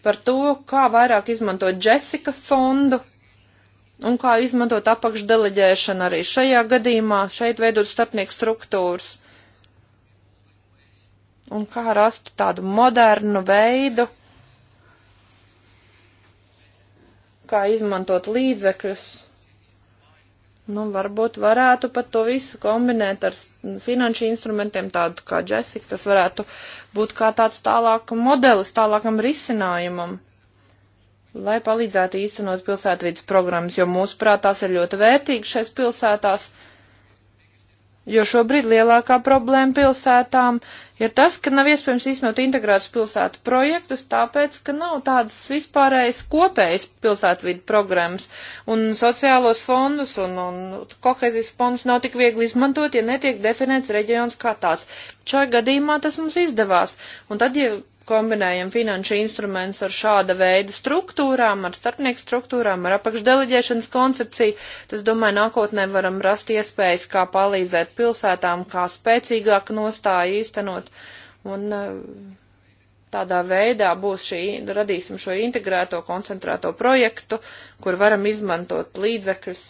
par to, kā vairāk izmantot Jessica fondu un kā izmantot apakšdeleģēšanu arī šajā gadījumā, šeit veidot starpnieku struktūras un kā rast tādu modernu veidu, kā izmantot līdzekļus. Nu, varbūt varētu pat to visu kombinēt ar finanšu instrumentiem, tādu kā Jessica. Tas varētu būt kā tāds tālāk modelis, tālākam risinājumam, lai palīdzētu īstenot pilsētvidas programmas, jo mūsuprāt tās ir ļoti vērtīgas šais pilsētās. Uh, Jo šobrīd lielākā problēma pilsētām ir tas, ka nav iespējams īstenot integrētus pilsētu projektus, tāpēc, ka nav tādas vispārējas kopējas pilsētvidu programmas, un sociālos fondus un, un kohezijas fondus nav tik viegli izmantot, ja netiek definēts reģions kā tāds. Šajā gadījumā tas mums izdevās, un tad, ja kombinējam finanšu instrumentus ar šāda veida struktūrām, ar starpnieku struktūrām, ar apakšdeleģēšanas koncepciju, tas, domāju, nākotnē varam rast iespējas, kā palīdzēt pilsētām, kā spēcīgāk nostāju īstenot. Un eh, tādā veidā būs šī, radīsim šo integrēto, koncentrēto projektu, kur varam izmantot līdzekļus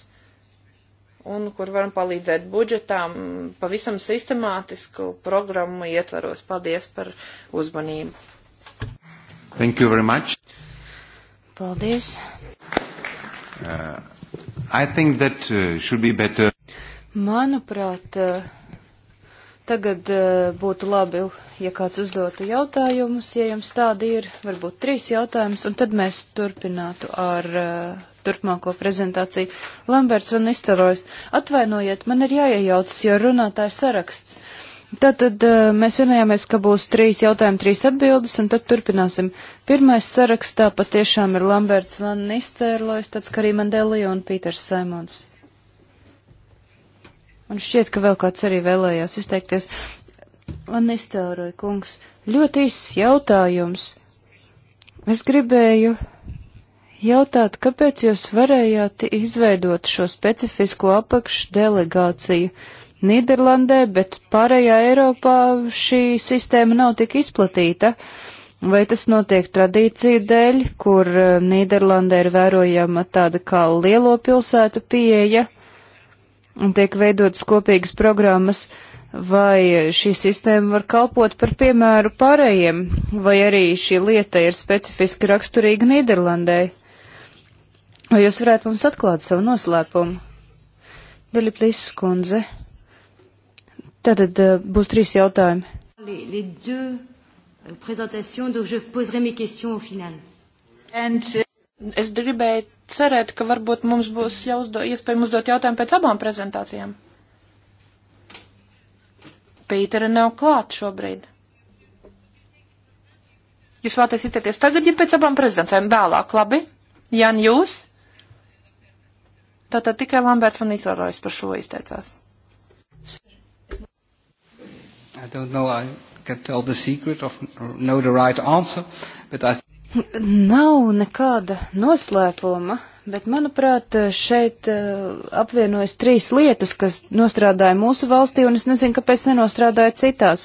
un kur varam palīdzēt budžetām pavisam sistemātisku programmu ietvaros. Paldies par uzmanību. Thank you very much. Paldies. Uh, I think that uh, should be better. Manuprāt, uh, tagad uh, būtu labi, ja kāds uzdotu jautājumus, ja jums tādi ir, varbūt trīs jautājumus, un tad mēs turpinātu ar uh, turpmāko prezentāciju. Lamberts van Nistelrojs, atvainojiet, man ir jāiejaucas, jo runātājs saraksts. Tātad eh, mēs vienojāmies, ka būs trīs jautājumi, trīs atbildes, un tad turpināsim. Pirmais sarakstā patiešām ir Lamberts van Nistelrojs, tāds kā arī Mandelija un Pīters Saimons. Un šķiet, ka vēl kāds arī vēlējās izteikties. Man iztēroja kungs. Ļoti īsts jautājums. Es gribēju jautāt, kāpēc jūs varējāt izveidot šo specifisko apakšdelegāciju Nīderlandē, bet pārējā Eiropā šī sistēma nav tik izplatīta? Vai tas notiek tradīciju dēļ, kur eh, Nīderlandē ir vērojama tāda kā lielo pilsētu pieeja un tiek veidotas kopīgas programmas? vai šī sistēma var kalpot par piemēru pārējiem, vai arī šī lieta ir specifiski raksturīga Nīderlandai. Vai jūs varētu mums atklāt savu noslēpumu? Deliplīs skundze. Tātad uh, eh, būs trīs jautājumi. Les, les deux euh, présentation, donc je poserai mes questions au final. And, es gribēju cerēt, ka varbūt mums būs jāuzdo, iespēja uzdot jautājumu pēc abām prezentācijām. Pītera nav klāt šobrīd. Jūs vēlaties izteikties tagad, ja pēc abām prezentācijām vēlāk, labi? Jan, jūs? Tātad tikai Lamberts van Nisvarojas par šo izteicās. I don't know, I can tell the secret of know the right answer, but I. Nav nekāda noslēpuma, bet manuprāt, šeit eh, apvienojas trīs lietas, kas nostrādāja mūsu valstī, un es nezinu, kāpēc nenostrādāja citās.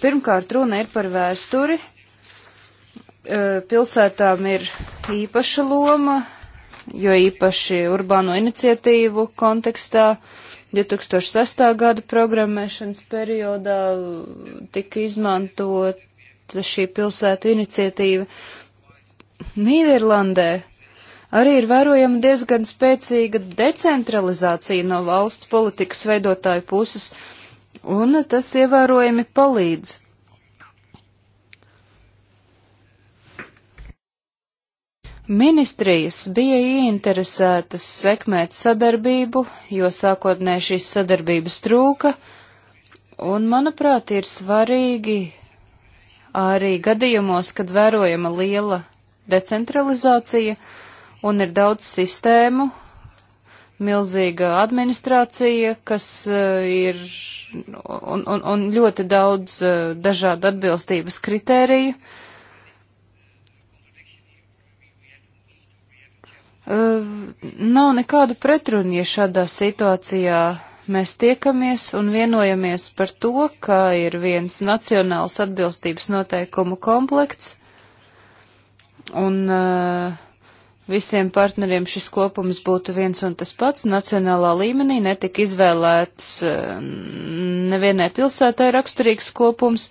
Pirmkārt, runa ir par vēsturi. Eh, pilsētām ir īpaša loma, jo īpaši urbāno iniciatīvu kontekstā 2006. gada programmēšanas periodā tika izmantot šī pilsētu iniciatīva. Nīderlandē arī ir vērojama diezgan spēcīga decentralizācija no valsts politikas veidotāju puses, un tas ievērojami palīdz Ministrijas bija ieinteresētas sekmēt sadarbību, jo sākotnēji šīs sadarbības trūka, un, manuprāt, ir svarīgi arī gadījumos, kad vērojama liela decentralizācija un ir daudz sistēmu, milzīga administrācija, kas eh, ir un, un, un ļoti daudz eh, dažādu atbilstības kritēriju. Uh, nav nekādu pretrunu, ja šādā situācijā mēs tiekamies un vienojamies par to, ka ir viens nacionāls atbilstības noteikumu komplekts, un uh, visiem partneriem šis kopums būtu viens un tas pats. Nacionālā līmenī netika izvēlēts uh, nevienai pilsētai raksturīgs kopums.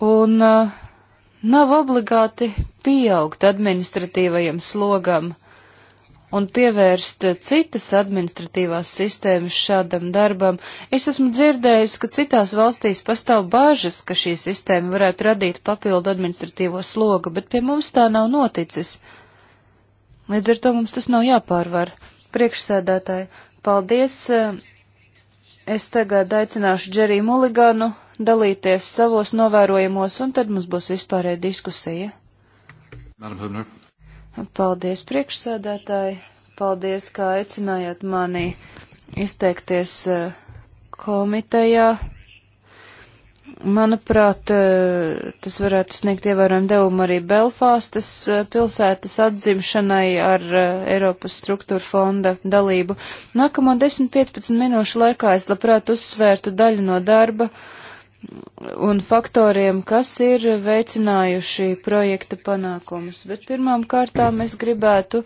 Un uh, nav obligāti pieaugt administratīvajam slogam un pievērst citas administratīvās sistēmas šādam darbam. Es esmu dzirdējis, ka citās valstīs pastāv bāžas, ka šī sistēma varētu radīt papildu administratīvo slogu, bet pie mums tā nav noticis. Līdz ar to mums tas nav jāpārvar. Priekšsēdētāji, paldies! Es tagad aicināšu Džeriju Muliganu dalīties savos novērojumos, un tad mums būs vispārēja diskusija. Paldies, priekšsēdētāji! Paldies, kā aicinājāt mani izteikties eh, komitejā. Manuprāt, eh, tas varētu sniegt ievērojumu devumu arī Belfāstas eh, pilsētas atzimšanai ar Eiropas struktūra fonda dalību. Nākamo 10-15 minūšu laikā es labprāt uzsvērtu daļu no darba, uh, un faktoriem, kas ir veicinājuši projekta panākumus. Bet pirmām kārtām es gribētu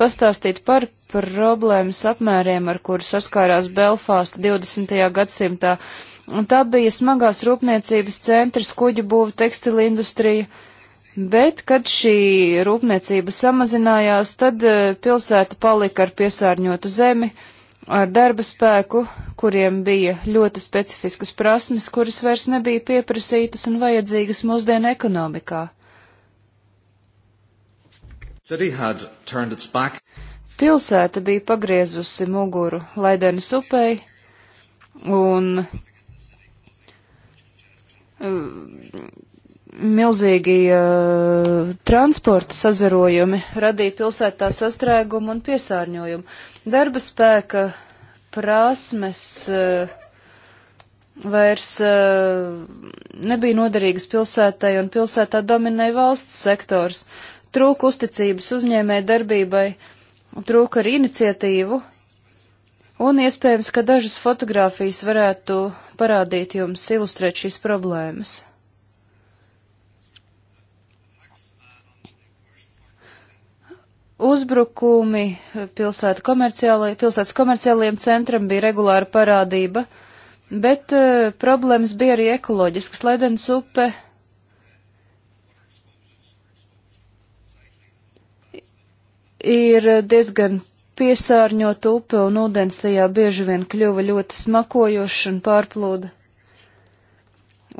pastāstīt par problēmas apmēriem, ar kuru saskārās Belfāsta 20. gadsimtā. Un tā bija smagās rūpniecības centrs, kuģu būva tekstila industrija. Bet, kad šī rūpniecība samazinājās, tad eh, pilsēta palika ar piesārņotu zemi, uh, ar darba spēku, kuriem bija ļoti specifiskas prasmes, kuras vairs nebija pieprasītas un vajadzīgas mūsdienu ekonomikā. Pilsēta bija pagriezusi muguru Laidenes upei un milzīgi uh, transporta sazarojumi radīja pilsētā sastrēgumu un piesārņojumu. Darba spēka prasmes uh, vairs uh, nebija noderīgas pilsētai un pilsētā dominēja valsts sektors. Trūka uzticības uzņēmē darbībai, trūka arī iniciatīvu, un iespējams, ka dažas fotogrāfijas varētu parādīt jums, ilustrēt šīs problēmas. uzbrukumi pilsētu komerciālai, pilsētas komerciālajiem centram bija regulāra parādība, bet uh, problēmas bija arī ekoloģiskas. Ledens upe ir diezgan piesārņota upe, un ūdens tajā bieži vien kļuva ļoti smakojošs un pārplūda.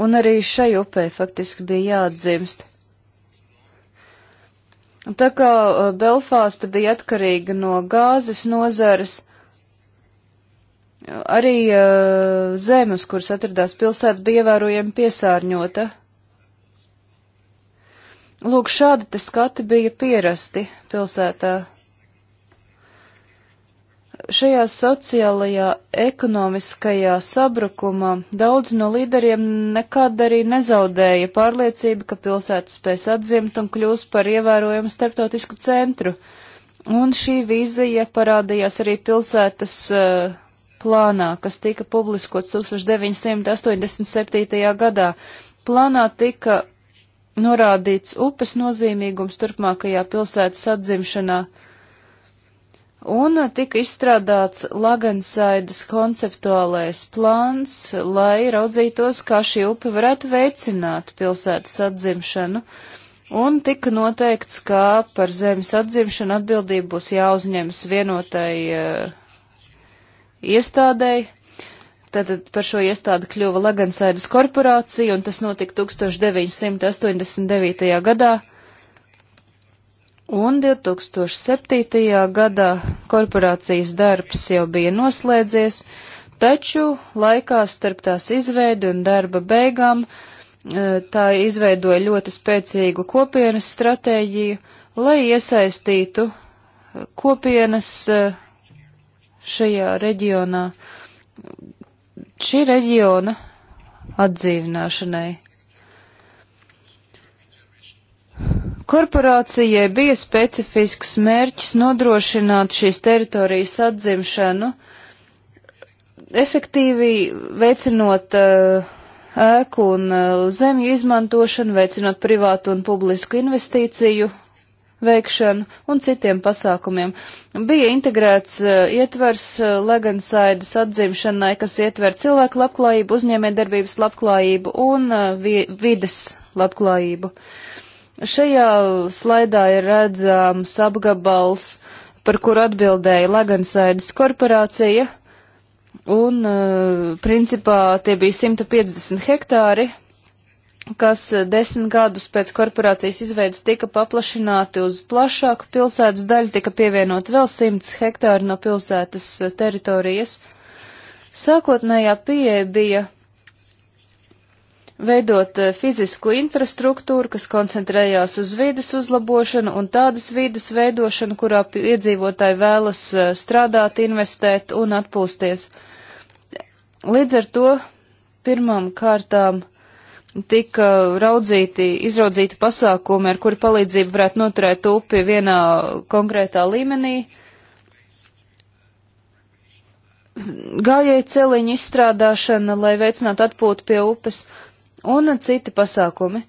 Un arī šai upē faktiski bija jāatdzimst. Tā kā uh, Belfāsta bija atkarīga no gāzes nozares, arī uh, zeme, uz kuras atradās pilsēta, bija ievērojami piesārņota. Lūk, šādi te skati bija pierasti pilsētā. Šajā sociālajā, ekonomiskajā sabrukumā daudz no līderiem nekad arī nezaudēja pārliecība, ka pilsēta spēs atzimt un kļūs par ievērojumu starptautisku centru. Un šī vīzija parādījās arī pilsētas uh, plānā, kas tika publiskots 1987. gadā. Plānā tika norādīts upes nozīmīgums turpmākajā pilsētas atzimšanā un tika izstrādāts Lagansaidas konceptuālais plāns, lai raudzītos, kā šī upe varētu veicināt pilsētas atzimšanu, un tika noteikts, ka par zemes atzimšanu atbildību būs jāuzņemas vienotai uh, eh, iestādēji. Tātad par šo iestādi kļuva Lagansaidas korporācija, un tas notika 1989. gadā. Un 2007. gadā korporācijas darbs jau bija noslēdzies, taču laikā starp tās izveidu un darba beigām eh, tā izveidoja ļoti spēcīgu kopienas stratēģiju, lai iesaistītu eh, kopienas eh, šajā reģionā, šī reģiona atdzīvināšanai. Korporācijai bija specifisks mērķis nodrošināt šīs teritorijas atzimšanu, efektīvi veicinot uh, ēku un uh, zemju izmantošanu, veicinot privātu un publisku investīciju veikšanu un citiem pasākumiem. Bija integrēts uh, ietvers uh, Legansaidas atzimšanai, kas ietver cilvēku labklājību, uzņēmē darbības labklājību un uh, vi vides labklājību. Uh, Šajā slaidā ir redzams apgabals, par kur atbildēja Lagansaidas korporācija, un eh, principā tie bija 150 hektāri, kas desmit gadus pēc korporācijas izveidas tika paplašināti uz plašāku pilsētas daļu, tika pievienot vēl 100 hektāri no pilsētas teritorijas. Sākotnējā pieeja bija veidot eh, fizisku infrastruktūru, kas koncentrējās uz vides uzlabošanu un tādas vides veidošanu, kurā iedzīvotāji vēlas eh, strādāt, investēt un atpūsties. Līdz ar to pirmām kārtām tika raudzīti, izraudzīti pasākumi, ar kuri palīdzību varētu noturēt upi vienā konkrētā līmenī. Gājēji celiņu izstrādāšana, lai veicinātu atpūtu pie upes. Uh, un citi pasākumi.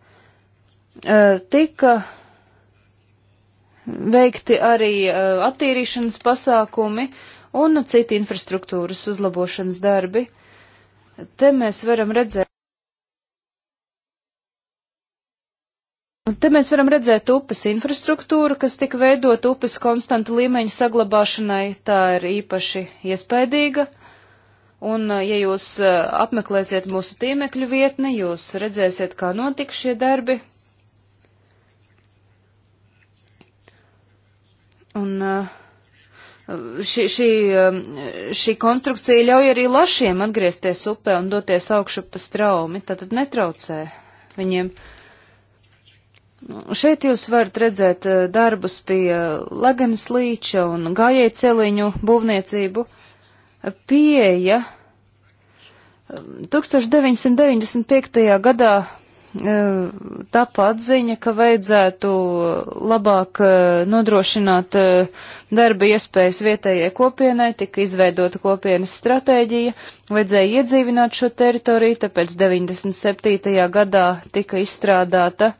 Tika veikti arī attīrīšanas pasākumi un citi infrastruktūras uzlabošanas darbi. Te mēs varam redzēt. Te mēs varam redzēt upes infrastruktūru, kas tika veidot upes konstanta līmeņa saglabāšanai, tā ir īpaši iespaidīga. Uh, Un, eh, ja jūs eh, apmeklēsiet mūsu tīmekļu vietni, jūs redzēsiet, kā notika šie darbi. Un eh, šī, šī, šī konstrukcija ļauj arī lašiem atgriezties upē un doties augšu pa straumi, tātad netraucē viņiem. Nu, šeit jūs varat redzēt darbus pie Leganas līča un gājēji celiņu būvniecību pieeja 1995. gadā e, tā patziņa, ka vajadzētu labāk e, nodrošināt e, darba iespējas vietējai kopienai, tika izveidota kopienas stratēģija, vajadzēja iedzīvināt šo teritoriju, tāpēc 97. gadā tika izstrādāta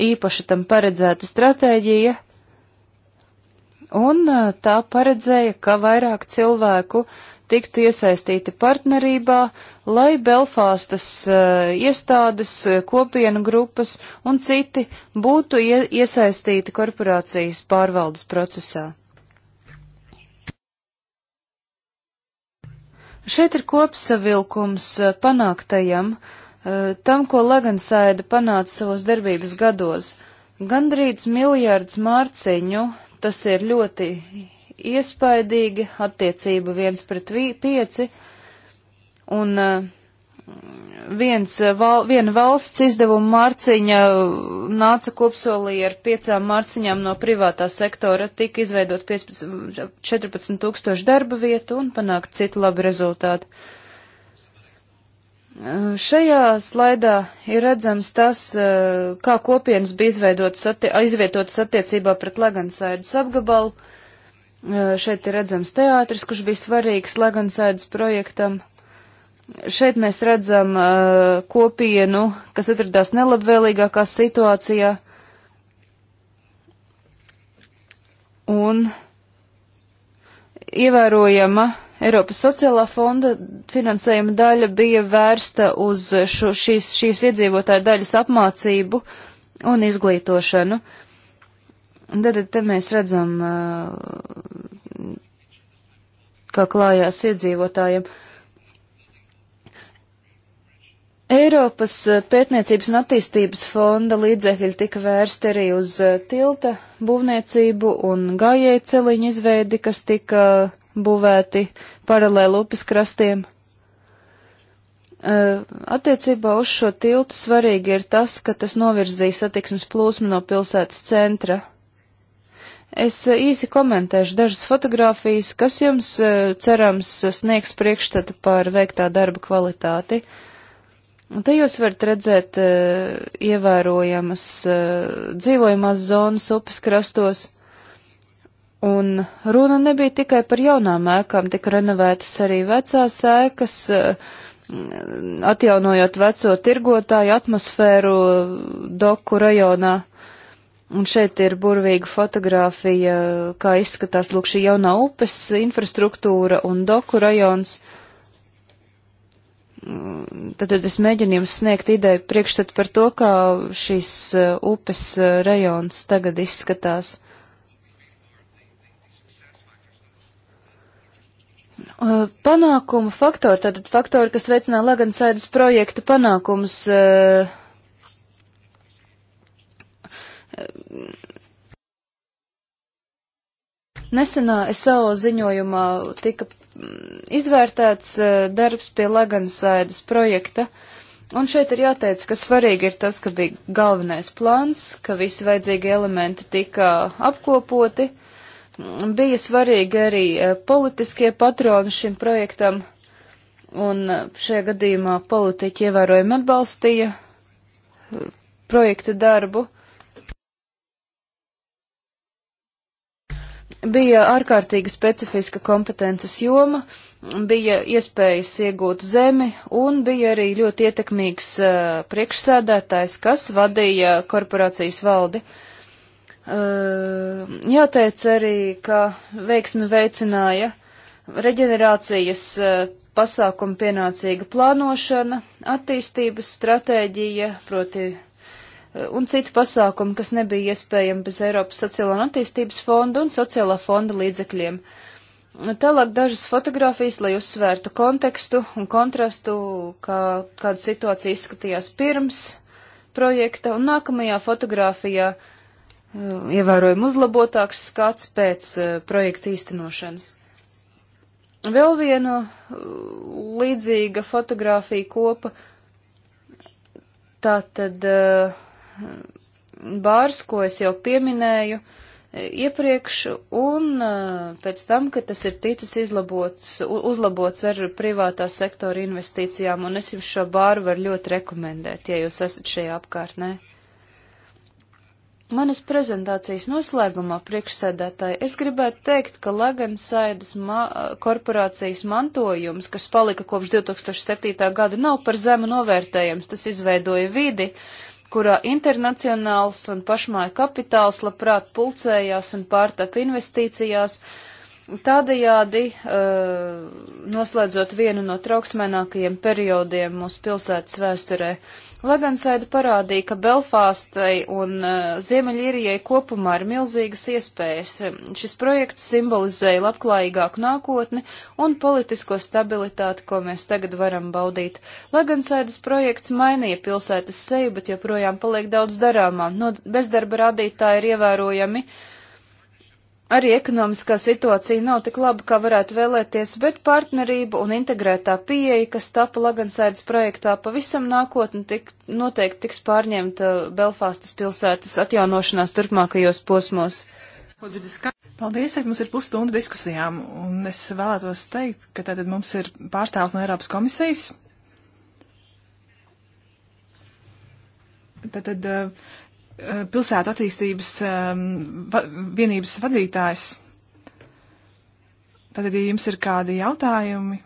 īpaši tam paredzēta stratēģija, un tā paredzēja, ka vairāk cilvēku tiktu iesaistīti partnerībā, lai Belfāstas uh, iestādes, eh, kopienu grupas un citi būtu ie iesaistīti korporācijas pārvaldes procesā. Šeit ir kopsavilkums eh, panāktajam, uh, tam, ko Lagansaida panāca savos darbības gados. Gandrīz miljards mārciņu, tas ir ļoti iespaidīgi, attiecība viens pret vi, pieci, un eh, viens, eh, val, viena valsts izdevuma mārciņa eh, nāca kopsolī ar piecām mārciņām no privātā sektora, tika izveidot 15, 14 tūkstoši darba vietu un panākt citu labu rezultātu. Šajā slaidā ir redzams tas, kā kopienas bija izvietotas attiecībā pret Legansaidas apgabalu. Šeit ir redzams teātris, kurš bija svarīgs Lagansēdas projektam. Šeit mēs redzam uh, kopienu, kas atradās nelabvēlīgākā situācijā. Un ievērojama Eiropas sociālā fonda finansējuma daļa bija vērsta uz šo, šīs, šīs iedzīvotāju daļas apmācību un izglītošanu. Uh, Un tad te mēs redzam, uh, kā klājās iedzīvotājiem. Eiropas uh, pētniecības un attīstības fonda līdzekļi tika vērsti arī uz uh, tilta būvniecību un gājēju celiņu izveidi, kas tika būvēti paralēli upes krastiem. Attiecībā uz šo tiltu svarīgi ir tas, ka tas novirzīs attiksmes plūsmu no pilsētas centra Es eh, īsi komentēšu dažas fotogrāfijas, kas jums eh, cerams sniegs priekšstatu par veiktā darba kvalitāti. Te jūs varat redzēt eh, ievērojamas dzīvojamās zonas upes krastos, un runa nebija tikai par jaunām ēkām, tika renovētas arī vecās ēkas, atjaunojot veco tirgotāju atmosfēru doku rajonā. Un šeit ir burvīga fotografija, kā izskatās lūk šī jaunā upes infrastruktūra un doku rajons. Tad es mēģinu jums sniegt ideju priekšstat par to, kā šīs uh, upes uh, rajons tagad izskatās. Uh, panākumu faktori, tātad faktori, kas veicināja Lagansaidas projekta panākums Nesenā SAO ziņojumā tika mm, izvērtēts eh, darbs pie Lagansaidas projekta, un šeit ir jāteic, ka svarīgi ir tas, ka bija galvenais plāns, ka visi vajadzīgi elementi tika apkopoti, mm, bija svarīgi arī eh, politiskie patroni šim projektam, un eh, šajā gadījumā politiķi ievērojami atbalstīja projekta darbu. Bija ārkārtīgi specifiska kompetences joma, bija iespējas iegūt zemi un bija arī ļoti ietekmīgs uh, priekšsēdētājs, kas vadīja korporācijas valdi. Uh, jāteic arī, ka veiksmi veicināja reģenerācijas uh, pasākumu pienācīga plānošana, attīstības stratēģija, proti un citi pasākumi, kas nebija iespējami bez Eiropas sociālā un attīstības fonda un sociālā fonda līdzekļiem. Tālāk dažas fotogrāfijas, lai uzsvērtu kontekstu un kontrastu, kā, kāda situācija izskatījās pirms projekta, un nākamajā fotogrāfijā uh, ievērojami uzlabotāks skats pēc uh, projekta īstenošanas. Vēl viena uh, līdzīga fotogrāfija kopa, tā tad uh, bārs, ko es jau pieminēju e, iepriekš, un e, pēc tam, ka tas ir ticis izlabots, uzlabots ar privātā sektora investīcijām, un es jums šo bāru varu ļoti rekomendēt, ja jūs esat šajā apkārtnē. Manas prezentācijas noslēgumā priekšsēdētāji es gribētu teikt, ka Lagansaidas ma korporācijas mantojums, kas palika kopš 2007. gada, nav par zemu novērtējams, tas izveidoja vidi, uh, kurā internacionāls un pašmāja kapitāls labprāt pulcējās un pārtap investīcijās, uh, Tādējādi, eh, noslēdzot vienu no trauksmēnākajiem periodiem mūsu pilsētas vēsturē, Lagansaida parādīja, ka Belfāstai un eh, Ziemeļīrijai kopumā ir milzīgas iespējas. Šis projekts simbolizēja labklājīgāku nākotni un politisko stabilitāti, ko mēs tagad varam baudīt. Lagansaidas projekts mainīja pilsētas seju, bet joprojām paliek daudz darāmā. No bezdarba rādītāji ir ievērojami. Uh, Arī ekonomiskā situācija nav tik laba, kā varētu vēlēties, bet partnerība un integrētā pieeja, kas tapa Lagansaidas projektā, pavisam nākotni tik, noteikti tiks pārņemta Belfāstas pilsētas atjaunošanās turpmākajos posmos. Paldies, ka mums ir pusstunda diskusijām, un es vēlētos teikt, ka tātad mums ir pārstāvs no Eiropas komisijas. Tātad Eh, pilsētu attīstības ehm, va, vienības vadītājs. Tātad, ja jums ir kādi jautājumi,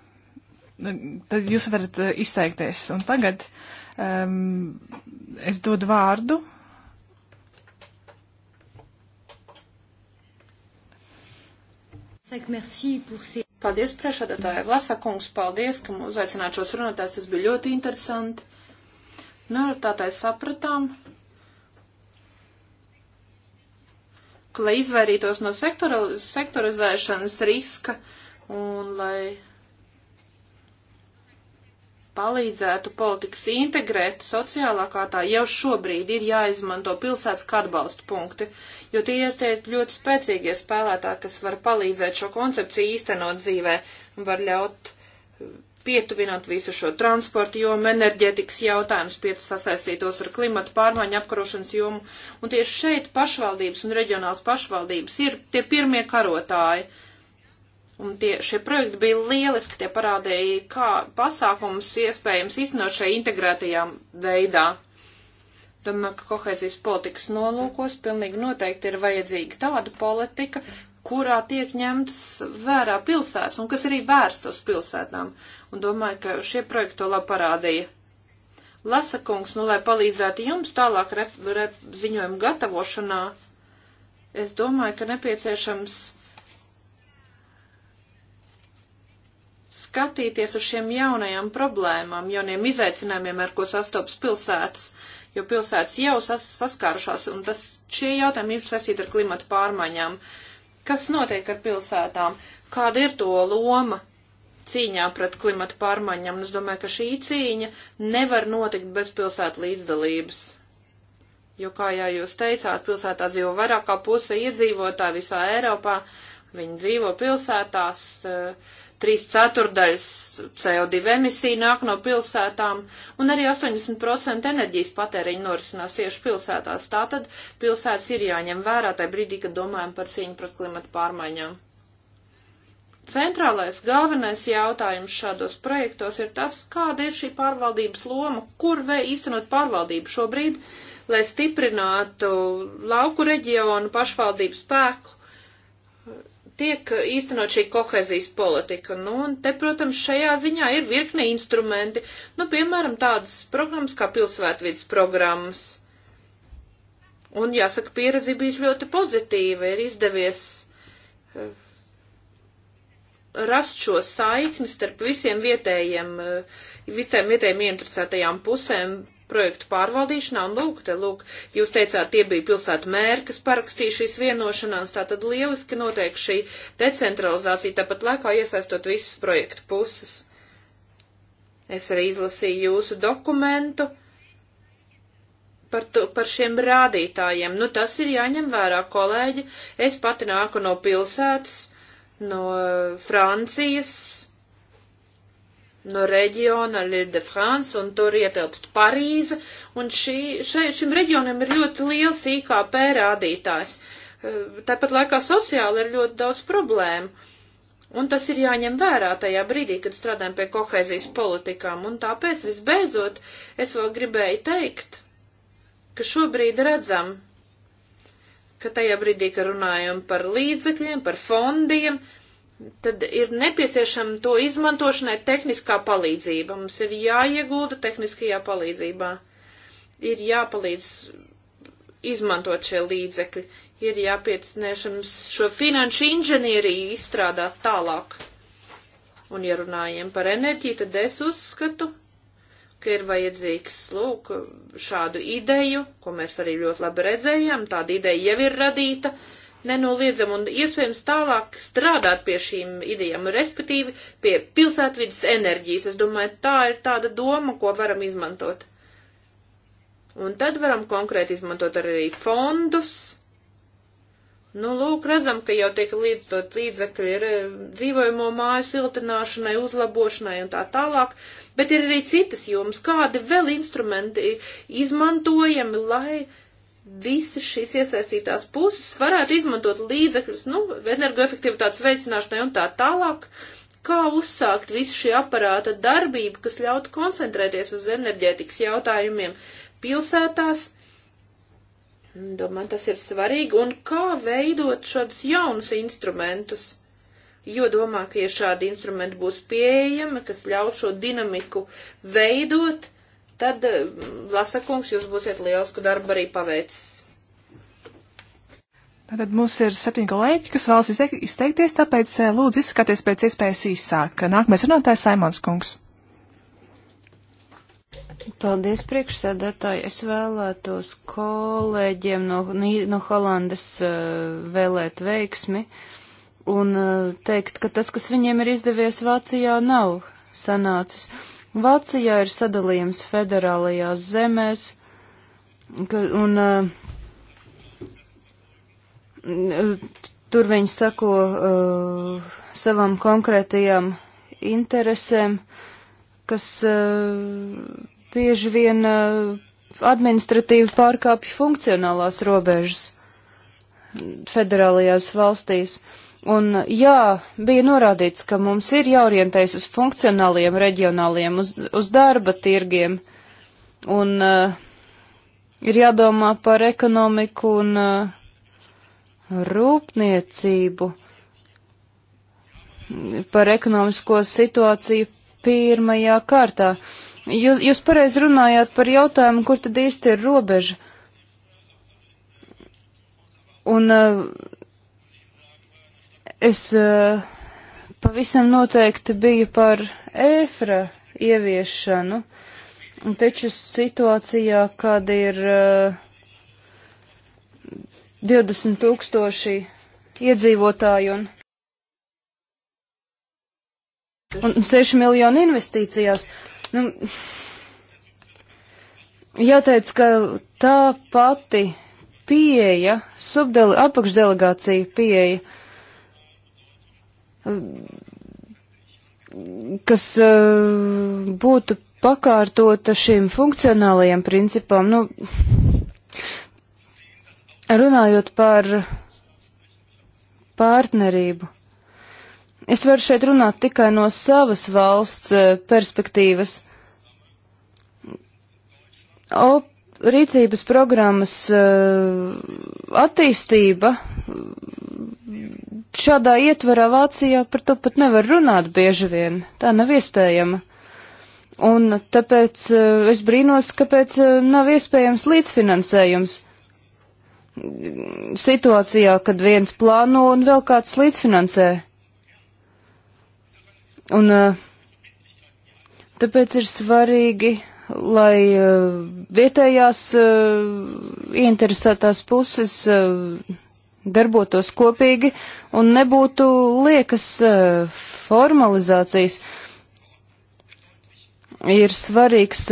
tad jūs varat eh, izteikties. Un tagad um, es dodu vārdu. Paldies, priekšādātāja Vlasa kungs, paldies, ka mūs uzaicināt šos runātājs, tas bija ļoti interesanti. Nu, tā tā sapratām, ka, lai izvairītos no sektora, sektorizēšanas riska un lai palīdzētu politikas integrēt sociālā kārtā, jau šobrīd ir jāizmanto pilsētas kā atbalsta punkti, jo tie ir tie ļoti spēcīgie spēlētāji, kas var palīdzēt šo koncepciju īstenot dzīvē un var ļaut uh, pietuvināt visu šo transportu jomu, enerģetikas jautājumus, sasaistītos ar klimatu pārmaiņu apkarošanas jomu. Un tieši šeit pašvaldības un reģionāls pašvaldības ir tie pirmie karotāji. Un tie, šie projekti bija lieliski, tie parādīja, kā pasākums iespējams iznot šai integrētajām veidā. Domāju, ka kohēzijas politikas nolūkos pilnīgi noteikti ir vajadzīga tāda politika, kurā tiek ņemtas vērā pilsētas un kas arī vērst uz pilsētām un domāju, ka šie projekti to labi parādīja. Lasa kungs, nu, lai palīdzētu jums tālāk ref, ref, ziņojumu gatavošanā, es domāju, ka nepieciešams skatīties uz šiem jaunajām problēmām, jauniem izaicinājumiem, ar ko sastopas pilsētas, jo pilsētas jau sas, saskārušās, un tas šie jautājumi ir saistīti ar klimatu pārmaiņām. Kas notiek ar pilsētām? Kāda ir to loma? cīņā pret klimatu pārmaiņām. Es domāju, ka šī cīņa nevar notikt bez pilsētu līdzdalības. Jo, kā jau jūs teicāt, pilsētā dzīvo vairāk kā puse iedzīvotāji visā Eiropā. Viņi dzīvo pilsētās, eh, trīs ceturdaļas CO2 emisija nāk no pilsētām, un arī 80% enerģijas patēriņa norisinās tieši pilsētās. Tātad pilsētas ir jāņem vērā tajā brīdī, kad domājam par cīņu pret klimatu pārmaiņām. Centrālais galvenais jautājums šādos projektos ir tas, kāda ir šī pārvaldības loma, kur vēl īstenot pārvaldību šobrīd, lai stiprinātu lauku reģionu pašvaldību spēku, tiek īstenot šī kohezijas politika. Nu, un te, protams, šajā ziņā ir virkne instrumenti, nu, piemēram, tādas programmas kā pilsvētvidas programmas. Un, jāsaka, pieredze bijusi ļoti pozitīva, ir izdevies eh, rast šo saikni starp visiem vietējiem, eh, visiem vietējiem ieinteresētajām pusēm projektu pārvaldīšanā. Un lūk, te lūk, jūs teicāt, tie bija pilsētu mēri, kas parakstīja šīs vienošanās. Tā tad lieliski notiek šī decentralizācija, tāpat laikā iesaistot visas projektu puses. Es arī izlasīju jūsu dokumentu par, tu, par šiem rādītājiem. Nu, tas ir jāņem vērā, kolēģi. Es pati nāku no pilsētas no Francijas, no reģiona Lille de France, un tur ietilpst Parīze, un šī, šai, šim reģionam ir ļoti liels IKP rādītājs. Eh, tāpat laikā sociāli ir ļoti daudz problēmu. Un tas ir jāņem vērā tajā brīdī, kad strādājam pie kohēzijas politikām. Un tāpēc, visbeidzot, es vēl gribēju teikt, ka šobrīd redzam, ka tajā brīdī, kad runājam par līdzekļiem, par fondiem, tad ir nepieciešama to izmantošanai tehniskā palīdzība. Mums ir jāiegulda tehniskajā palīdzībā. Ir jāpalīdz izmantot šie līdzekļi. Ir jāpieciešams šo finanšu inženieriju izstrādāt tālāk. Un, ja runājam par enerģiju, tad es uzskatu, ka ir vajadzīgs, lūk, šādu ideju, ko mēs arī ļoti labi redzējām, tāda ideja jau ir radīta, nenoliedzam un iespējams tālāk strādāt pie šīm idejām, respektīvi pie pilsētvidas enerģijas. Es domāju, tā ir tāda doma, ko varam izmantot. Un tad varam konkrēti izmantot arī fondus, Nu, lūk, redzam, ka jau tiek lietot līdzekļi ir dzīvojamo māju siltināšanai, uzlabošanai un tā tālāk, bet ir arī citas jomas, kādi vēl instrumenti izmantojami, lai visas šīs iesaistītās puses varētu izmantot līdzekļus, nu, energoefektivitātes veicināšanai un tā tālāk, kā uzsākt visu šī aparāta darbību, kas ļautu koncentrēties uz enerģētikas jautājumiem pilsētās, uh, Domāju, tas ir svarīgi. Un kā veidot šādus jaunus instrumentus? Jo domā, ka ja šādi instrumenti būs pieejami, kas ļaus šo dinamiku veidot, tad, mm, Lasakungs, jūs būsiet lielisku darbu arī paveicis. Tātad mums ir septiņi kolēģi, kas vēlas izteikties, tāpēc eh, lūdzu izskaties pēc iespējas īsāk. Nākamais runātājs Saimons Kungs. Paldies, priekšsēdētāji. Es vēlētos kolēģiem no, no Holandes uh, vēlēt veiksmi un uh, teikt, ka tas, kas viņiem ir izdevies Vācijā, nav sanācis. Vācijā ir sadalījums federālajās zemēs, un uh, tur viņi sako savam konkrētajām interesēm, kas bieži vien uh, administratīvi pārkāpj funkcionālās robežas federālajās valstīs. Un jā, bija norādīts, ka mums ir jāorientējas uz funkcionāliem reģionāliem, uz, uz darba tirgiem, un uh, ir jādomā par ekonomiku un uh, rūpniecību, par ekonomisko situāciju pirmajā kārtā. Uh, Jūs, jūs pareizi runājāt par jautājumu, kur tad īsti ir robeža. Un uh, es uh, pavisam noteikti biju par ēfra ieviešanu, taču situācijā, kad ir uh, eh, 20 tūkstoši iedzīvotāju un, un 6 miljonu investīcijās. Uh, Nu, jāteic, ka tā pati pieeja, subdele, apakšdelegācija pieeja, kas uh, būtu pakārtota šim funkcionālajiem principam, nu, runājot par partnerību. Es varu šeit runāt tikai no savas valsts eh, perspektīvas. Op rīcības programmas uh, attīstība šādā ietverā Vācijā par to pat nevar runāt bieži vien. Tā nav iespējama. Un tāpēc uh, es brīnos, kāpēc uh, nav iespējams līdzfinansējums situācijā, kad viens plāno un vēl kāds līdzfinansē. Un tāpēc ir svarīgi lai eh, vietējās eh, interesētās puses eh, darbotos kopīgi un nebūtu liekas formalizācijas. Ir svarīgs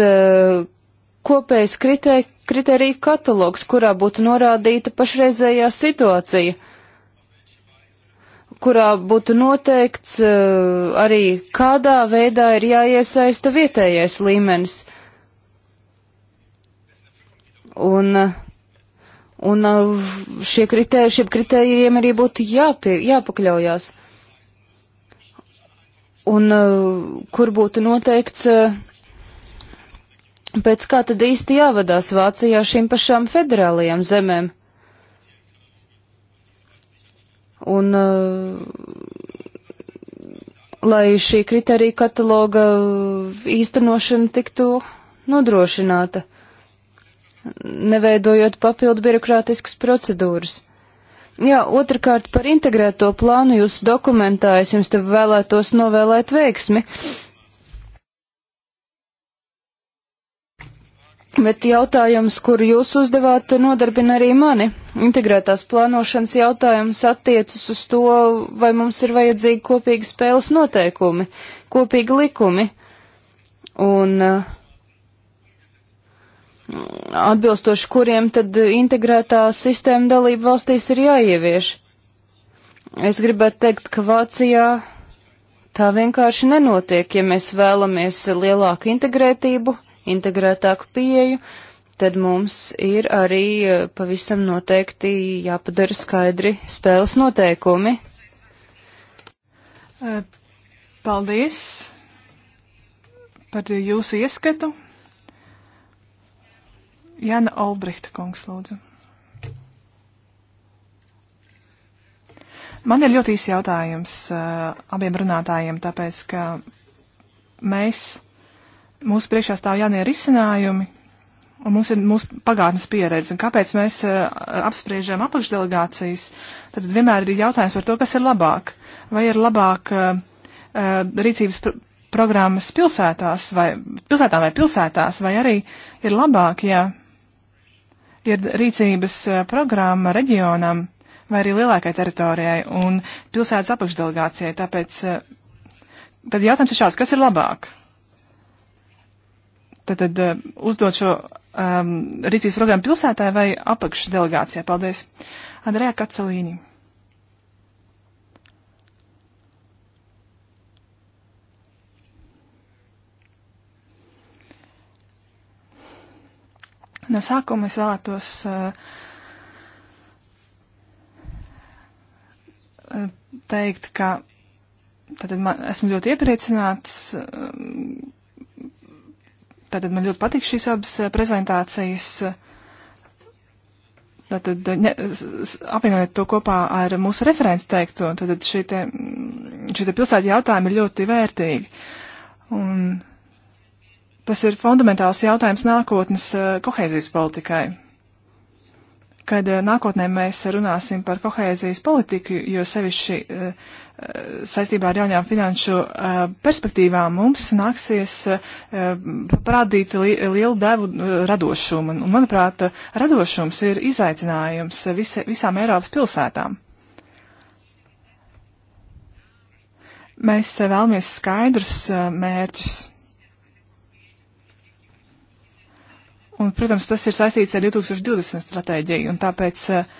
kopējs kritērija katalogs, kurā būtu norādīta pašreizējā situācija, kurā būtu noteikts arī, kādā veidā ir jāiesaista vietējais līmenis. Un, un uh, šie kritēri, šiem kritērijiem arī būtu jāpie, jāpakļaujās. Un uh, kur būtu noteikts, uh, pēc kā tad īsti jāvadās Vācijā šīm pašām federālajām zemēm. Un lai šī kriterija kataloga īstenošana tiktu nodrošināta neveidojot papildu birokrātiskas procedūras. Jā, otrkārt par integrēto plānu jūsu dokumentā es jums te vēlētos novēlēt veiksmi. Bet jautājums, kuru jūs uzdevāt, nodarbina arī mani. Integrētās plānošanas jautājums attiecas uz to, vai mums ir vajadzīgi kopīgi spēles noteikumi, kopīgi likumi. Un uh, atbilstoši kuriem tad integrētā sistēma dalību valstīs ir jāievieš. Es gribētu teikt, ka Vācijā tā vienkārši nenotiek. Ja mēs vēlamies lielāku integrētību, integrētāku pieeju, tad mums ir arī eh, pavisam noteikti jāpadara skaidri spēles noteikumi. Eh, paldies par jūsu ieskatu Jana Olbrihta kungs, lūdzu. Man ir ļoti īsi jautājums uh, abiem runātājiem, tāpēc, ka mēs, mūsu priekšā stāv jaunie risinājumi, un mums ir mūsu pagātnes pieredze, un kāpēc mēs uh, apspriežam apakšdelegācijas, tad vienmēr ir jautājums par to, kas ir labāk. Vai ir labāk uh, uh, rīcības pr programmas pilsētās vai pilsētām vai pilsētās, vai arī ir labāk, ja ir rīcības eh, programma reģionam vai arī lielākai teritorijai un pilsētas apakšdelegācijai. Tāpēc eh, tad jautājums ir šāds, kas ir labāk? Tad, tad eh, uzdot šo um, rīcības programmu pilsētā vai apakšdelegācijā. Paldies, Andrejā Kacelīni. No sākuma es vēlētos eh, teikt, ka tātad man, esmu ļoti iepriecināts. Eh, tātad man ļoti patīk šīs abas eh, prezentācijas. Tātad ne, apvienojot to kopā ar mūsu referents teikto, tātad šī te, mm, šī te pilsēta jautājumi ir ļoti vērtīgi. Un Tas ir fundamentāls jautājums nākotnes eh, kohēzijas politikai. Kad eh, nākotnē mēs runāsim par kohēzijas politiku, jo sevišķi eh, saistībā ar jaunajām finanšu perspektīvām mums nāksies parādīt li lielu devu radošumu. Un, manuprāt, radošums ir izaicinājums vis visām Eiropas pilsētām. Mēs vēlamies skaidrus mērķus Un, protams, tas ir saistīts ar 2020 stratēģiju, un tāpēc eh,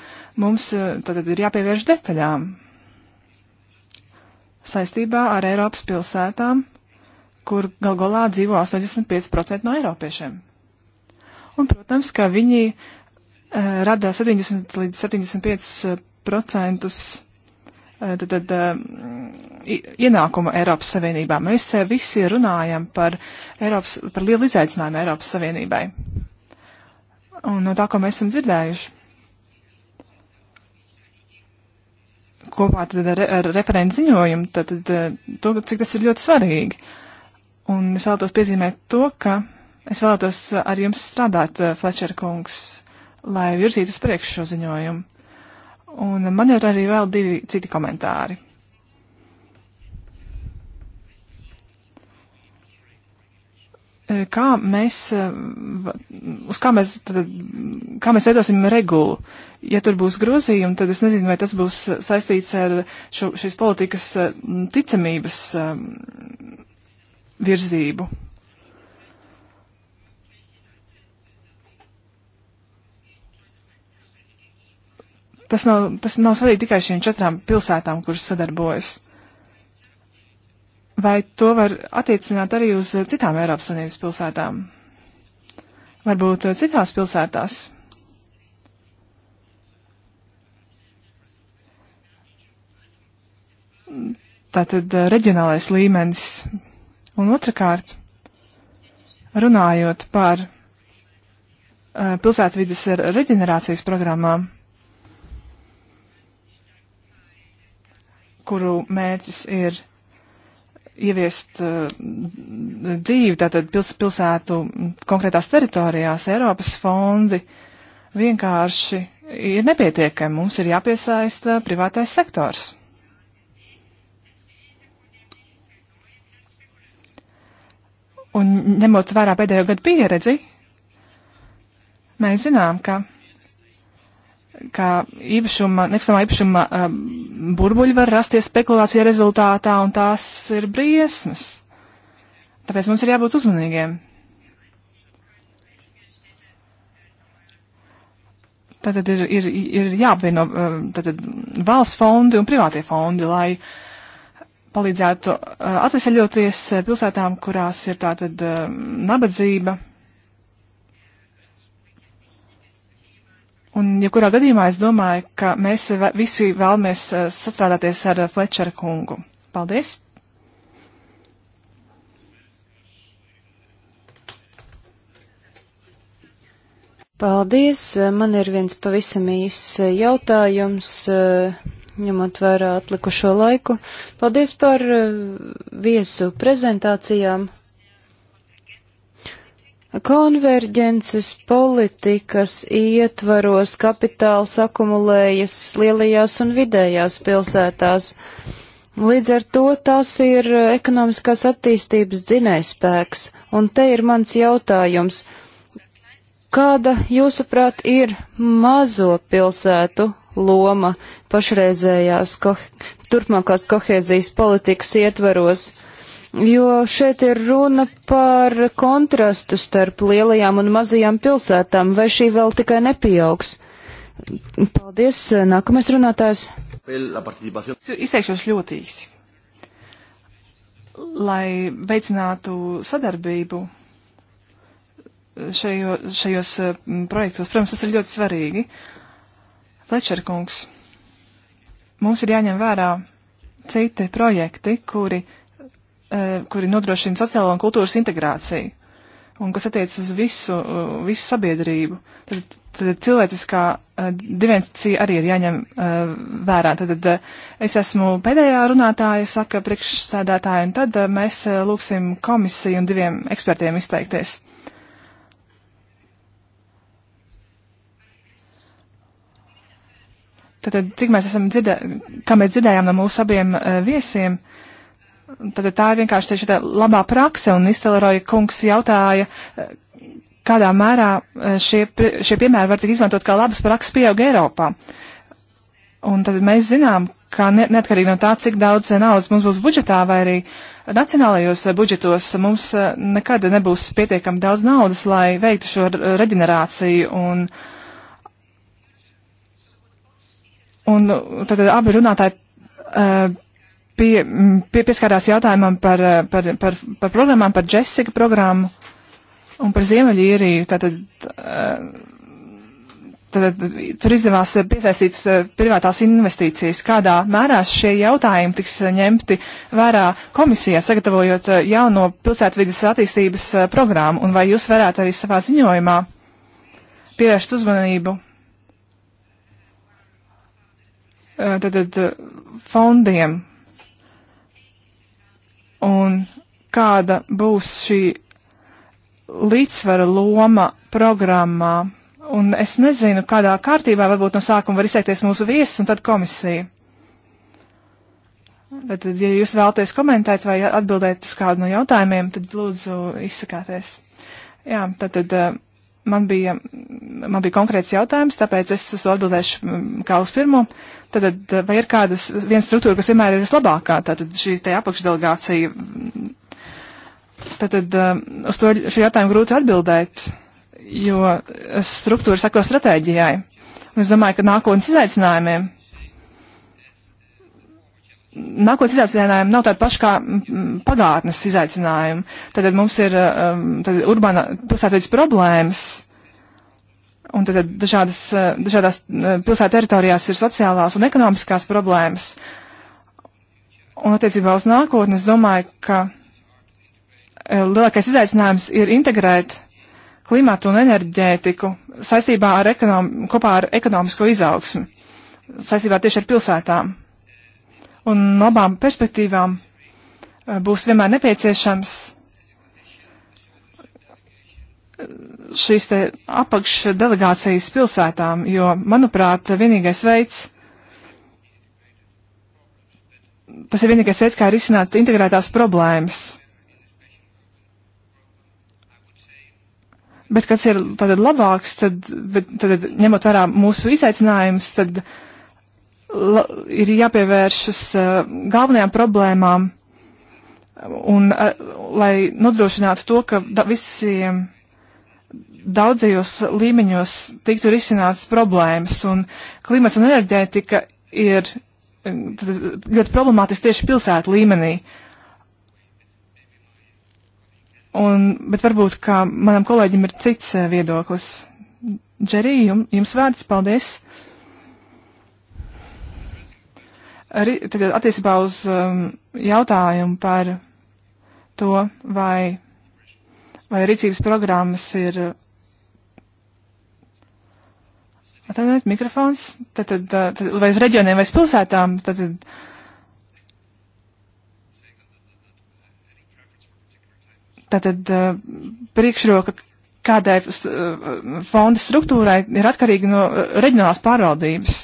mums eh, tad ir jāpievērš detaļām saistībā ar Eiropas pilsētām, kur galgolā dzīvo 85% no eiropiešiem. Un, protams, ka viņi uh, rada 70 līdz 75% tad, tad, ienākuma Eiropas Savienībā. Mēs visi runājam par, Eiropas, par lielu izaicinājumu Eiropas Savienībai un no tā, ko mēs esam dzirdējuši. Kopā tad ar, ar referents ziņojumu, tad, tad eh, to, cik tas ir ļoti svarīgi. Un es vēlētos piezīmēt to, ka es vēlētos ar jums strādāt, eh, Flečer kungs, lai virzītu uz priekšu šo ziņojumu. Un man ir arī vēl divi citi komentāri. E, kā mēs, e, uz kā mēs, tad, kā mēs veidosim regulu. Ja tur būs grozījumi, tad es nezinu, vai tas būs saistīts ar šo, šīs politikas e, ticamības virzību. Tas nav, tas nav svarīgi tikai šīm četrām pilsētām, kuras sadarbojas vai to var attiecināt arī uz citām Eiropas Savienības pilsētām? Varbūt citās pilsētās? Tātad reģionālais līmenis. Un otrkārt, runājot par eh, pilsētvidas reģenerācijas programmām, kuru mērķis ir ieviest uh, dzīvi, tātad pils, pilsētu konkrētās teritorijās Eiropas fondi vienkārši ir nepietiekami. Mums ir jāpiesaista privātais sektors. Un ņemot vērā pēdējo gadu pieredzi, mēs zinām, ka ka īpašuma, nekustamā īpašuma uh, burbuļi var rasties spekulācija rezultātā, un tās ir briesmas. Tāpēc mums ir jābūt uzmanīgiem. Tātad ir, ir, ir jāapvieno um, tātad valsts fondi un privātie fondi, lai palīdzētu uh, atvesaļoties uh, pilsētām, kurās ir tātad um, nabadzība. Un, ja kurā gadījumā es domāju, ka mēs visi vēlamies eh, sastrādāties ar eh, Flečera kungu. Paldies! Paldies! Man ir viens pavisam īss eh, jautājums, ņemot vērā atlikušo laiku. Paldies par viesu prezentācijām. Konverģences politikas ietvaros kapitāls akumulējas lielajās un vidējās pilsētās. Līdz ar to tas ir ekonomiskās attīstības dzinējspēks, un te ir mans jautājums. Kāda, jūsuprāt, ir mazo pilsētu loma pašreizējās ko turpmākās kohēzijas politikas ietvaros? jo šeit ir runa par kontrastu starp lielajām un mazajām pilsētām, vai šī vēl tikai nepieaugs. Paldies, nākamais runātājs. Izteikšos ļoti īsi. Lai veicinātu sadarbību šajo, šajos projektos, protams, tas ir ļoti svarīgi. Flečerkungs, mums ir jāņem vērā citi projekti, kuri E, kuri nodrošina sociālo un kultūras integrāciju un kas attiecas uz visu, visu sabiedrību. Tad, tad cilvēciskā uh, dimensija arī ir jāņem uh, vērā. Tad, tad uh, es esmu pēdējā runātāja, saka priekšsēdētāja, un tad uh, mēs uh, lūksim komisiju un diviem ekspertiem izteikties. Tātad, cik mēs esam dzirdējuši, kā mēs dzirdējām no mūsu abiem uh, viesiem, uh, tad tā ir vienkārši šī labā prakse, un Isteleroja kungs jautāja, eh, kādā mērā eh, šie, šie piemēri var tikt izmantot kā labas prakses pieauga Eiropā. Un tad mēs zinām, ka ne, neatkarīgi no tā, cik daudz naudas mums būs budžetā vai arī nacionālajos budžetos, mums eh, nekad nebūs pietiekami daudz naudas, lai veiktu šo reģenerāciju. Un, un tad abi runātāji uh, pie, pie, pieskārās jautājumam par, eh, par, par, par programmām, par Jessica programmu un par Ziemeļīriju. Tātad, eh, tātad tur izdevās eh, piesaistīt privātās investīcijas. Kādā mērā šie jautājumi tiks ņemti vērā komisijā, sagatavojot jauno pilsētvidas attīstības programmu? Un vai jūs varētu arī savā ziņojumā pievērst uzmanību? Tātad fondiem, un kāda būs šī līdzsvara loma programmā. Un es nezinu, kādā kārtībā varbūt no sākuma var izteikties mūsu viesis un tad komisija. Bet, ja jūs vēlaties komentēt vai atbildēt uz kādu no jautājumiem, tad lūdzu izsakāties. Jā, tad, tad man bija, man bija konkrēts jautājums, tāpēc es to atbildēšu mm, kā uz pirmo. Tātad, vai ir kādas, viena struktūra, kas vienmēr ir vislabākā, tātad šī te apakšdelegācija, mm. tātad um, uz to šo jautājumu grūti atbildēt, jo struktūra sako stratēģijai. Un es domāju, ka nākotnes izaicinājumiem nākotnes izaicinājumi nav tādi paši kā pagātnes izaicinājumi. Tad mums ir um, tad urbana pilsētvidas problēmas. Un tad dažādas, eh, dažādās eh, pilsētas teritorijās ir sociālās un ekonomiskās problēmas. Un attiecībā uz nākotni es domāju, ka eh, lielākais izaicinājums ir integrēt klimatu un enerģētiku saistībā ar ekonom, kopā ar ekonomisko izaugsmu, saistībā tieši ar pilsētām un no abām perspektīvām eh, būs vienmēr nepieciešams eh, šīs te apakšdelegācijas pilsētām, jo, manuprāt, vienīgais veids, tas ir vienīgais veids, kā risināt integrētās problēmas. Bet kas ir tātad labāks, tad, bet, tad ņemot vērā mūsu izaicinājumus, tad uh, la, ir jāpievēršas uh, galvenajām problēmām, un uh, lai nodrošinātu to, ka da, visiem daudzajos līmeņos tiktu risinātas problēmas, un klimats un enerģētika ir eh, ļoti problemātiski tieši pilsētu līmenī. Un, bet varbūt, kā manam kolēģim ir cits uh, viedoklis. Džerī, jums, jums vārds, paldies! Uh, tad attiecībā uz um, jautājumu par to, vai, vai rīcības programmas ir. Atvainojiet, mikrofons. Tad, tad, tad, vai uz reģioniem, vai uz pilsētām. Tad, tad, Tātad priekšroka kādai fonda struktūrai ir atkarīga no reģionālās pārvaldības.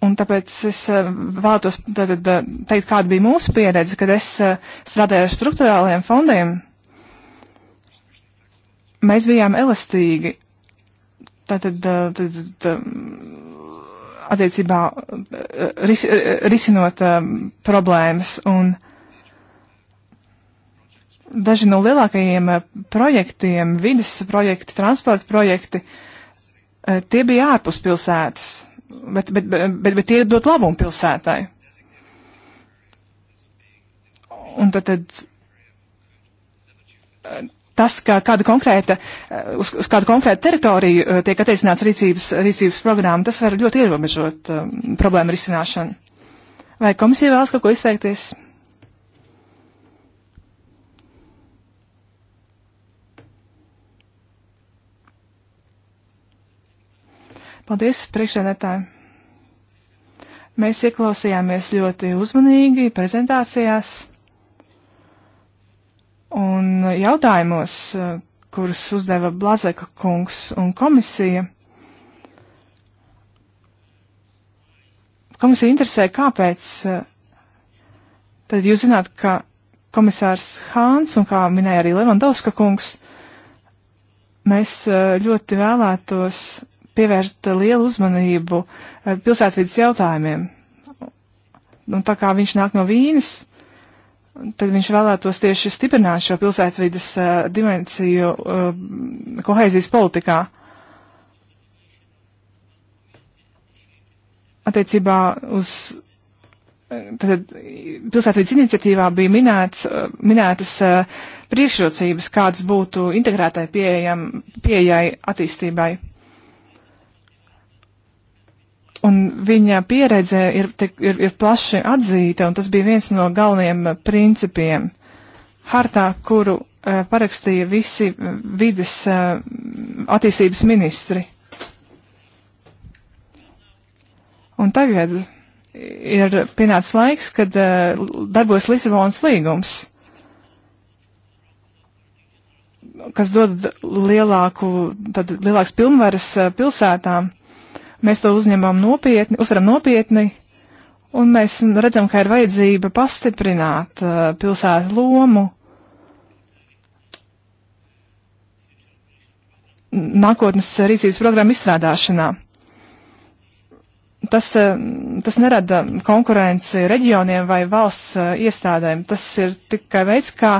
Un tāpēc es eh, vēlētos tātad, eh, teikt, kāda bija mūsu pieredze, kad es eh, strādāju ar struktūrāliem fondiem. Mēs bijām elastīgi. Tātad, tātad attiecībā ris, risinot problēmas. Un daži no lielākajiem projektiem, vidas projekti, transporta projekti, tie bija ārpus pilsētas bet, bet, bet, bet tie dot labumu pilsētai. Un tad, tad tas, kā kāda konkrēta, uz, uz kādu konkrētu teritoriju eh, tiek attiecināts rīcības, rīcības programma, tas var ļoti ierobežot um, problēmu risināšanu. Vai komisija vēlas kaut ko izteikties? Paldies, priekšsēdētāji! Mēs ieklausījāmies ļoti uzmanīgi prezentācijās un jautājumos, kurus uzdeva Blazeka kungs un komisija. Komisija interesē, kāpēc tad jūs zināt, ka komisārs Hāns un kā minēja arī Levandovska kungs, mēs eh, ļoti vēlētos pievērst lielu uzmanību eh, pilsētvidas jautājumiem. Un nu, tā kā viņš nāk no Vīnes, tad viņš vēlētos tieši stiprināt šo pilsētvidas uh, dimensiju uh, kohēzijas politikā. Attiecībā uz tad, pilsētvidas iniciatīvā bija minēts, uh, minētas uh, priekšrocības, kādas būtu integrētai pieejam, pieejai attīstībai. Un viņa pieredze ir, te, ir, ir plaši atzīta, un tas bija viens no galvenajiem principiem hartā, kuru uh, parakstīja visi eh, vides uh, attīstības ministri. Un tagad ir pienācis laiks, kad uh, darbos Lisabonas līgums, kas dod lielāku, tad lielāks pilnvaras pilsētām Mēs to uzņemam nopietni, uzvaram nopietni, un mēs redzam, ka ir vajadzība pastiprināt uh, pilsētu lomu nākotnes rīcības programmu izstrādāšanā. Tas, uh, tas nerada konkurenci reģioniem vai valsts uh, iestādēm. Tas ir tikai veids, kā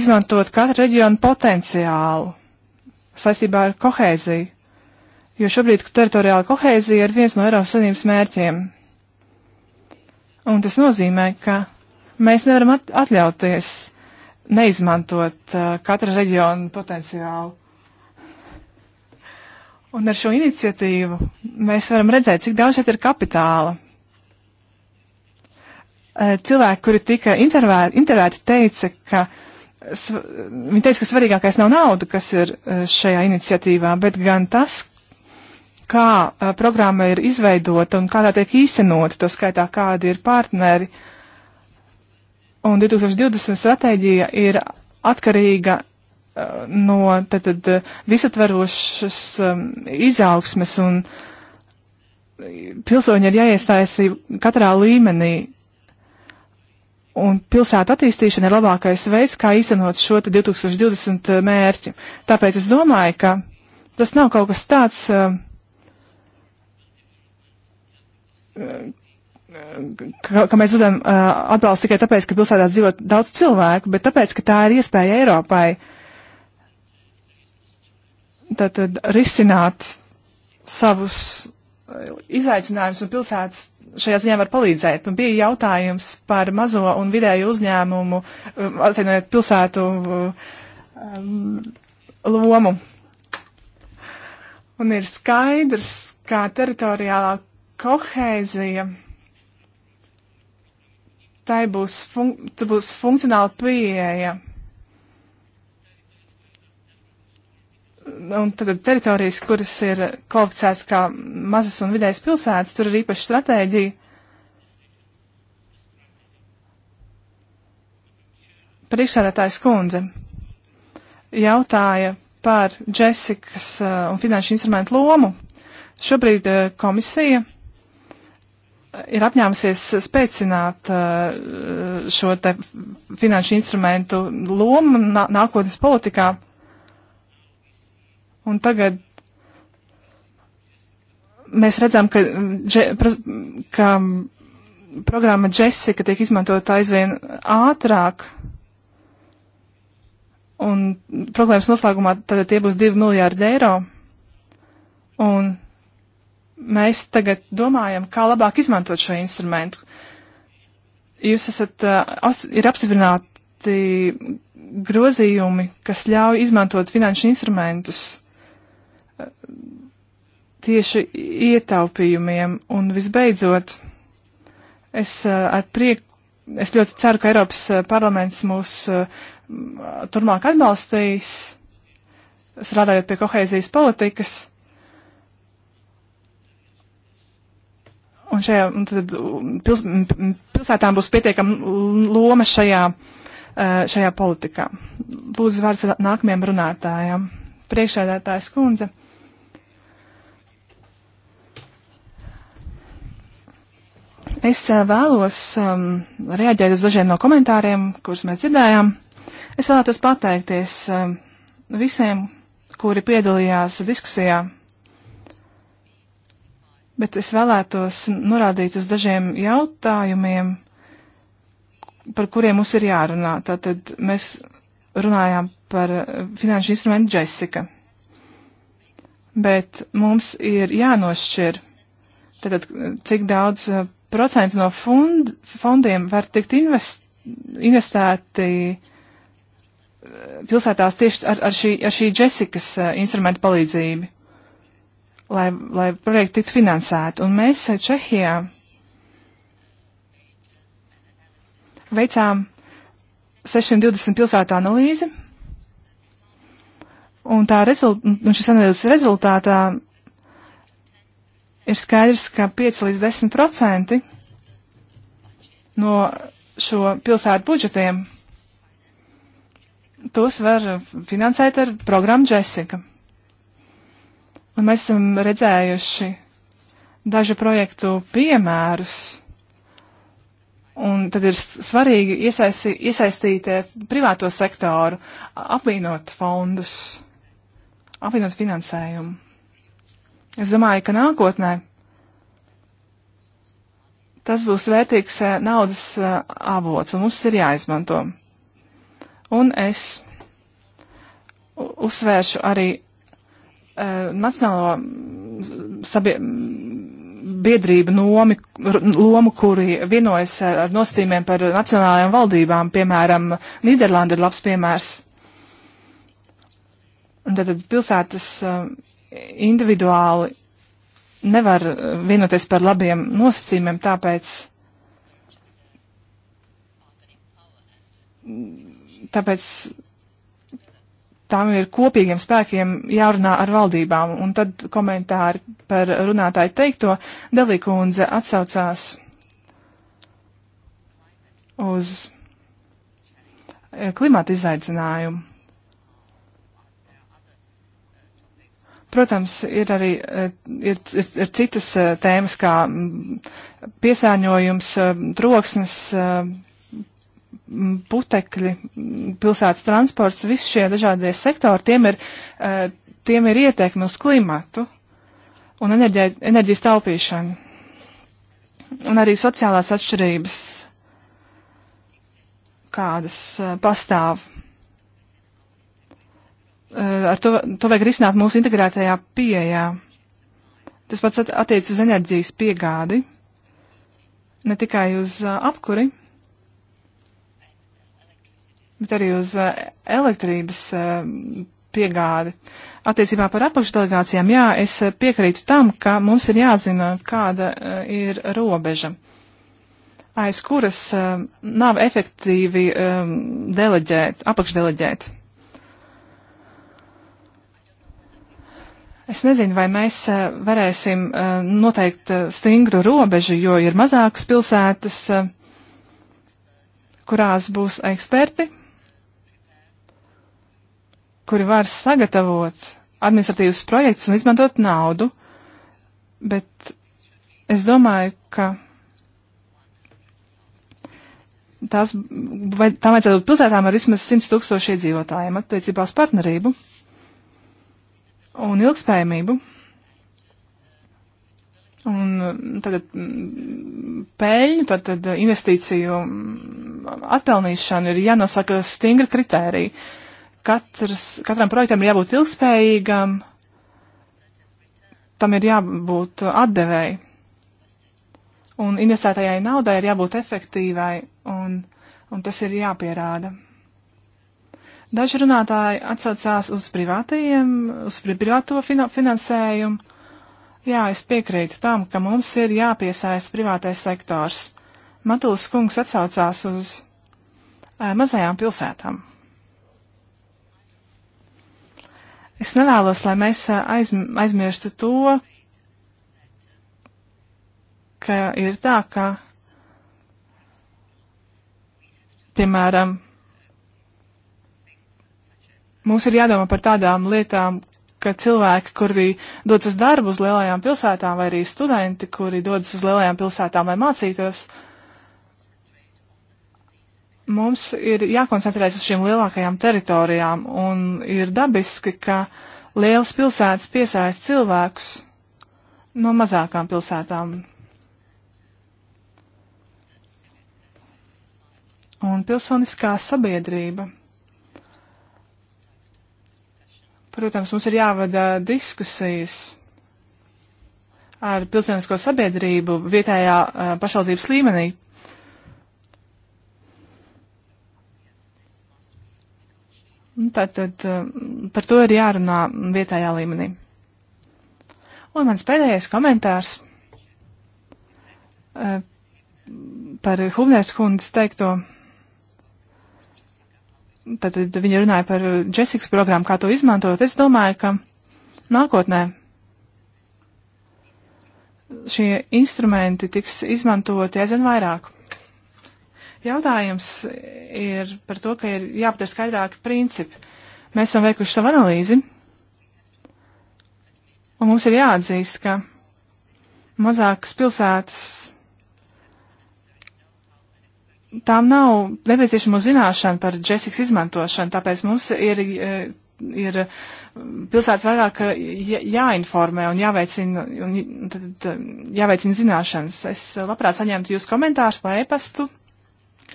izmantot katru reģionu potenciālu saistībā ar kohēziju jo šobrīd teritoriāla kohēzija ir viens no Eiropas Savienības mērķiem. Un tas nozīmē, ka mēs nevaram at atļauties neizmantot uh, katra reģiona potenciālu. Un ar šo iniciatīvu mēs varam redzēt, cik daudz šeit ir kapitāla. Uh, cilvēki, kuri tika intervēti, intervēti teica, ka viņi teica, ka svarīgākais nav nauda, kas ir uh, šajā iniciatīvā, bet gan tas, kā a, programma ir izveidota un kā tā tiek īstenota, to skaitā kādi ir partneri. Un 2020 stratēģija ir atkarīga a, no tad, tad, visatverošas a, izaugsmes un pilsoņi ir jāiestājas katrā līmenī. Un pilsētu attīstīšana ir labākais veids, kā īstenot šo 2020 mērķi. Tāpēc es domāju, ka tas nav kaut kas tāds, uh, ka, ka mēs dodam uh, atbalstu tikai tāpēc, ka pilsētās dzīvo daudz cilvēku, bet tāpēc, ka tā ir iespēja Eiropai tātad risināt savus uh, izaicinājumus un pilsētas šajā ziņā var palīdzēt. Un bija jautājums par mazo un vidēju uzņēmumu, um, atvienojot pilsētu um, lomu. Un ir skaidrs, kā teritoriālā kohēzija, tai būs, fun būs funkcionāla pieeja. Un tad teritorijas, kuras ir kvalificētas kā mazas un vidējas pilsētas, tur ir īpaša stratēģija. Priekšsēdētājs kundze jautāja par Džesikas uh, un finanšu instrumentu lomu. Šobrīd uh, komisija ir apņēmusies spēcināt eh, šo te finanšu instrumentu lomu nākotnes politikā. Un tagad mēs redzam, ka, dže, ka programma Jessica tiek izmantota aizvien ātrāk. Un problēmas noslēgumā tad tie būs 2 miljārdi eiro. Un mēs tagad domājam, kā labāk izmantot šo instrumentu. Jūs esat, as, ir apstiprināti grozījumi, kas ļauj izmantot finanšu instrumentus tieši ietaupījumiem. Un visbeidzot, es ar prieku, es ļoti ceru, ka Eiropas parlaments mūs turmāk atbalstīs, strādājot pie kohēzijas politikas Un šajā un tad, um, pils, pilsētām būs pietiekama loma šajā, uh, šajā politikā. Lūdzu, vārds nākamajam runātājam. Priekšsēdētājs kundze. Es uh, vēlos um, reaģēt uz dažiem no komentāriem, kurus mēs dzirdējām. Es vēlētos pateikties um, visiem, kuri piedalījās diskusijā bet es vēlētos norādīt uz dažiem jautājumiem, par kuriem mums ir jārunā. Tātad mēs runājām par eh, finanšu instrumentu Jessica, bet mums ir jānošķir, tātad cik daudz eh, procentu no fund, fondiem var tikt invest, investēti eh, pilsētās tieši ar, ar šī, ar šī Jessikas instrumentu palīdzību lai, lai projekti tiktu finansēti. Un mēs Čehijā veicām 620 pilsētu analīzi. Un, rezult, un šis analīzes rezultātā ir skaidrs, ka 5 līdz 10 procenti no šo pilsētu budžetiem tos var finansēt ar programmu Jessica. Un mēs esam redzējuši dažu projektu piemērus. Un tad ir svarīgi iesaisti, iesaistīt eh, privāto sektoru, apvienot fondus, apvienot finansējumu. Es domāju, ka nākotnē tas būs vērtīgs eh, naudas eh, avots, un mums ir jāizmanto. Un es uzsvēršu arī Eh, nacionālo sabie, biedrību nomi, lomu, kuri vienojas ar nosacījumiem par nacionālajām valdībām, piemēram, Nīderlanda ir labs piemērs. Un tad pilsētas eh, individuāli nevar vienoties par labiem nosacījumiem, tāpēc, tāpēc tām ir kopīgiem spēkiem jārunā ar valdībām. Un tad komentāri par runātāju teikto Delikūnze atsaucās uz eh, klimata izaicinājumu. Protams, ir arī eh, ir, ir, ir citas eh, tēmas, kā mm, piesārņojums, troksnes, putekļi, pilsētas transports, visi šie dažādie sektori, tiem ir, eh, tiem ir ietekme uz klimatu un enerģē, enerģijas taupīšanu. Un arī sociālās atšķirības, kādas eh, pastāv. Eh, ar to, to vajag risināt mūsu integrētajā pieejā. Tas pats attiec uz enerģijas piegādi, ne tikai uz apkuri. Uh, bet arī uz eh, elektrības eh, piegādi. Attiecībā par apakšdelegācijām, jā, es eh, piekrītu tam, ka mums ir jāzina, kāda ir robeža, aiz kuras nav efektīvi deleģēt, apakšdeleģēt. Es nezinu, vai mēs varēsim noteikt stingru robežu, jo ir mazākas pilsētas, kurās būs eksperti kuri var sagatavot administratīvus projektus un izmantot naudu, bet es domāju, ka tās, vai tā vajadzētu būt pilsētām ar vismaz 100 tūkstoši iedzīvotājiem attiecībā uz partnerību un ilgspējamību. Un mm, tagad mm, peļņu, tad, tad investīciju atpelnīšanu ir jānosaka stingri kritēriji. Uh, katrs, katram projektam ir jābūt ilgspējīgam, tam ir jābūt atdevēji. Un investētajai naudai ir jābūt efektīvai, un, un tas ir jāpierāda. Daži runātāji atsaucās uz privātajiem, uz privāto finansējumu. Jā, es piekrītu tam, ka mums ir jāpiesaista privātais sektors. Matūlis kungs atsaucās uz e, mazajām pilsētām. Es nevēlos, lai mēs aizm aizmirstu to, ka ir tā, ka, piemēram, mums ir jādomā par tādām lietām, ka cilvēki, kuri dodas uz darbu uz lielajām pilsētām, vai arī studenti, kuri dodas uz lielajām pilsētām, lai mācītos, uh, mums ir jākoncentrējas uz šīm lielākajām teritorijām, un ir dabiski, ka lielas pilsētas piesaist cilvēkus no mazākām pilsētām. Un pilsoniskā sabiedrība. Protams, mums ir jāvada diskusijas ar pilsonisko sabiedrību vietējā uh, pašvaldības līmenī Tātad nu, eh, par to ir jārunā vietējā līmenī. Un mans pēdējais komentārs eh, par Hubnēs kundas teikto. Tātad viņa runāja par Jessiks programmu, kā to izmantot. Es domāju, ka nākotnē šie instrumenti tiks izmantoti aizvien vairāk. Jautājums ir par to, ka ir jāaptver skaidrāki principi. Mēs esam veikuši savu analīzi, un mums ir jāatzīst, ka mazākas pilsētas tām nav nepieciešamo zināšanu par džesiks izmantošanu, tāpēc mums ir, ir pilsētas vairāk jāinformē un jāveicina, un tad, jāveicina zināšanas. Es labprāt saņemtu jūs komentārus pa e-pastu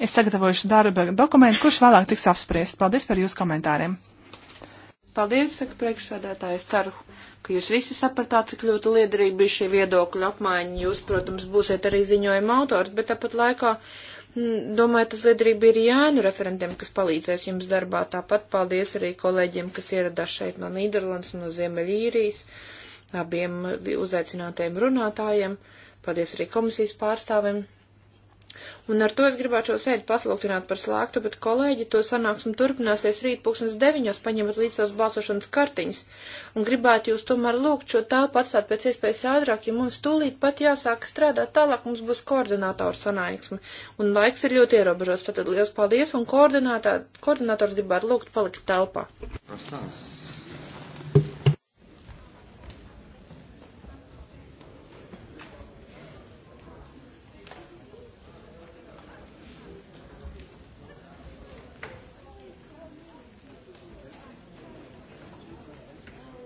Es sagatavojuši darba dokumentu, kurš vēlāk tiks apspriest. Paldies par jūsu komentāriem. Paldies, saka priekšsādātājs. Ceru, ka jūs visi sapratāt, cik ļoti liederīgi bija šī viedokļa apmaiņa. Jūs, protams, būsiet arī ziņojuma autors, bet tāpat laikā mm, Domāju, tas liederīgi bija arī Jānu referentiem, kas palīdzēs jums darbā. Tāpat paldies arī kolēģiem, kas ieradās šeit no Nīderlandes, no Ziemeļīrijas, abiem uzaicinātajiem runātājiem. Paldies arī komisijas pārstāvim. Un ar to es gribētu šo sēdi paslūgtināt par slēgtu, bet kolēģi to sanāksmu turpināsies rīt pūkstens deviņos, paņemot līdz savas balsošanas kartiņas. Un gribētu jūs tomēr lūgt šo telpu atstāt pēc iespējas ātrāk, jo mums tūlīt pat jāsāk strādāt tālāk, mums būs koordinātoru sanāksme. Un laiks ir ļoti ierobežots, tātad liels paldies, un koordinātors gribētu lūgt palikt telpā. Prastās.